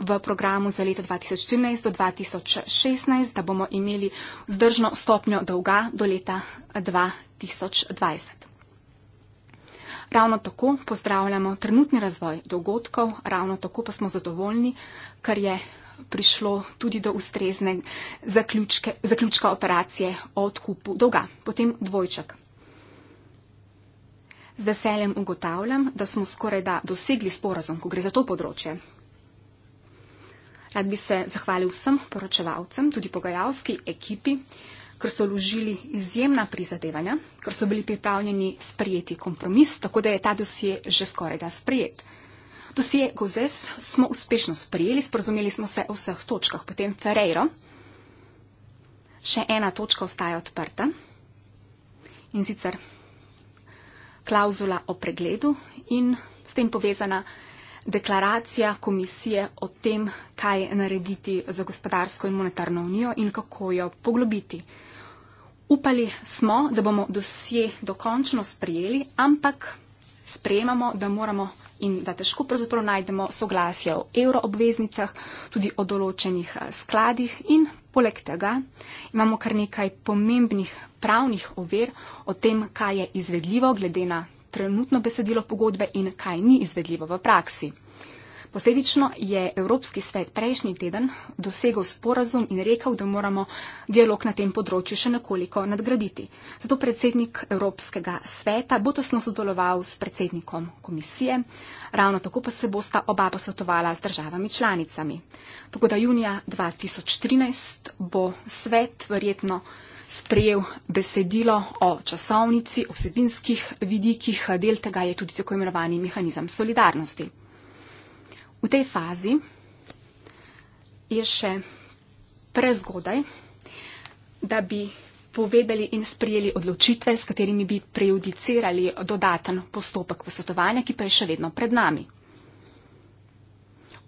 v programu za leto 2014 do 2016, da bomo imeli zdržno stopnjo dolga do leta 2020. Ravno tako pozdravljamo trenutni razvoj dogodkov, ravno tako pa smo zadovoljni, ker je prišlo tudi do ustrezne zaključke, zaključka operacije o odkupu dolga, potem dvojček. Z veseljem ugotavljam, da smo skoraj da dosegli sporazum, ko gre za to področje. Rad bi se zahvalil vsem poročevalcem, tudi pogajalski ekipi ker so vložili izjemna prizadevanja, ker so bili pripravljeni sprejeti kompromis, tako da je ta dosje že skorega sprejet. Dosje Gozes smo uspešno sprejeli, sporozumeli smo se o vseh točkah, potem Ferreiro. Še ena točka ostaja odprta in sicer klauzula o pregledu in s tem povezana deklaracija komisije o tem, kaj narediti za gospodarsko in monetarno unijo in kako jo poglobiti. Upali smo, da bomo dosje dokončno sprejeli, ampak sprejemamo, da moramo in da težko pravzaprav najdemo soglasje o euroobveznicah, tudi o določenih eh, skladih in poleg tega imamo kar nekaj pomembnih pravnih ovir o tem, kaj je izvedljivo glede na trenutno besedilo pogodbe in kaj ni izvedljivo v praksi. Posledično je Evropski svet prejšnji teden dosegel sporazum in rekel, da moramo dialog na tem področju še nekoliko nadgraditi. Zato predsednik Evropskega sveta bo tesno sodeloval s predsednikom komisije, ravno tako pa se bosta oba posvetovala z državami članicami. Tako da junija 2013 bo svet verjetno sprejel besedilo o časovnici, o sebinskih vidikih, del tega je tudi tako imenovani mehanizem solidarnosti. V tej fazi je še prezgodaj, da bi povedali in sprijeli odločitve, s katerimi bi prejudicirali dodaten postopek posvetovanja, ki pa je še vedno pred nami.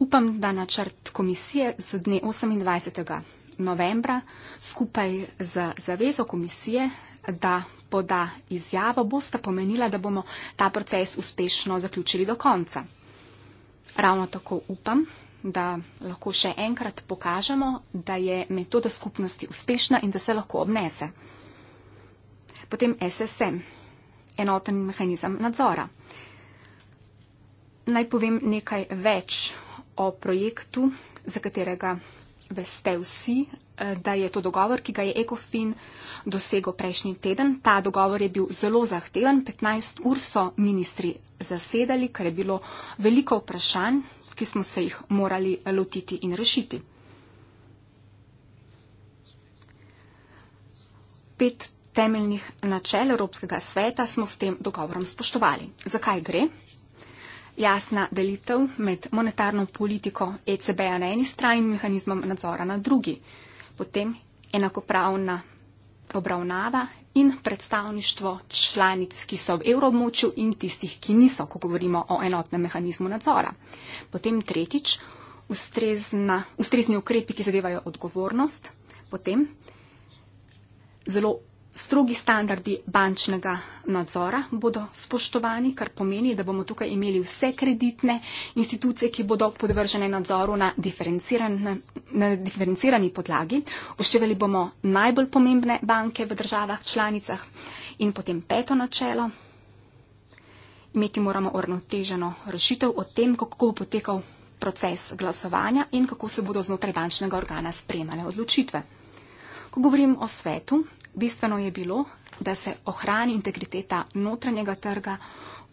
Upam, da načrt komisije z dne 28. novembra skupaj z zavezo komisije, da poda izjavo, bosta pomenila, da bomo ta proces uspešno zaključili do konca. Ravno tako upam, da lahko še enkrat pokažemo, da je metoda skupnosti uspešna in da se lahko obnese. Potem SSM, enoten mehanizem nadzora. Naj povem nekaj več o projektu, za katerega veste vsi, eh, da je to dogovor, ki ga je Ekofin dosegel prejšnji teden. Ta dogovor je bil zelo zahteven. 15 ur so ministri zasedali, ker je bilo veliko vprašanj, ki smo se jih morali lotiti in rešiti. Pet temeljnih načel Evropskega sveta smo s tem dogovorom spoštovali. Zakaj gre? jasna delitev med monetarno politiko ECB-ja na eni strani in mehanizmom nadzora na drugi. Potem enakopravna obravnava in predstavništvo članic, ki so v evroobmočju in tistih, ki niso, ko govorimo o enotnem mehanizmu nadzora. Potem tretjič, ustrezna, ustrezni ukrepi, ki zadevajo odgovornost. Potem zelo strogi standardi bančnega nadzora bodo spoštovani, kar pomeni, da bomo tukaj imeli vse kreditne institucije, ki bodo podvržene nadzoru na, na diferencirani podlagi. Uštevali bomo najbolj pomembne banke v državah, članicah in potem peto načelo. Imeti moramo uravnoteženo rešitev o tem, kako bo potekal proces glasovanja in kako se bodo znotraj bančnega organa spremale odločitve. Ko govorim o svetu, bistveno je bilo, da se ohrani integriteta notranjega trga,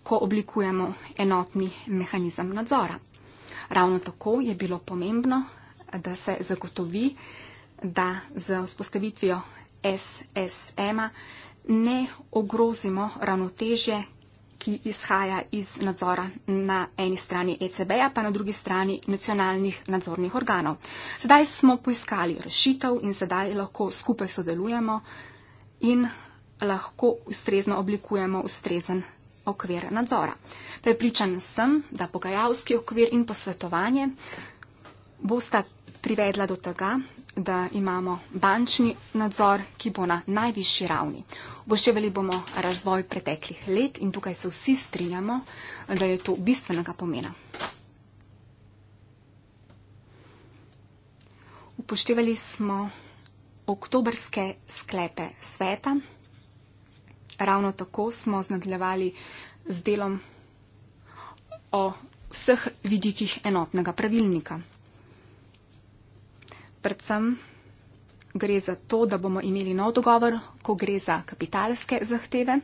ko oblikujemo enotni mehanizem nadzora. Ravno tako je bilo pomembno, da se zagotovi, da z vzpostavitvijo SSM-a ne ogrozimo ravnotežje, ki izhaja iz nadzora na eni strani ECB-ja, pa na drugi strani nacionalnih nadzornih organov. Sedaj smo poiskali rešitev in sedaj lahko skupaj sodelujemo in lahko ustrezno oblikujemo ustrezen okvir nadzora. Prepričan sem, da pogajalski okvir in posvetovanje bosta privedla do tega, da imamo bančni nadzor, ki bo na najvišji ravni. Boščevali bomo razvoj preteklih let in tukaj se vsi strinjamo, da je to bistvenega pomena. Upoštevali smo oktobrske sklepe sveta. Ravno tako smo znadljevali z delom o vseh vidikih enotnega pravilnika predvsem gre za to, da bomo imeli nov dogovor, ko gre za kapitalske zahteve.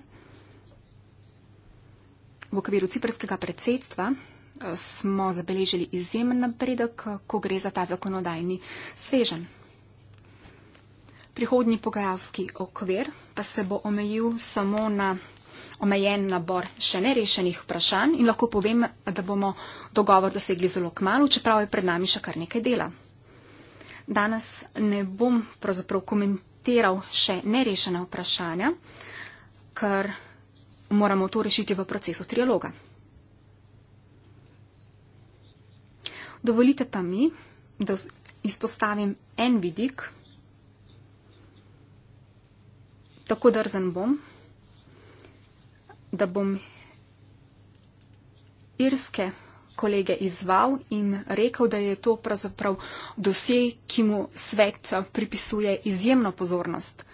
V okviru ciprskega predsedstva eh, smo zabeležili izjemen napredek, ko gre za ta zakonodajni svežen. Prihodnji pogajalski okvir pa se bo omejil samo na omejen nabor še nerešenih vprašanj in lahko povem, da bomo dogovor dosegli zelo kmalo, čeprav je pred nami še kar nekaj dela. Danes ne bom pravzaprav komentiral še nerešena vprašanja, ker moramo to rešiti v procesu trialoga. Dovolite pa mi, da izpostavim en vidik, tako drzen bom, da bom irske kolege izval in rekel, da je to pravzaprav dosej, ki mu svet pripisuje izjemno pozornost.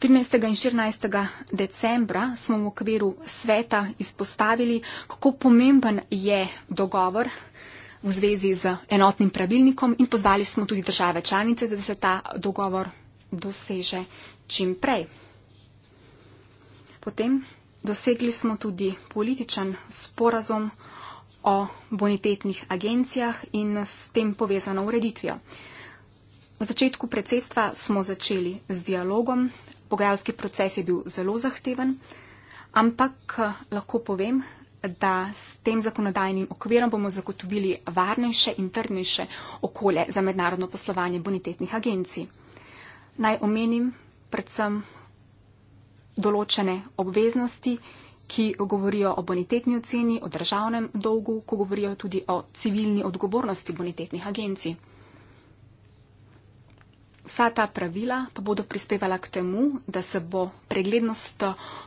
13. in 14. decembra smo v okviru sveta izpostavili, kako pomemben je dogovor v zvezi z enotnim pravilnikom in pozvali smo tudi države članice, da se ta dogovor doseže čim prej. Potem dosegli smo tudi političen sporazum, o bonitetnih agencijah in s tem povezano ureditvijo. V začetku predsedstva smo začeli z dialogom, pogajalski proces je bil zelo zahteven, ampak lahko povem, da s tem zakonodajnim okvirom bomo zagotovili varnejše in trdnejše okolje za mednarodno poslovanje bonitetnih agencij. Naj omenim predvsem določene obveznosti, ki govorijo o bonitetni oceni, o državnem dolgu, ko govorijo tudi o civilni odgovornosti bonitetnih agencij. Vsa ta pravila pa bodo prispevala k temu, da se bo preglednost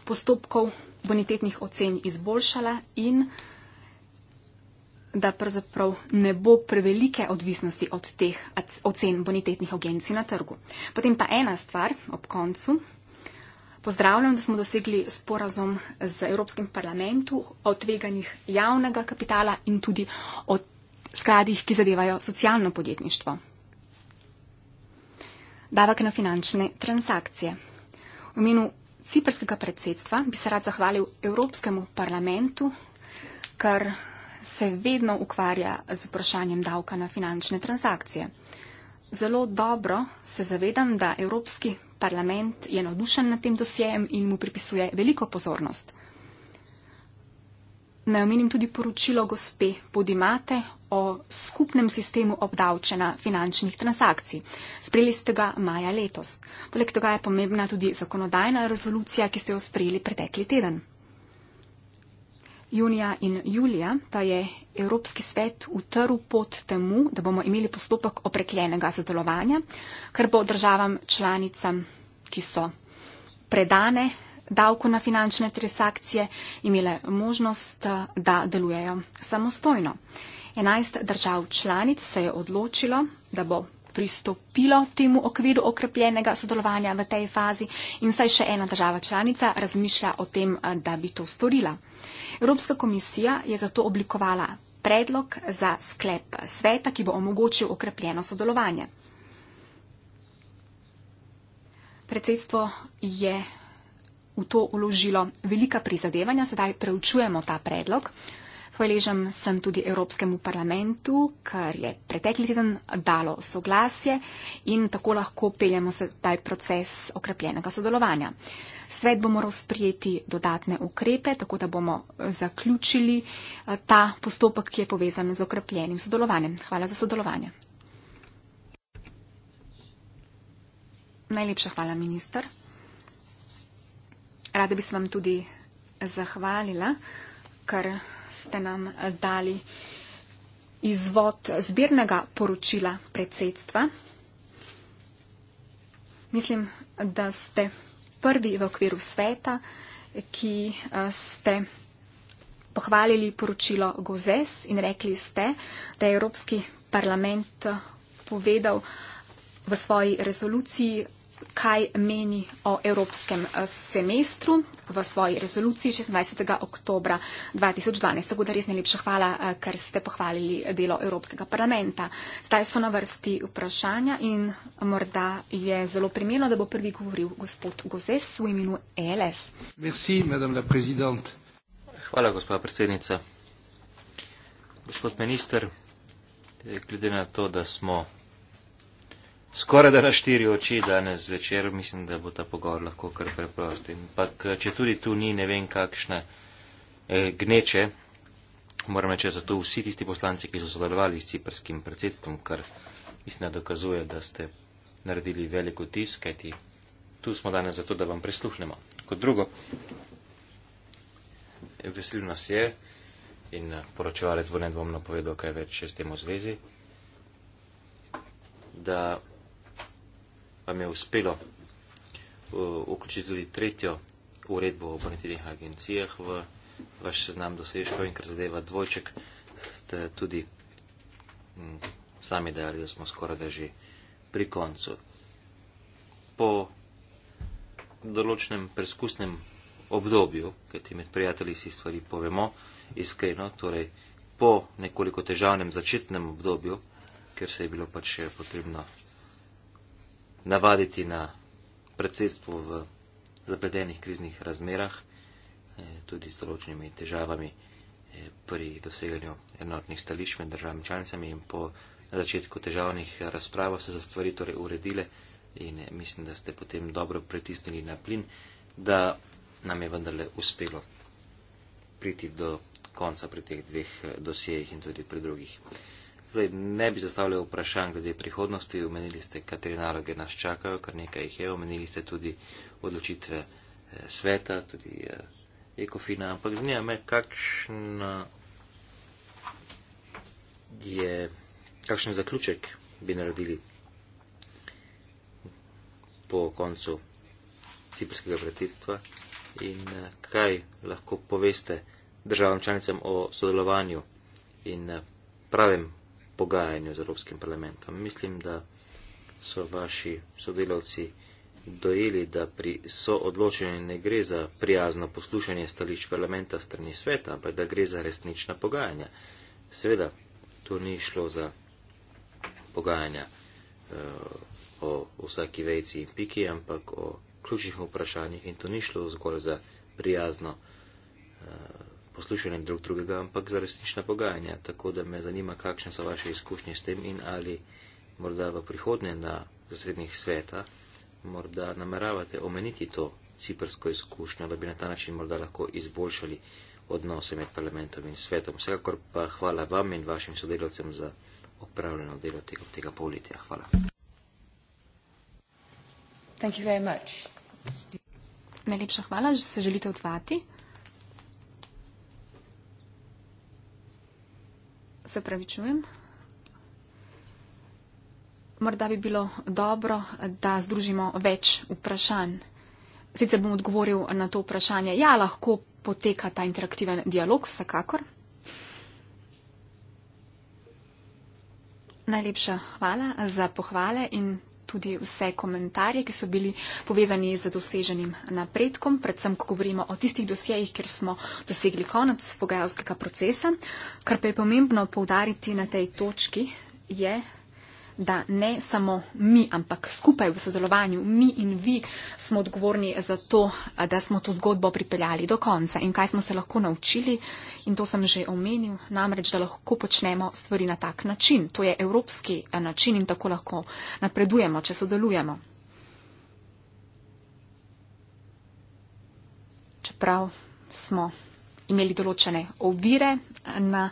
postopkov bonitetnih ocen izboljšala in da pravzaprav ne bo prevelike odvisnosti od teh ocen bonitetnih agencij na trgu. Potem pa ena stvar ob koncu. Pozdravljam, da smo dosegli sporazum z Evropskim parlamentom o tveganjih javnega kapitala in tudi o skladih, ki zadevajo socialno podjetništvo. Davek na finančne transakcije. V imenu ciperskega predsedstva bi se rad zahvalil Evropskemu parlamentu, ker se vedno ukvarja z vprašanjem davka na finančne transakcije. Zelo dobro se zavedam, da Evropski Parlament je navdušen nad tem dosjejem in mu pripisuje veliko pozornost. Naj omenim tudi poročilo gospe Podimate o skupnem sistemu obdavčena finančnih transakcij. Sprejeli ste ga maja letos. Poleg tega je pomembna tudi zakonodajna rezolucija, ki ste jo sprejeli pretekli teden junija in julija pa je Evropski svet utrl pot temu, da bomo imeli postopek opreklenega zadelovanja, kar bo državam članicam, ki so predane davku na finančne transakcije, imele možnost, da delujejo samostojno. 11 držav članic se je odločilo, da bo pristopilo temu okviru okrepljenega sodelovanja v tej fazi in saj še ena država članica razmišlja o tem, da bi to storila. Evropska komisija je zato oblikovala predlog za sklep sveta, ki bo omogočil okrepljeno sodelovanje. Predsedstvo je v to uložilo velika prizadevanja, sedaj preučujemo ta predlog. Hvaležem sem tudi Evropskemu parlamentu, kar je pretekli teden dalo soglasje in tako lahko peljemo sedaj proces okrepljenega sodelovanja. Svet bo moral sprijeti dodatne ukrepe, tako da bomo eh, zaključili eh, ta postopek, ki je povezan z okrepljenim sodelovanjem. Hvala za sodelovanje. Najlepša hvala, minister. Rada bi se vam tudi zahvalila, ker ste nam eh, dali izvod zbirnega poročila predsedstva. Mislim, da ste prvi v okviru sveta, ki eh, ste pohvalili poročilo Gozes in rekli ste, da je Evropski parlament eh, povedal v svoji rezoluciji kaj meni o evropskem eh, semestru v svoji rezoluciji 26. oktobra 2012. Tako da res najlepša hvala, eh, ker ste pohvalili delo Evropskega parlamenta. Zdaj so na vrsti vprašanja in morda je zelo primerno, da bo prvi govoril gospod Gozes v imenu ELS. Merci, hvala, gospod predsednica. Gospod minister, glede na to, da smo skoraj da na štiri oči danes večer, mislim, da bo ta pogovor lahko kar preprost. Ampak, če tudi tu ni ne vem kakšne eh, gneče, moram reči, da so tu vsi tisti poslanci, ki so sodelovali s ciprskim predsedstvom, kar mislim, da dokazuje, da ste naredili veliko tiskati. Tu smo danes zato, da vam prisluhnemo. Kot drugo, veselil nas je in eh, poročevalec bo nedvomno povedal, kaj več s tem v zvezi, da vam je uspelo uh, vključiti tudi tretjo uredbo o bonitetnih agencijah v vaš seznam dosežkov in kar zadeva dvojček, ste tudi m, mm, sami dejali, da smo skoraj da že pri koncu. Po določenem preskusnem obdobju, ker ti med prijatelji si stvari povemo iskreno, torej po nekoliko težavnem začetnem obdobju, ker se je bilo pač potrebno navaditi na predsedstvo v zapletenih kriznih razmerah, eh, tudi s določenimi težavami eh, pri doseganju enotnih stališč med državami članicami in po začetku težavnih razprav so se stvari torej uredile in eh, mislim, da ste potem dobro pritisnili na plin, da nam je vendarle uspelo priti do konca pri teh dveh dosjejih in tudi pri drugih. Zdaj ne bi zastavljal vprašanj glede prihodnosti, omenili ste, kateri naloge nas čakajo, kar nekaj jih je, omenili ste tudi odločitve eh, sveta, tudi eh, ekofina, ampak zanima me, kakšna je, kakšen zaključek bi naredili po koncu ciprskega predsedstva in eh, kaj lahko poveste državam članicam o sodelovanju in eh, pravem pogajanju z Evropskim parlamentom. Mislim, da so vaši sodelavci dojeli, da pri soodločenju ne gre za prijazno poslušanje stališč parlamenta strani sveta, ampak da gre za resnična pogajanja. Seveda, to ni šlo za pogajanja uh, o vsaki vejci in piki, ampak o ključnih vprašanjih in to ni šlo zgolj za prijazno uh, poslušanjem drug drugega, ampak za resnična pogajanja. Tako da me zanima, kakšne so vaše izkušnje s tem in ali morda v prihodnje na zasednih sveta morda nameravate omeniti to ciprsko izkušnjo, da bi na ta način morda lahko izboljšali odnose med parlamentom in svetom. Vsekakor pa hvala vam in vašim sodelavcem za opravljeno delo tekom tega poletja. Hvala. Najlepša hvala, že se želite odzvati. se pravi, čujem. Morda bi bilo dobro, da združimo več vprašanj. Sicer bom odgovoril na to vprašanje. Ja, lahko poteka ta interaktiven dialog, vsekakor. Najlepša hvala za pohvale in tudi vse komentarje, ki so bili povezani z doseženim napredkom, predvsem, ko govorimo o tistih dosjejih, kjer smo dosegli konec pogajalskega procesa. Kar pa je pomembno poudariti na tej točki, je da ne samo mi, ampak skupaj v sodelovanju mi in vi smo odgovorni za to, da smo to zgodbo pripeljali do konca in kaj smo se lahko naučili. In to sem že omenil, namreč, da lahko počnemo stvari na tak način. To je evropski eh, način in tako lahko napredujemo, če sodelujemo. Čeprav smo imeli določene ovire eh, na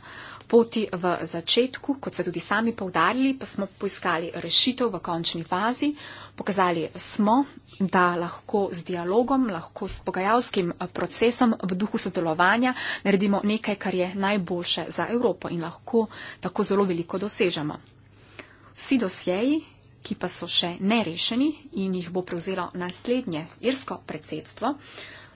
poti v začetku, kot ste tudi sami povdarili, pa smo poiskali rešitev v končni fazi. Pokazali smo, da lahko z dialogom, lahko s pogajalskim eh, procesom v duhu sodelovanja naredimo nekaj, kar je najboljše za Evropo in lahko tako zelo veliko dosežemo. Vsi dosjeji, ki pa so še nerešeni in jih bo prevzelo naslednje irsko predsedstvo,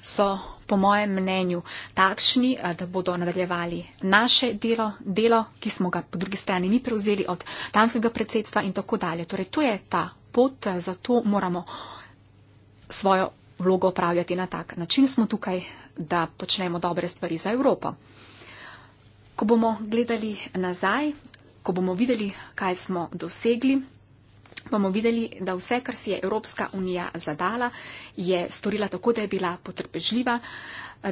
so po mojem mnenju takšni, eh, da bodo nadaljevali naše delo, delo, ki smo ga po drugi strani mi prevzeli od danskega predsedstva in tako dalje. Torej, to je ta pot, eh, zato moramo svojo vlogo opravljati na tak način. Smo tukaj, da počnemo dobre stvari za Evropo. Ko bomo gledali nazaj, ko bomo videli, kaj smo dosegli, bomo videli, da vse, kar si je Evropska unija zadala, je storila tako, da je bila potrpežljiva,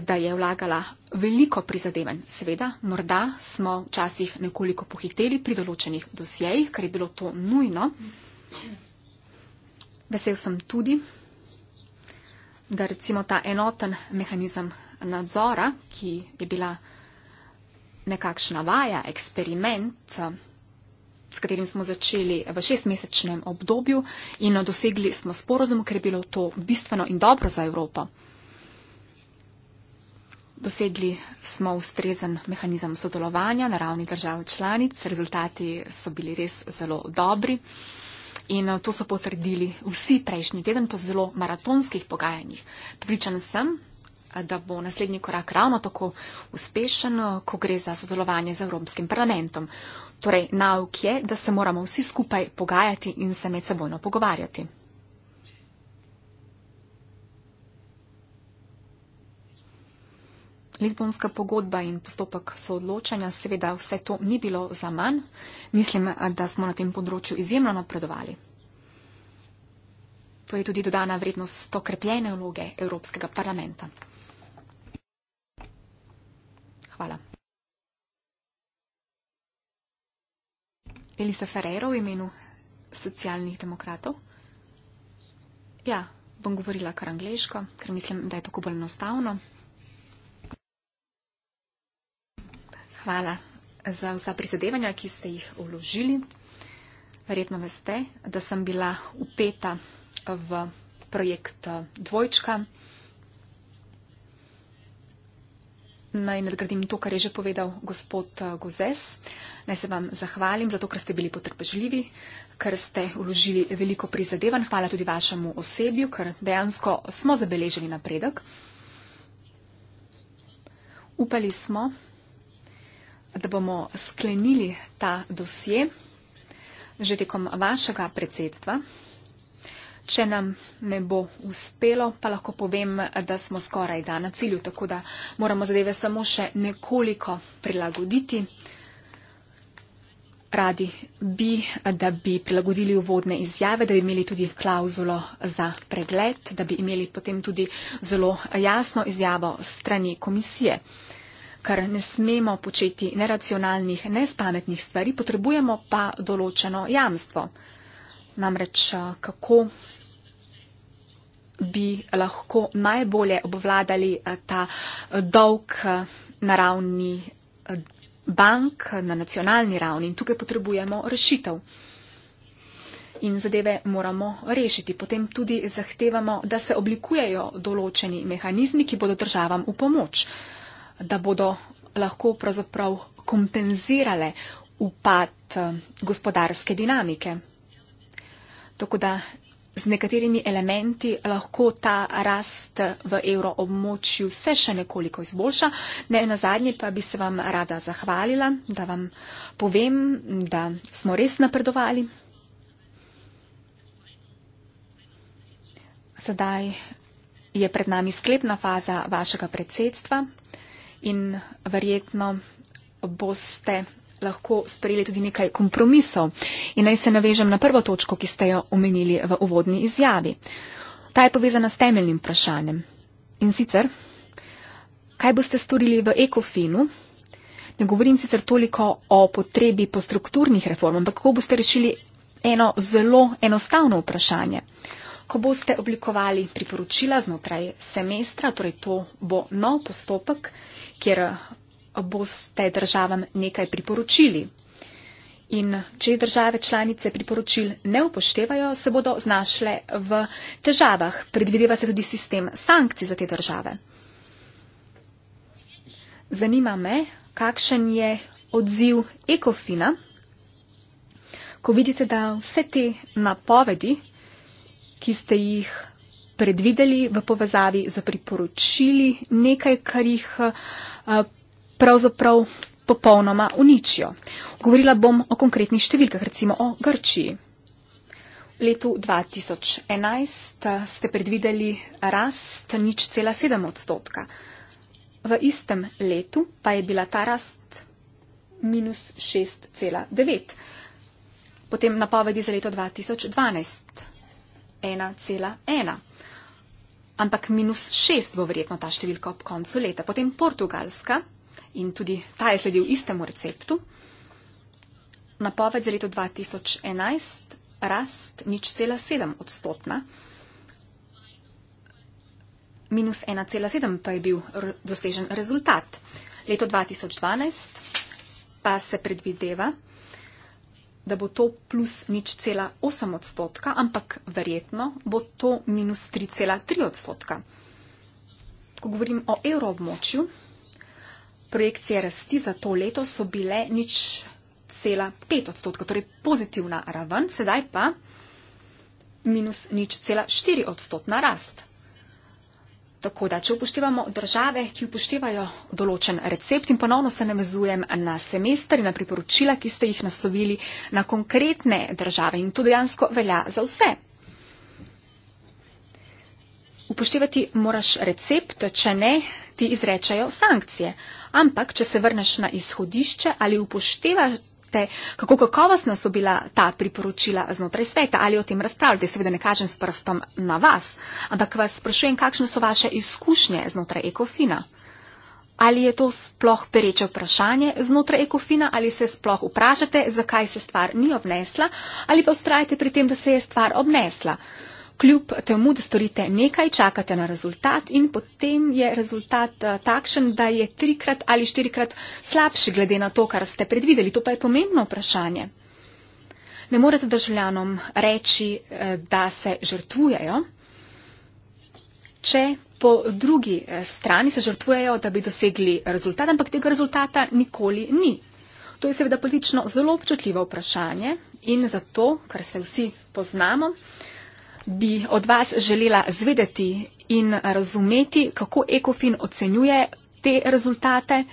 da je vlagala veliko prizadevanj. Seveda, morda smo včasih nekoliko pohiteli pri določenih dosjejih, kar je bilo to nujno. Vesel sem tudi, da recimo ta enoten mehanizem nadzora, ki je bila nekakšna vaja, eksperiment, s katerim smo začeli v šestmesečnem obdobju in dosegli smo sporozum, ker je bilo to bistveno in dobro za Evropo. Dosegli smo ustrezen mehanizem sodelovanja na ravni držav članic, rezultati so bili res zelo dobri in eh, to so potrdili vsi prejšnji teden po zelo maratonskih pogajanjih. Pričan sem, da bo naslednji korak ravno tako uspešen, eh, ko gre za sodelovanje z Evropskim parlamentom. Torej, nauk je, da se moramo vsi skupaj pogajati in se med sebojno pogovarjati. Lizbonska pogodba in postopek soodločanja, seveda vse to ni bilo za manj. Mislim, da smo na tem področju izjemno napredovali. To je tudi dodana vrednost okrepljene vloge Evropskega parlamenta. Hvala. Elisa Ferrero v imenu socialnih demokratov. Ja, bom govorila kar angliško, ker mislim, da je tako bolj enostavno. Hvala za vsa prizadevanja, ki ste jih vložili. Verjetno veste, da sem bila upeta v projekt Dvojčka. naj nadgradim to, kar je že povedal gospod eh, Gozes. Naj se vam zahvalim za to, ker ste bili potrpežljivi, ker ste vložili veliko prizadevanj. Hvala tudi vašemu osebju, ker dejansko smo zabeležili napredek. Upali smo, da bomo sklenili ta dosje že tekom vašega predsedstva. Če nam ne bo uspelo, pa lahko povem, da smo skoraj da na cilju, tako da moramo zadeve samo še nekoliko prilagoditi. Radi bi, da bi prilagodili uvodne izjave, da bi imeli tudi klauzulo za pregled, da bi imeli potem tudi zelo jasno izjavo strani komisije. Ker ne smemo početi neracionalnih, nespametnih stvari, potrebujemo pa določeno jamstvo. Namreč kako bi lahko najbolje obvladali eh, ta eh, dolg eh, na ravni bank, na nacionalni ravni. In tukaj potrebujemo rešitev. In zadeve moramo rešiti. Potem tudi zahtevamo, da se oblikujejo določeni mehanizmi, ki bodo državam v pomoč, da bodo lahko pravzaprav kompenzirale upad gospodarske dinamike. Tako da z nekaterimi elementi lahko ta rast v evroobmočju se še nekoliko izboljša. Ne na zadnje pa bi se vam rada zahvalila, da vam povem, da smo res napredovali. Sedaj je pred nami sklepna faza vašega predsedstva in verjetno boste lahko sprejeli tudi nekaj kompromisov. In naj se navežem na prvo točko, ki ste jo omenili v uvodni izjavi. Ta je povezana s temeljnim vprašanjem. In sicer, kaj boste storili v ekofinu? Ne govorim sicer toliko o potrebi po strukturnih reformah, ampak kako boste rešili eno zelo enostavno vprašanje. Ko boste oblikovali priporočila znotraj semestra, torej to bo nov postopek, kjer boste državam nekaj priporočili. In če države članice priporočil ne upoštevajo, se bodo znašle v težavah. Predvideva se tudi sistem sankcij za te države. Zanima me, kakšen je odziv Ekofina, ko vidite, da vse te napovedi, ki ste jih predvideli v povezavi z priporočili, nekaj, kar jih eh, pravzaprav popolnoma uničijo. Govorila bom o konkretnih številkah, recimo o Grčiji. V letu 2011 eh, ste predvideli rast nič cela sedem odstotka. V istem letu pa je bila ta rast minus 6,9. Potem napovedi za leto 2012 1,1. Ampak minus 6 bo verjetno ta številka ob koncu leta. Potem Portugalska in tudi ta je sledil istemu receptu. Napoved za leto 2011 rast nič cela sedem odstotna, minus 1,7 pa je bil dosežen rezultat. Leto 2012 pa se predvideva, da bo to plus nič cela osem odstotka, ampak verjetno bo to minus 3,3 odstotka. Ko govorim o evroobmočju, projekcije rasti za to leto so bile nič cela pet odstotka, torej pozitivna raven, sedaj pa minus nič cela štiri odstotna rast. Tako da, če upoštevamo države, ki upoštevajo določen recept in ponovno se navezujem na semester in na priporočila, ki ste jih naslovili na konkretne države in to dejansko velja za vse. Upoštevati moraš recept, če ne, ti izrečajo sankcije. Ampak, če se vrneš na izhodišče ali upoštevaš. Te, kako kakovostna so bila ta priporočila znotraj sveta ali o tem razpravljate? Seveda ne kažem s prstom na vas, ampak vas sprašujem, kakšne so vaše izkušnje znotraj ekofina? Ali je to sploh pereče vprašanje znotraj ekofina ali se sploh vprašate, zakaj se stvar ni obnesla ali pa ustrajate pri tem, da se je stvar obnesla? kljub temu, da storite nekaj, čakate na rezultat in potem je rezultat eh, takšen, da je trikrat ali štirikrat slabši glede na to, kar ste predvideli. To pa je pomembno vprašanje. Ne morete državljanom reči, eh, da se žrtvujejo, če po drugi eh, strani se žrtvujejo, da bi dosegli rezultat, ampak tega rezultata nikoli ni. To je seveda politično zelo občutljivo vprašanje in zato, ker se vsi poznamo, bi od vas želela zvedeti in razumeti, kako Ekofin ocenjuje te rezultate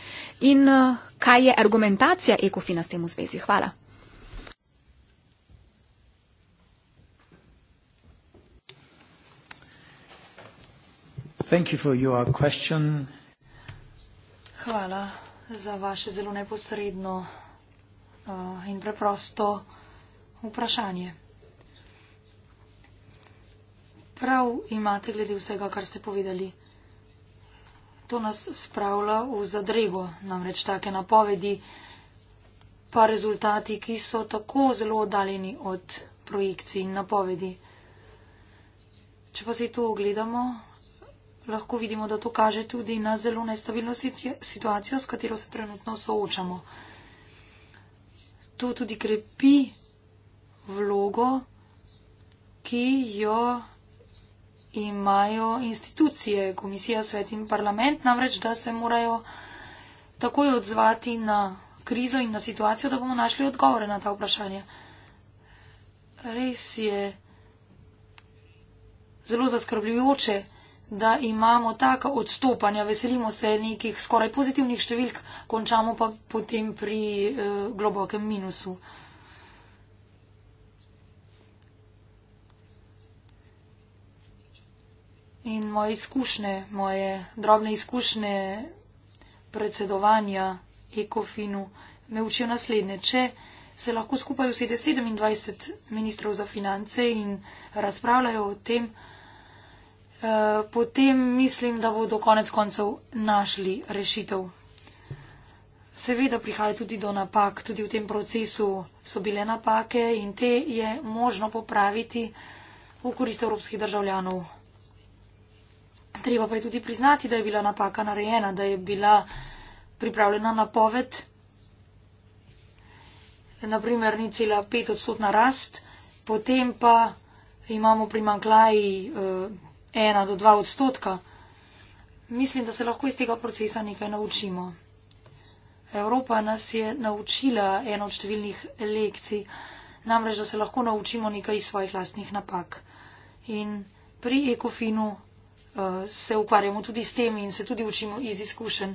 in eh, kaj je argumentacija Ekofina s tem v zvezi. Hvala. Hvala za vaše zelo neposredno uh, in preprosto vprašanje prav imate glede vsega, kar ste povedali. To nas spravlja v zadrego, namreč take napovedi, pa rezultati, ki so tako zelo oddaljeni od projekcij in napovedi. Če pa se to ogledamo, lahko vidimo, da to kaže tudi na zelo nestabilno situacijo, s katero se trenutno soočamo. To tudi krepi vlogo, ki jo imajo institucije, komisija, svet in parlament, namreč, da se morajo takoj odzvati na krizo in na situacijo, da bomo našli odgovore na ta vprašanja. Res je zelo zaskrbljujoče, da imamo taka odstopanja, veselimo se nekih skoraj pozitivnih številk, končamo pa potem pri eh, globokem minusu. in moje izkušnje, moje drobne izkušnje predsedovanja ECOFIN-u me učijo naslednje. Če se lahko skupaj usede 27 ministrov za finance in razpravljajo o tem, eh, potem mislim, da bodo konec koncev našli rešitev. Seveda prihaja tudi do napak, tudi v tem procesu so bile napake in te je možno popraviti v korist evropskih državljanov. Treba pa je tudi priznati, da je bila napaka narejena, da je bila pripravljena napoved, naprimer ni cela pet odstotna rast, potem pa imamo primanklaji eh, ena do dva odstotka. Mislim, da se lahko iz tega procesa nekaj naučimo. Evropa nas je naučila eno od številnih lekcij, namreč, da se lahko naučimo nekaj iz svojih lastnih napak. In pri ekofinu se ukvarjamo tudi s tem in se tudi učimo iz izkušenj.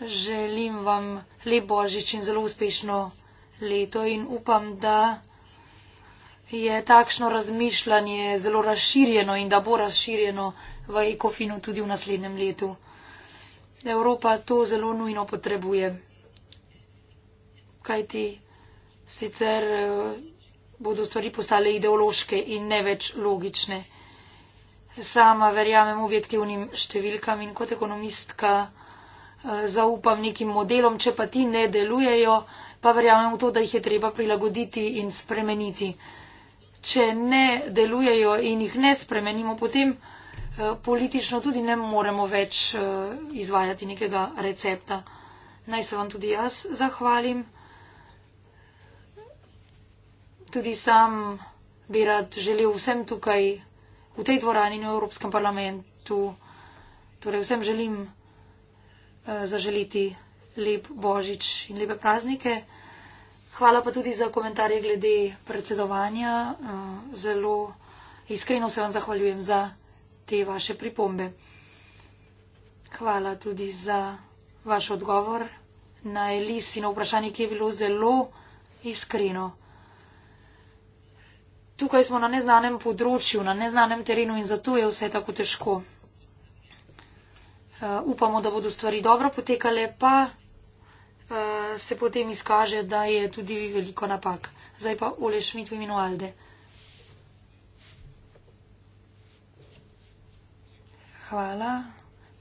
Želim vam lep božič in zelo uspešno leto in upam, da je takšno razmišljanje zelo razširjeno in da bo razširjeno v ekofinu tudi v naslednjem letu. Evropa to zelo nujno potrebuje. Kajti sicer. Uh, bodo stvari postale ideološke in ne več logične. Sama verjamem objektivnim številkam in kot ekonomistka eh, zaupam nekim modelom, če pa ti ne delujejo, pa verjamem v to, da jih je treba prilagoditi in spremeniti. Če ne delujejo in jih ne spremenimo, potem eh, politično tudi ne moremo več eh, izvajati nekega recepta. Naj se vam tudi jaz zahvalim tudi sam bi rad želel vsem tukaj v tej dvorani in v Evropskem parlamentu, torej vsem želim uh, zaželiti lep božič in lepe praznike. Hvala pa tudi za komentarje glede predsedovanja. Uh, zelo iskreno se vam zahvaljujem za te vaše pripombe. Hvala tudi za vaš odgovor na Elis in na vprašanje, ki je bilo zelo iskreno tukaj smo na neznanem področju, na neznanem terenu in zato je vse tako težko. Uh, upamo, da bodo stvari dobro potekale, pa uh, se potem izkaže, da je tudi veliko napak. Zdaj pa Ole Šmit v imenu Alde. Hvala.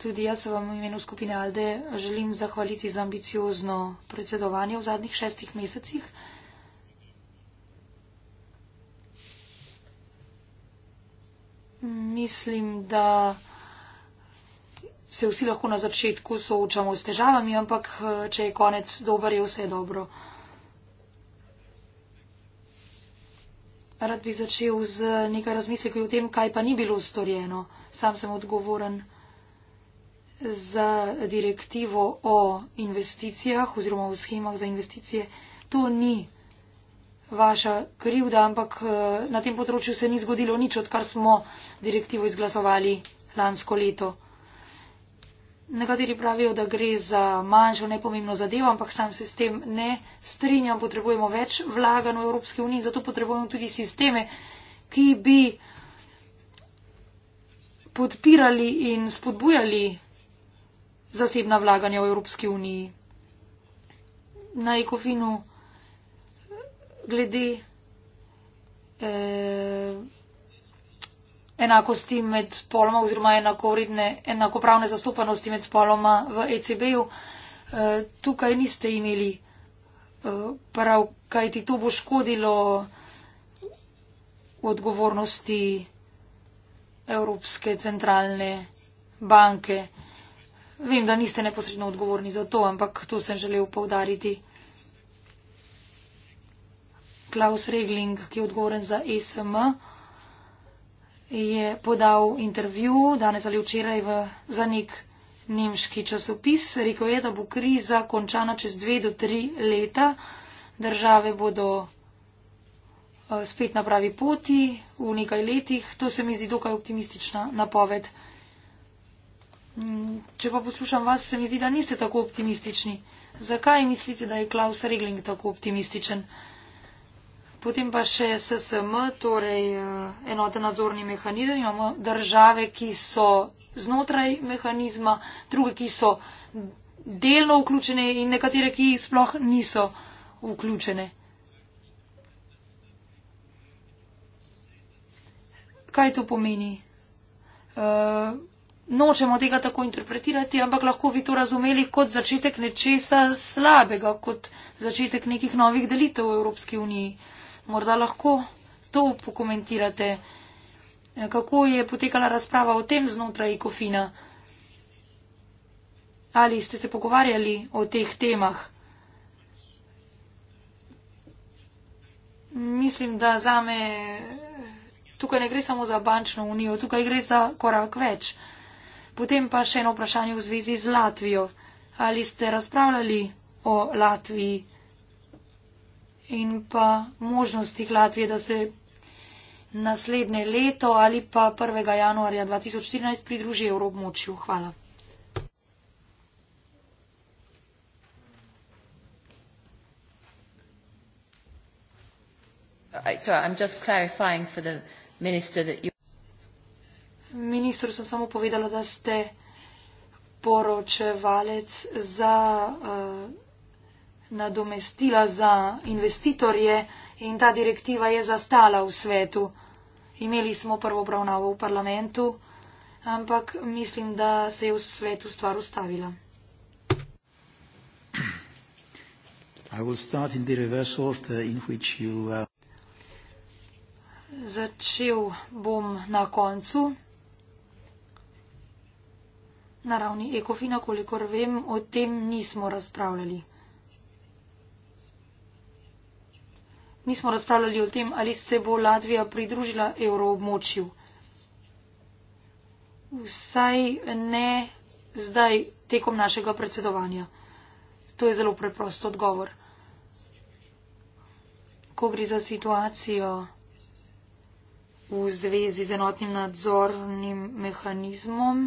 Tudi jaz se vam v imenu skupine Alde želim zahvaliti za ambiciozno predsedovanje v zadnjih šestih mesecih. Uh, Mislim, da se vsi lahko na začetku soočamo s težavami, ampak eh, če je konec dober, je vse dobro. Rad bi začel z nekaj razmisleki o tem, kaj pa ni bilo storjeno. Sam sem odgovoren za direktivo o investicijah oziroma o schemah za investicije. To ni vaša krivda, ampak eh, na tem področju se ni zgodilo nič, odkar smo direktivo izglasovali lansko leto. Nekateri pravijo, da gre za manjšo nepomembno zadevo, ampak sam se s tem ne strinjam. Potrebujemo več vlaganj v Evropski uniji, zato potrebujemo tudi sisteme, ki bi podpirali in spodbujali zasebna vlaganja v Evropski uniji. Na ekofinu glede eh, enakosti med spoloma oziroma enakopravne zastopanosti med spoloma v ECB-ju. Eh, tukaj niste imeli eh, prav, kaj ti to bo škodilo odgovornosti Evropske centralne banke. Vem, da niste neposredno odgovorni za to, ampak to sem želel povdariti. Klaus Regling, ki je odgovoren za e SM, je podal intervju danes ali včeraj v, za nek nemški časopis. Rekel je, da bo kriza končana čez dve do tri leta. Države bodo eh, spet na pravi poti v nekaj letih. To se mi zdi dokaj optimistična napoved. Mm, če pa poslušam vas, se mi zdi, da niste tako optimistični. Zakaj mislite, da je Klaus Regling tako optimističen? Potem pa še SSM, torej eh, enoten nadzorni mehanizem. Imamo države, ki so znotraj mehanizma, druge, ki so delno vključene in nekatere, ki sploh niso vključene. Kaj to pomeni? Eh, nočemo tega tako interpretirati, ampak lahko bi to razumeli kot začetek nečesa slabega, kot začetek nekih novih delitev v Evropski uniji morda lahko to pokomentirate, eh, kako je potekala razprava o tem znotraj ekofina. Ali ste se pogovarjali o teh temah? Mislim, da za me eh, tukaj ne gre samo za bančno unijo, tukaj gre za korak več. Potem pa še eno vprašanje v zvezi z Latvijo. Ali ste razpravljali o Latviji? in pa možnosti Latvije, da se naslednje leto ali pa 1. januarja 2014 pridruži evrobmočju. Hvala. Sorry, Ministru sem samo povedala, da ste poročevalec za. Uh, nadomestila za investitorje in ta direktiva je zastala v svetu. Imeli smo prvo obravnavo v parlamentu, ampak mislim, da se je v svetu stvar ustavila. Uh, Začel bom na koncu, na ravni ekofina, kolikor vem, o tem nismo razpravljali. Mi smo razpravljali o tem, ali se bo Latvija pridružila evroobmočju. Vsaj ne zdaj tekom našega predsedovanja. To je zelo preprost odgovor. Ko gre za situacijo v zvezi z enotnim nadzornim mehanizmom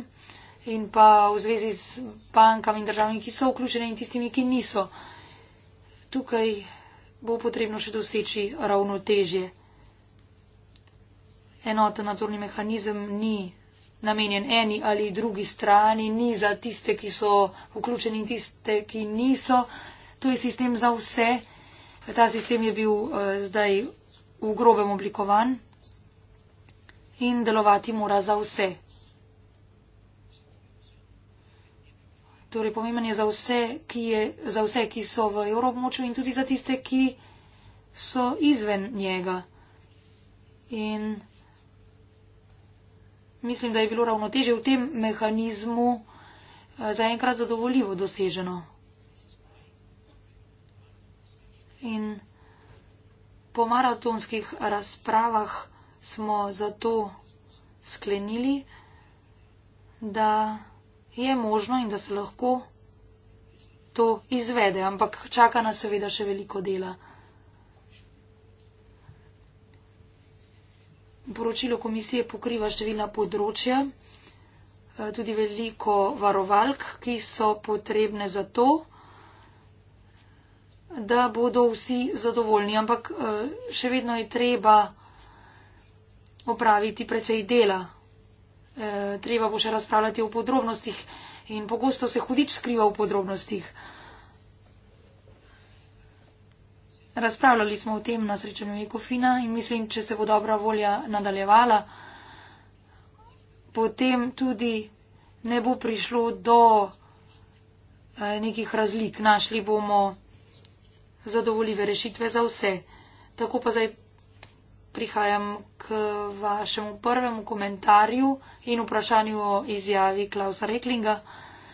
in pa v zvezi z bankami in državami, ki so vključene in tistimi, ki niso. Tukaj bo potrebno še doseči ravnotežje. Enoten nadzorni mehanizem ni namenjen eni ali drugi strani, ni za tiste, ki so vključeni in tiste, ki niso. To je sistem za vse. Ta sistem je bil uh, zdaj v grobem oblikovan in delovati mora za vse. Torej, pomemben je za vse, je za vse, ki so v Evropomoču in tudi za tiste, ki so izven njega. In mislim, da je bilo ravnoteže v tem mehanizmu eh, zaenkrat zadovoljivo doseženo. In po maratonskih razpravah smo zato sklenili, da je možno in da se lahko to izvede, ampak čaka nas seveda še veliko dela. Poročilo komisije pokriva številna področja, eh, tudi veliko varovalk, ki so potrebne za to, da bodo vsi zadovoljni, ampak eh, še vedno je treba opraviti precej dela, Eh, treba bo še razpravljati o podrobnostih in pogosto se hudič skriva v podrobnostih. Razpravljali smo o tem na srečanju Ekofina in mislim, če se bo dobra volja nadaljevala, potem tudi ne bo prišlo do eh, nekih razlik. Našli bomo zadovoljive rešitve za vse. Tako pa zdaj prihajam k vašemu prvemu komentarju in vprašanju o izjavi Klausa Reklinga.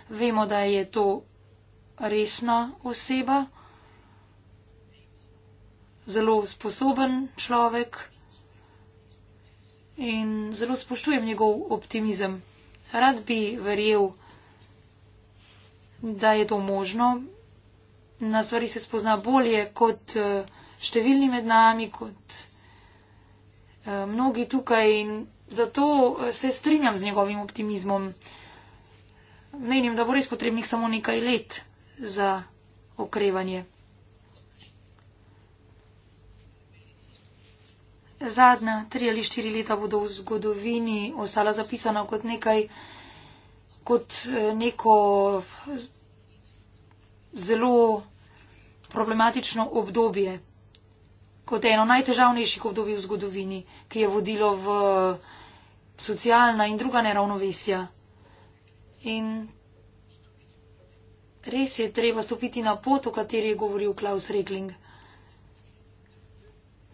Vemo, da je to resna oseba, zelo sposoben človek in zelo spoštujem njegov optimizem. Rad bi verjel, da je to možno. Na stvari se spozna bolje kot eh, številni med nami, kot Eh, mnogi tukaj in zato eh, se strinjam z njegovim optimizmom. Menim, da bo res potrebnih samo nekaj let za okrevanje. Zadnja tri ali štiri leta bodo v zgodovini ostala zapisana kot nekaj, kot eh, neko zelo problematično obdobje kot eno najtežavnejših obdobij v zgodovini, ki je vodilo v socialna in druga neravnovesja. In res je treba stopiti na pot, o kateri je govoril Klaus Regling.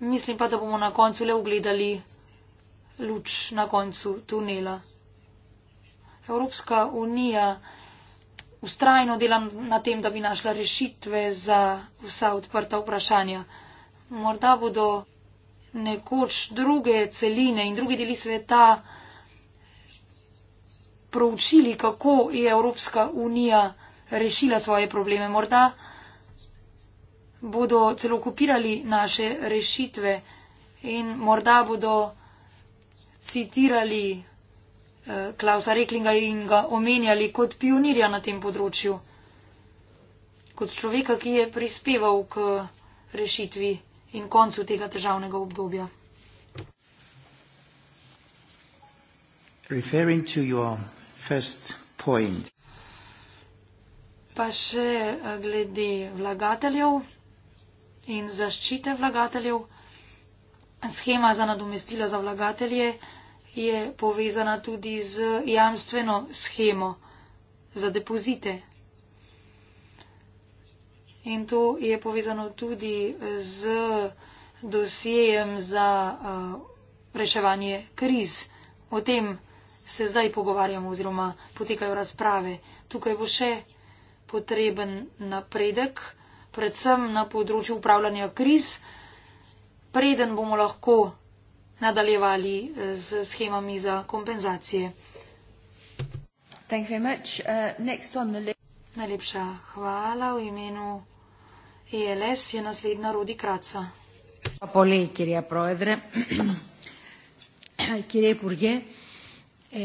Mislim pa, da bomo na koncu le ugledali luč na koncu tunela. Evropska unija ustrajno dela na tem, da bi našla rešitve za vsa odprta vprašanja morda bodo nekoč druge celine in drugi deli sveta proučili, kako je Evropska unija rešila svoje probleme. Morda bodo celo kopirali naše rešitve in morda bodo citirali eh, Klausa Reklinga in ga omenjali kot pionirja na tem področju, kot človeka, ki je prispeval k rešitvi in koncu tega državnega obdobja. Pa še eh, glede vlagateljev in zaščite vlagateljev. Schema za nadomestila za vlagatelje je povezana tudi z jamstveno schemo za depozite. In to je povezano tudi z dosijem za uh, reševanje kriz. O tem se zdaj pogovarjamo oziroma potekajo razprave. Tukaj bo še potreben napredek, predvsem na področju upravljanja kriz, preden bomo lahko nadaljevali z eh, schemami za kompenzacije. Najlepša hvala. V imenu ELS je naslednja Rudi Kraca. Poli, kjerja proedre, kjerje purge. E,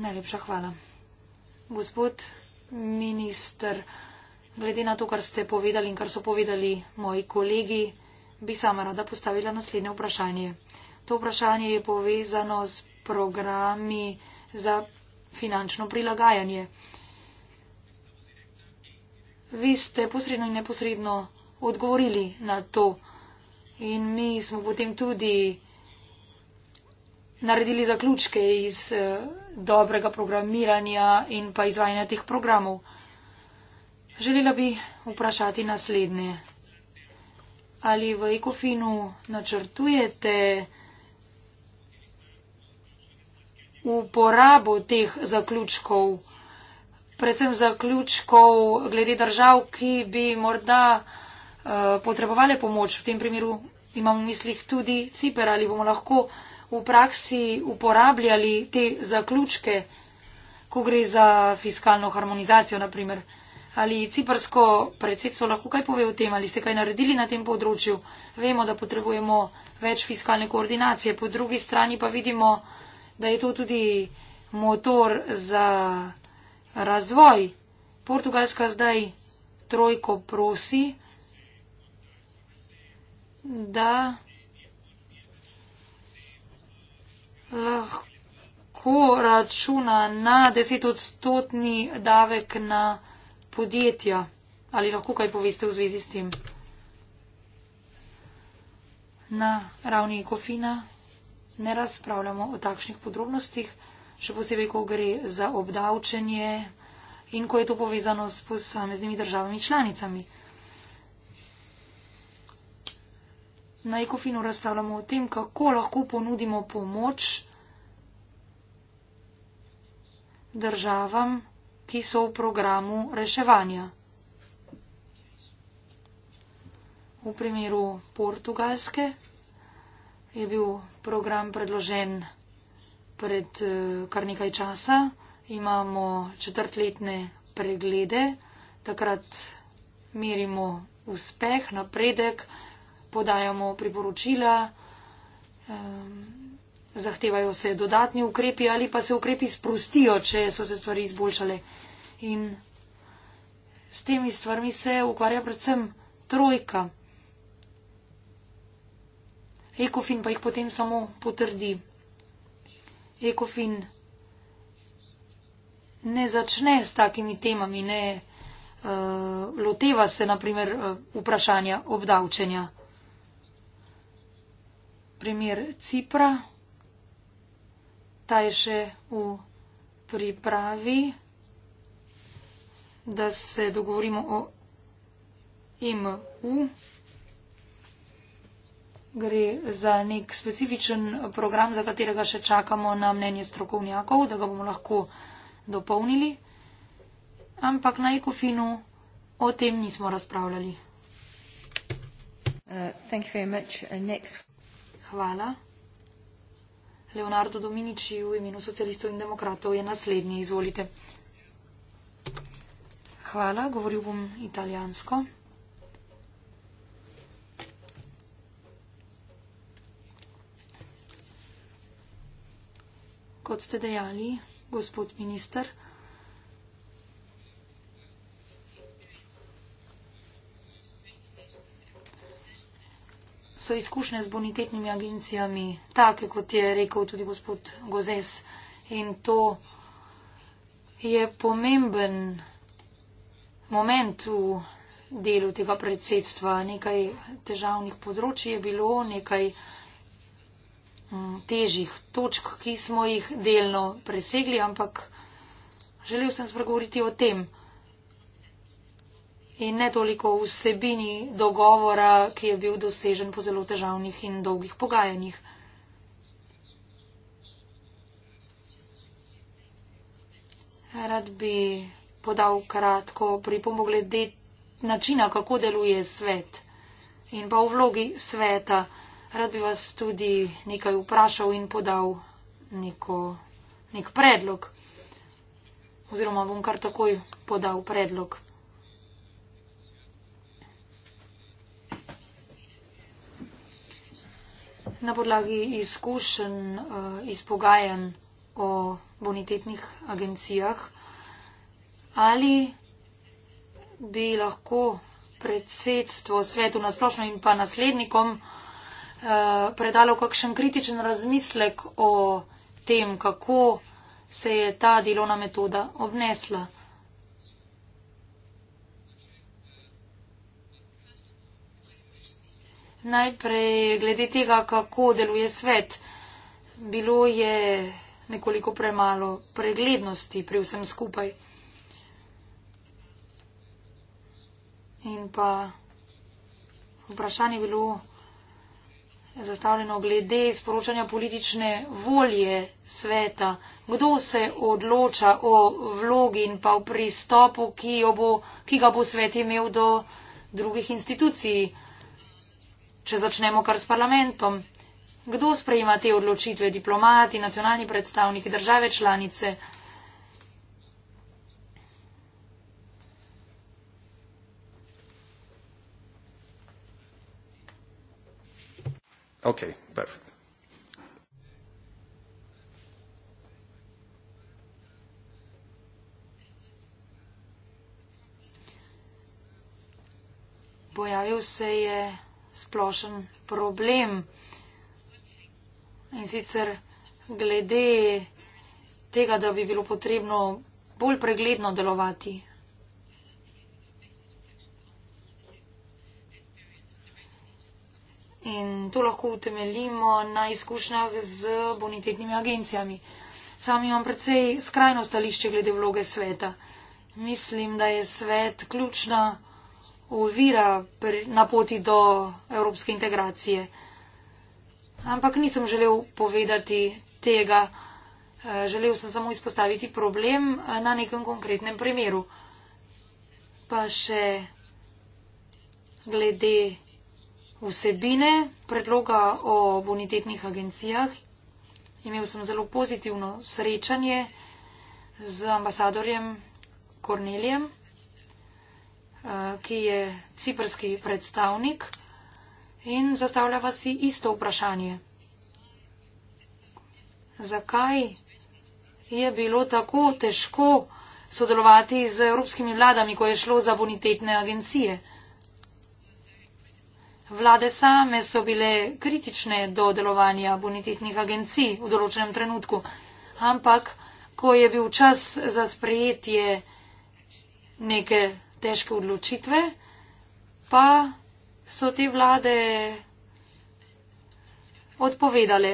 Najlepša hvala. Gospod minister, glede na to, kar ste povedali in kar so povedali moji kolegi, bi sama rada postavila naslednje vprašanje. To vprašanje je povezano s programi za finančno prilagajanje vi ste posredno in neposredno odgovorili na to. In mi smo potem tudi naredili zaključke iz eh, dobrega programiranja in pa izvajanja teh programov. Želela bi vprašati naslednje. Ali v Ekofinu načrtujete uporabo teh zaključkov? predvsem zaključkov glede držav, ki bi morda uh, eh, potrebovali pomoč. V tem primeru imam v mislih tudi Ciper, ali bomo lahko v praksi uporabljali te zaključke, ko gre za fiskalno harmonizacijo, naprimer. Ali ciprsko predsedstvo lahko kaj pove o tem, ali ste kaj naredili na tem področju. Vemo, da potrebujemo več fiskalne koordinacije, po drugi strani pa vidimo, da je to tudi motor za razvoj. Portugalska zdaj trojko prosi, da lahko računa na desetodstotni davek na podjetja. Ali lahko kaj poveste v zvezi s tem? Na ravni kofina ne razpravljamo o takšnih podrobnostih še posebej, ko gre za obdavčenje in ko je to povezano s posameznimi državami članicami. Na ekofinu razpravljamo o tem, kako lahko ponudimo pomoč državam, ki so v programu reševanja. V primeru Portugalske je bil program predložen pred eh, kar nekaj časa, imamo četrtletne preglede, takrat merimo uspeh, napredek, podajamo priporočila, ehm, zahtevajo se dodatni ukrepi ali pa se ukrepi sprostijo, če so se stvari izboljšale. In s temi stvarmi se ukvarja predvsem trojka. Ekofin pa jih potem samo potrdi. Ekofin ne začne s takimi temami, ne uh, loteva se naprimer uh, eh, vprašanja obdavčenja. Primer Cipra, ta je še v pripravi, da se dogovorimo o MU gre za nek specifičen program, za katerega še čakamo na mnenje strokovnjakov, da ga bomo lahko dopolnili. Ampak na ekofinu o tem nismo razpravljali. Uh, uh Hvala. Leonardo Dominici v imenu socialistov in demokratov je naslednji. Izvolite. Hvala, govoril bom italijansko. kot ste dejali, gospod minister. So izkušnje z bonitetnimi agencijami take, kot je rekel tudi gospod Gozes. In to je pomemben moment v delu tega predsedstva. Nekaj težavnih področji je bilo, nekaj. Mm, težjih točk, ki smo jih delno presegli, ampak želel sem spregovoriti o tem. In ne toliko o vsebini dogovora, ki je bil dosežen po zelo težavnih in dolgih pogajanjih. Rad bi podal kratko pripombo glede načina, kako deluje svet in pa v vlogi sveta rad bi vas tudi nekaj vprašal in podal neko, nek predlog. Oziroma bom kar takoj podal predlog. Na podlagi izkušenj, eh, izpogajanj o bonitetnih agencijah, ali bi lahko predsedstvo svetu nasplošno in pa naslednikom uh, Eh, predalo kakšen kritičen razmislek o tem, kako se je ta delovna metoda obnesla. Najprej glede tega, kako deluje svet, bilo je nekoliko premalo preglednosti pri vsem skupaj. In pa vprašanje bilo zastavljeno glede sporočanja politične volje sveta. Kdo se odloča o vlogi in pa o pristopu, ki, bo, ki ga bo svet imel do drugih institucij, če začnemo kar s parlamentom? Kdo sprejima te odločitve? Diplomati, nacionalni predstavniki, države članice, Okay, perfect. Pojavil se je splošen problem in sicer glede tega, da bi bilo potrebno bolj pregledno delovati In to lahko utemeljimo na izkušnjah z bonitetnimi agencijami. Sam imam precej skrajno stališče glede vloge sveta. Mislim, da je svet ključna ovira na poti do evropske integracije. Ampak nisem želel povedati tega. Eh, želel sem samo izpostaviti problem eh, na nekem konkretnem primeru. Pa še glede vsebine predloga o bonitetnih agencijah. Imel sem zelo pozitivno srečanje z ambasadorjem Kornelijem, eh, ki je ciprski predstavnik in zastavljava si isto vprašanje. Zakaj je bilo tako težko sodelovati z evropskimi vladami, ko je šlo za bonitetne agencije? Vlade same so bile kritične do delovanja bonitetnih agencij v določenem trenutku, ampak ko je bil čas za sprejetje neke težke odločitve, pa so te vlade odpovedale.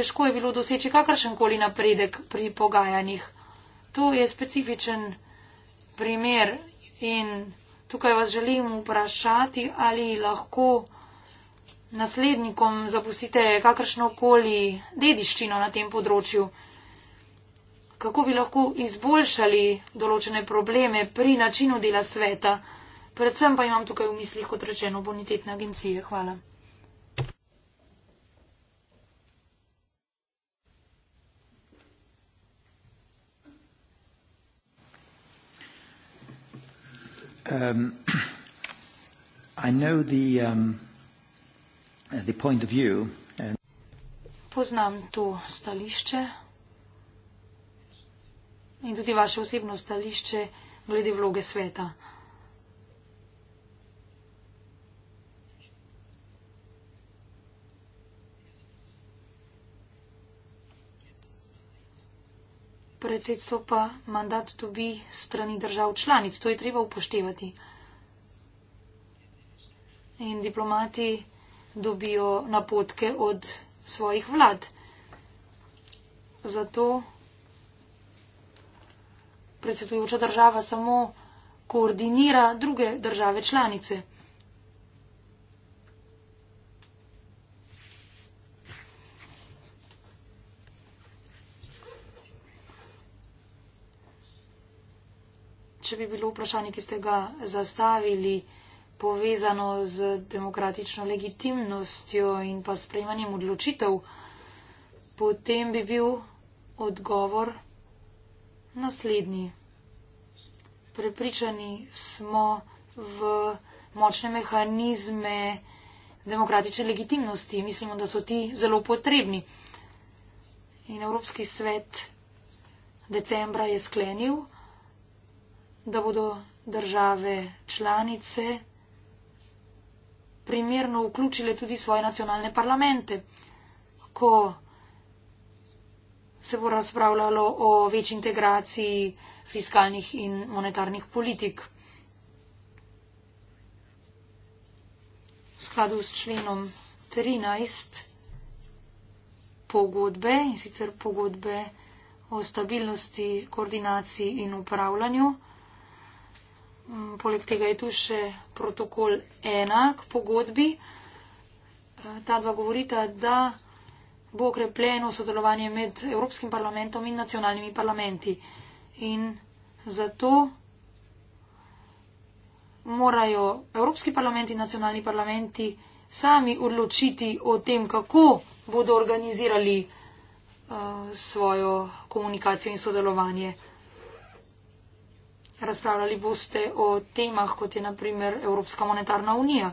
Težko je bilo doseči kakršen koli napredek pri pogajanjih. To je specifičen primer in. Tukaj vas želim vprašati, ali lahko naslednikom zapustite kakršnokoli dediščino na tem področju. Kako bi lahko izboljšali določene probleme pri načinu dela sveta? Predvsem pa imam tukaj v mislih, kot rečeno, bonitetne agencije. Hvala. um, I know the, um, uh, the point of view. And Poznam to stališče in tudi vaše osebno stališče glede vloge sveta. predsedstvo pa mandat dobi strani držav članic. To je treba upoštevati. In diplomati dobijo napotke od svojih vlad. Zato predsedujoča država samo koordinira druge države članice. če bi bilo vprašanje, ki ste ga zastavili, povezano z demokratično legitimnostjo in pa sprejmanjem odločitev, potem bi bil odgovor naslednji. Prepričani smo v močne mehanizme demokratične legitimnosti. Mislimo, da so ti zelo potrebni. In Evropski svet decembra je sklenil, da bodo države članice primerno vključile tudi svoje nacionalne parlamente, ko se bo razpravljalo o večji integraciji fiskalnih in monetarnih politik. V skladu s členom 13 pogodbe in sicer pogodbe o stabilnosti, koordinaciji in upravljanju. Mm, poleg tega je tu še protokol ena k pogodbi. Eh, ta dva govorita, da bo okrepljeno sodelovanje med Evropskim parlamentom in nacionalnimi parlamenti. In zato morajo Evropski parlament in nacionalni parlamenti sami odločiti o tem, kako bodo organizirali uh, svojo komunikacijo in sodelovanje razpravljali boste o temah, kot je naprimer Evropska monetarna unija.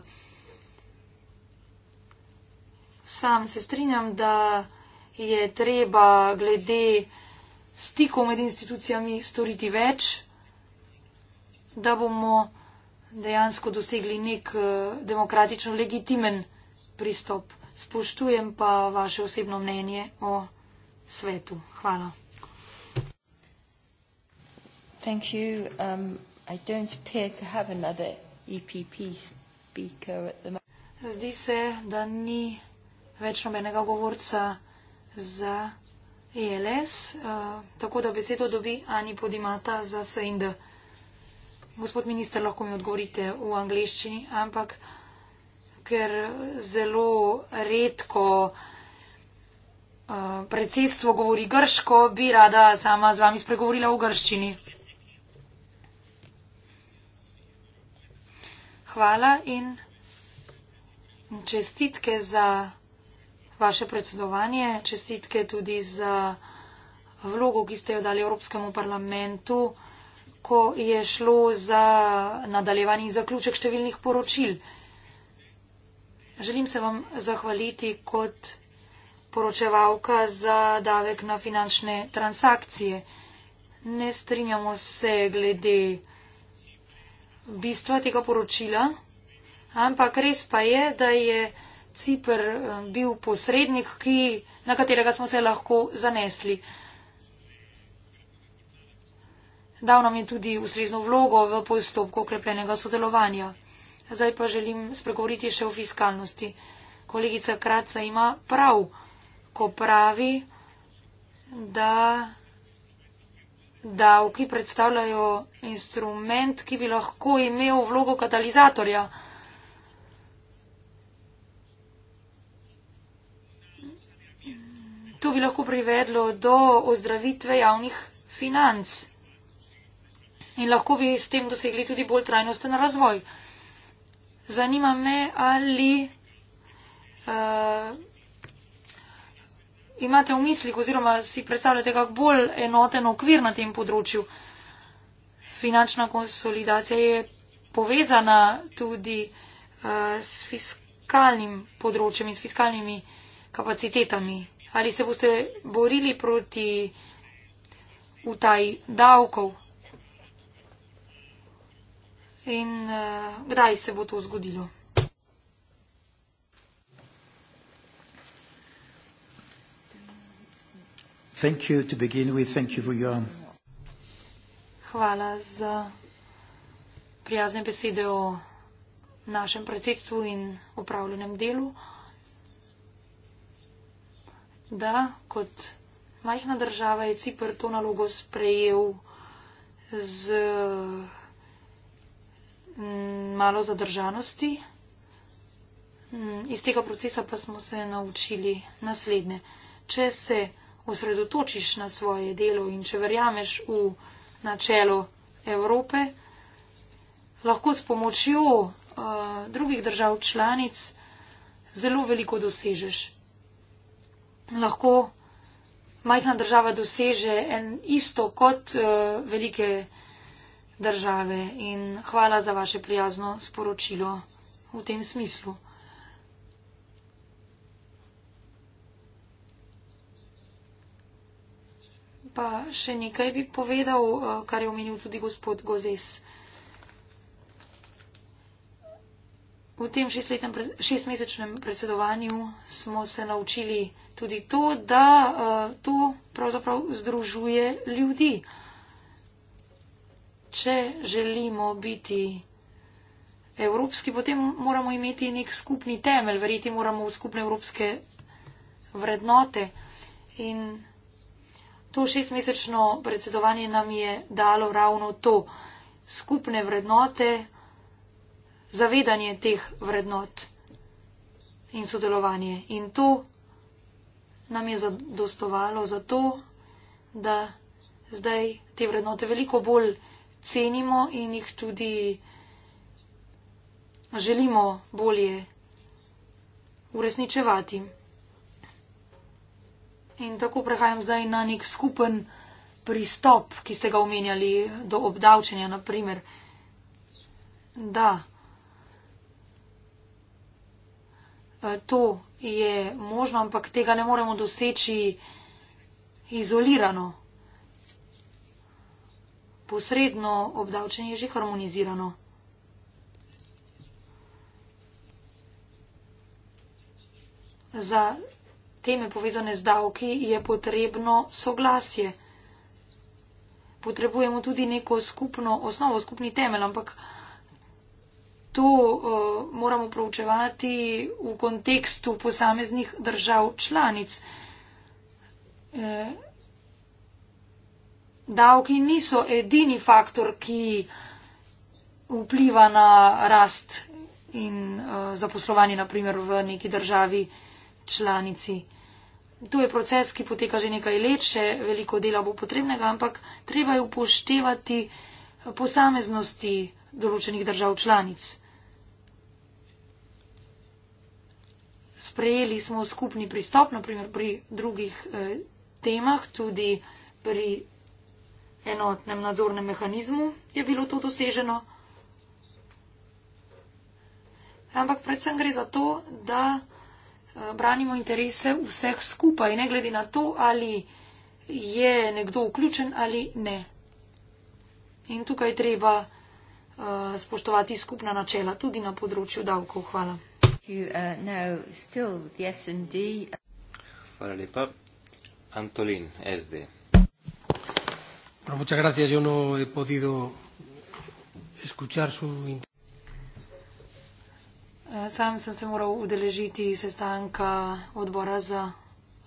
Sam se strinjam, da je treba glede stikov med institucijami storiti več, da bomo dejansko dosegli nek eh, demokratično legitimen pristop. Spoštujem pa vaše osebno mnenje o svetu. Hvala. Thank you. Um, I don't appear to have another EPP speaker at the moment. Zdi se, da ni več nobenega govorca za ELS, uh, tako da besedo dobi Ani Podimata za SND. Gospod minister, lahko mi odgovorite v angleščini, ampak ker zelo redko uh, predsedstvo govori grško, bi rada sama z vami spregovorila v grščini. hvala in čestitke za vaše predsedovanje, čestitke tudi za vlogo, ki ste jo dali Evropskemu parlamentu, ko je šlo za nadaljevanje in zaključek številnih poročil. Želim se vam zahvaliti kot poročevalka za davek na finančne transakcije. Ne strinjamo se glede bistva tega poročila, ampak res pa je, da je Cipr eh, bil posrednik, ki, na katerega smo se lahko zanesli. Dal nam je tudi ustrezno vlogo v postopku okrepljenega sodelovanja. Zdaj pa želim spregovoriti še o fiskalnosti. Kolegica Kraca ima prav, ko pravi, da da oki predstavljajo instrument, ki bi lahko imel vlogo katalizatorja. To bi lahko privedlo do ozdravitve javnih financ in lahko bi s tem dosegli tudi bolj trajnosten razvoj. Zanima me, ali. Uh, imate v mislih oziroma si predstavljate kak bolj enoten okvir na tem področju? Finančna konsolidacija je povezana tudi uh, s fiskalnim področjem in s fiskalnimi kapacitetami. Ali se boste borili proti utaji davkov? In uh, kdaj se bo to zgodilo? Thank you to begin with. Thank you for your. Hvala za prijazne besede o našem predsedstvu in upravljenem delu. Da, kot majhna država je Cipr to nalogo sprejel z mm, malo zadržanosti. Mm, iz tega procesa pa smo se naučili naslednje. Če se osredotočiš na svoje delo in če verjameš v načelo Evrope, lahko s pomočjo uh, drugih držav članic zelo veliko dosežeš. Lahko majhna država doseže en isto kot uh, velike države in hvala za vaše prijazno sporočilo v tem smislu. Pa še nekaj bi povedal, eh, kar je omenil tudi gospod Gozes. V tem šestletnem, šestmesečnem predsedovanju smo se naučili tudi to, da eh, to pravzaprav združuje ljudi. Če želimo biti evropski, potem moramo imeti nek skupni temelj, verjeti moramo v skupne evropske vrednote. In To šestmesečno predsedovanje nam je dalo ravno to skupne vrednote, zavedanje teh vrednot in sodelovanje. In to nam je zadostovalo za to, da zdaj te vrednote veliko bolj cenimo in jih tudi želimo bolje uresničevati. In tako prehajam zdaj na nek skupen pristop, ki ste ga omenjali do obdavčenja, naprimer. Da, e, to je možno, ampak tega ne moremo doseči izolirano. Posredno obdavčenje je že harmonizirano. Za teme povezane z davki, je potrebno soglasje. Potrebujemo tudi neko skupno osnovo, skupni temelj, ampak to uh, moramo proučevati v kontekstu posameznih držav članic. Eh, davki niso edini faktor, ki vpliva na rast in uh, zaposlovanje, naprimer v neki državi. Eh, članici. To je proces, ki poteka že nekaj let, še veliko dela bo potrebnega, ampak treba je upoštevati posameznosti določenih držav članic. Sprejeli smo skupni pristop, naprimer pri drugih eh, temah, tudi pri enotnem nadzornem mehanizmu je bilo to doseženo. Ampak predvsem gre za to, da Eh, branimo interese vseh skupaj, ne glede na to, ali je nekdo vključen ali ne. In tukaj treba uh, spoštovati skupna načela, tudi na področju davkov. Hvala. You, uh, no, still Hvala lepa. Antolin, SD. Hvala lepa, da sem lahko poslušal vašo intervju. Sam sem se moral udeležiti sestanka odbora za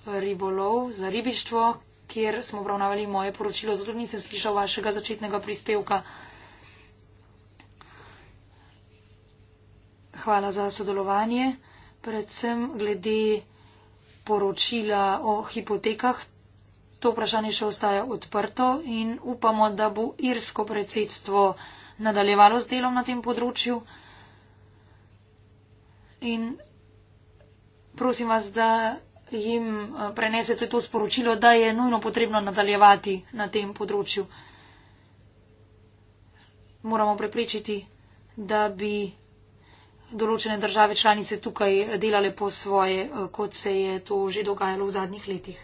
ribolov, za ribištvo, kjer smo obravnavali moje poročilo, zato nisem slišal vašega začetnega prispevka. Hvala za sodelovanje, predvsem glede poročila o hipotekah. To vprašanje še ostaja odprto in upamo, da bo irsko predsedstvo nadaljevalo z delom na tem področju in prosim vas, da jim eh, prenesete to sporočilo, da je nujno potrebno nadaljevati na tem področju. Moramo prepričati, da bi določene države članice tukaj delale po svoje, eh, kot se je to že dogajalo v zadnjih letih.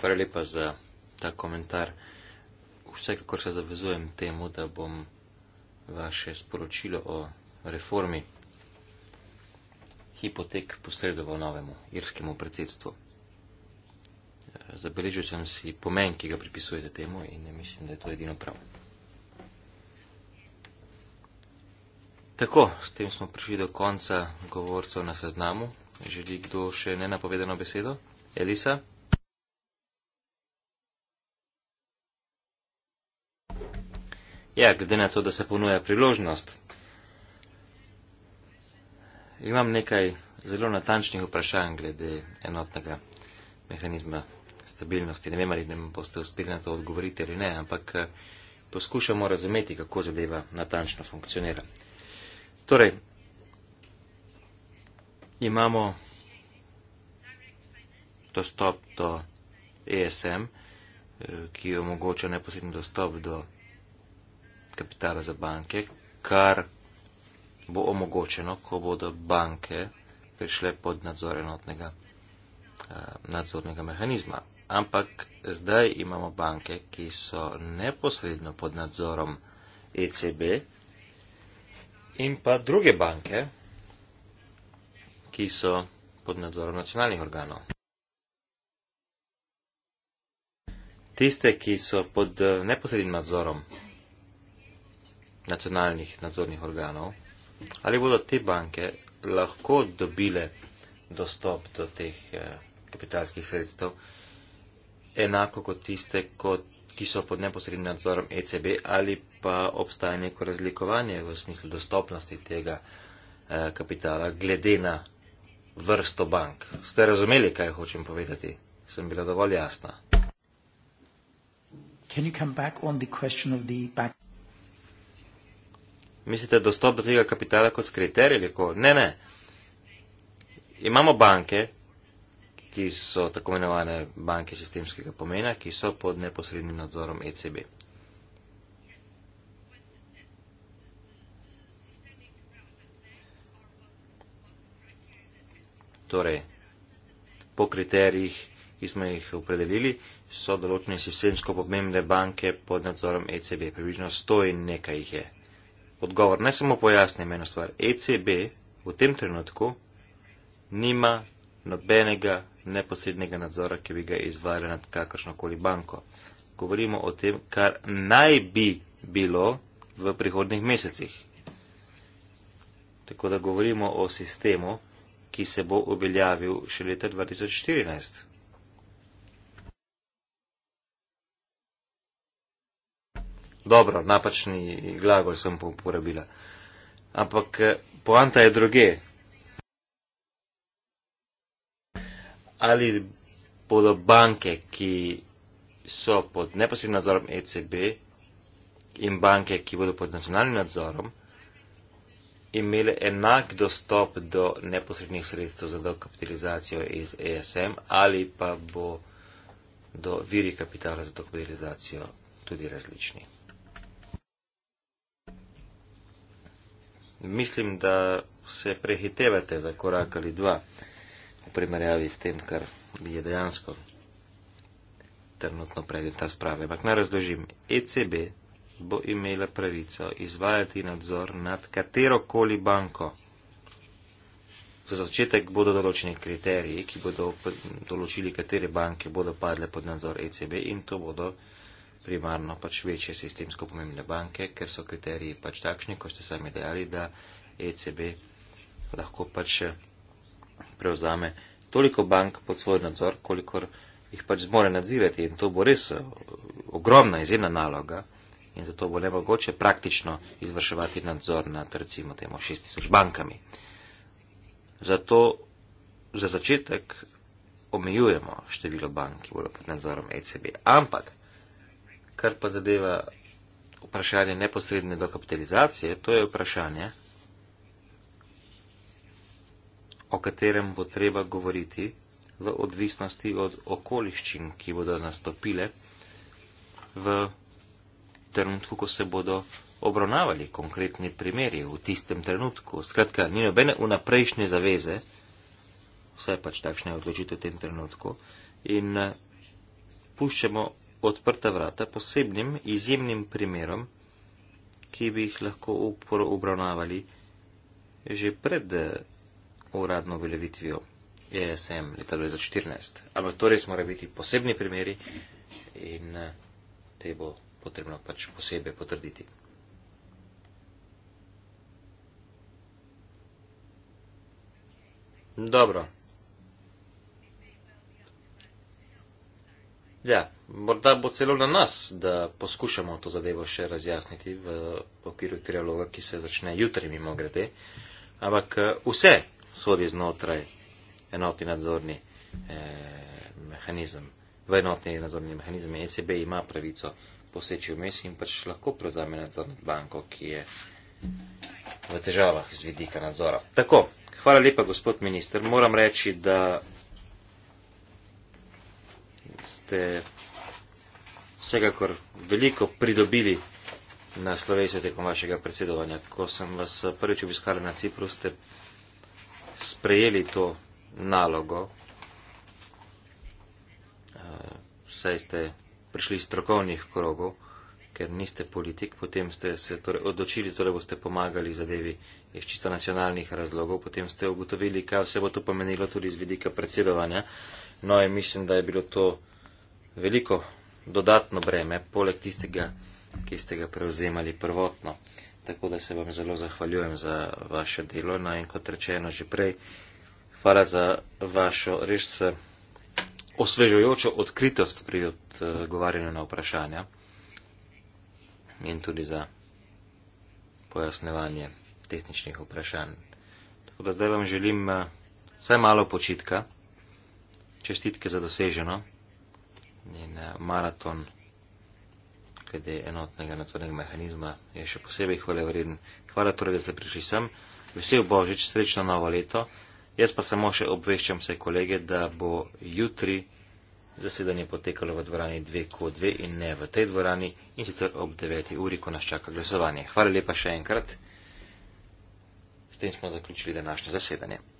Hvala lepa za ta komentar vsekakor se zavezujem temu, da bom vaše sporočilo o reformi hipotek posredoval novemu irskemu predsedstvu. Zabeležil sem si pomen, ki ga pripisujete temu in ne mislim, da je to edino prav. Tako, s tem smo prišli do konca govorcev na seznamu. Želi kdo še nenapovedano besedo? Elisa? Ja, glede na to, da se ponuja priložnost. Imam nekaj zelo natančnih vprašanj glede enotnega mehanizma stabilnosti. Ne vem, ali nam boste uspeli na to odgovoriti ali ne, ampak eh, poskušamo razumeti, kako zadeva natančno funkcionira. Torej, imamo dostop do ESM, eh, ki omogoča neposredni dostop do kapitala za banke, kar bo omogočeno, ko bodo banke prišle pod nadzor enotnega eh, nadzornega mehanizma. Ampak zdaj imamo banke, ki so neposredno pod nadzorom ECB in pa druge banke, ki so pod nadzorom nacionalnih organov. Tiste, ki so pod eh, neposrednim nadzorom nacionalnih nadzornih organov, ali bodo te banke lahko dobile dostop do teh eh, kapitalskih sredstev, enako kot tiste, kot, ki so pod neposrednim nadzorom ECB, ali pa obstaja neko razlikovanje v smislu dostopnosti tega eh, kapitala, glede na vrsto bank. Ste razumeli, kaj hočem povedati? Sem bila dovolj jasna. Can you come back on the question of the back? Mislite, dostop do tega kapitala kot kriterij ali kako? Ne, ne. Imamo banke, ki so tako imenovane banke sistemskega pomena, ki so pod neposrednim nadzorom ECB. Torej, po kriterijih, ki smo jih opredelili, so določene sistemsko pomembne banke pod nadzorom ECB. Približno sto in nekaj jih je odgovor. Naj samo pojasnim eno stvar. ECB v tem trenutku nima nobenega neposrednega nadzora, ki bi ga izvajal nad kakršnokoli banko. Govorimo o tem, kar naj bi bilo v prihodnih mesecih. Tako da govorimo o sistemu, ki se bo uveljavil še leta 2014. dobro, napačni glagol sem uporabila. Ampak eh, poanta je druge. Ali bodo banke, ki so pod neposrednim nadzorom ECB in banke, ki bodo pod nacionalnim nadzorom, imele enak dostop do neposrednih sredstev za dokapitalizacijo iz ESM ali pa bo do viri kapitala za dokapitalizacijo tudi različni. mislim, da se prehitevate za korak ali dva v primerjavi s tem, kar bi je dejansko trenutno predem ta sprave. Ampak naj razložim, ECB bo imela pravico izvajati nadzor nad katerokoli banko. Za začetek bodo določeni kriteriji, ki bodo določili, katere banke bodo padle pod nadzor ECB in to bodo primarno pač večje sistemsko pomembne banke, ker so kriteriji pač takšni, kot ste sami dejali, da ECB lahko pač eh, prevzame toliko bank pod svoj nadzor, kolikor jih pač zmore nadzirati in to bo res eh, ogromna izjemna naloga in zato bo ne mogoče praktično izvrševati nadzor nad recimo temo 6000 bankami. Zato za začetek omejujemo število bank, ki bodo pod nadzorom ECB. Ampak kar pa zadeva vprašanje neposredne dokapitalizacije, to je vprašanje, o katerem bo treba govoriti v odvisnosti od okoliščin, ki bodo nastopile v trenutku, ko se bodo obravnavali konkretni primeri v tistem trenutku. Skratka, ni nobene unaprejšnje zaveze, vse pač takšne odločitev v tem trenutku in eh, puščamo odprta vrata posebnim izjemnim primerom, ki bi jih lahko obravnavali že pred eh, uradno uveljavitvijo ESM leta 2014. Ampak torej mora biti posebni primeri in eh, te bo potrebno pač posebej potrditi. Dobro. Ja, morda bo celo na nas, da poskušamo to zadevo še razjasniti v okviru trialoga, ki se začne jutri, mimo grede. Ampak eh, vse sodi znotraj enotni nadzorni eh, mehanizem. V enotni nadzorni mehanizem ECB ima pravico poseči vmes in pač lahko prevzame nadzorno banko, ki je v težavah z vidika nadzora. Tako, hvala lepa, gospod minister. Moram reči, da ste vsekakor veliko pridobili na slovesu tekom vašega predsedovanja. Ko sem vas eh, prvič obiskal na Cipru, ste sprejeli to nalogo, eh, saj ste prišli iz strokovnih krogov, ker niste politik, potem ste se torej odločili, torej boste pomagali zadevi iz čisto nacionalnih razlogov, potem ste ugotovili, kaj vse bo to pomenilo tudi iz vidika predsedovanja. No, in mislim, da je bilo to veliko dodatno breme, poleg tistega, ki ste ga prevzemali prvotno. Tako da se vam zelo zahvaljujem za vaše delo. No in kot rečeno že prej, hvala za vašo res eh, osvežujočo odkritost pri odgovarjanju na vprašanja in tudi za pojasnevanje tehničnih vprašanj. Tako da zdaj vam želim eh, vsaj malo počitka. Čestitke za doseženo. In eh, maraton glede enotnega nadzornega mehanizma je še posebej hvale vreden. Hvala torej, da ste prišli sem. Vesel Božič, srečno novo leto. Jaz pa samo še obveščam vse kolege, da bo jutri zasedanje potekalo v dvorani 2K2 in ne v tej dvorani in sicer ob 9. uri, ko nas čaka glasovanje. Hvala lepa še enkrat. S tem smo zaključili današnje zasedanje.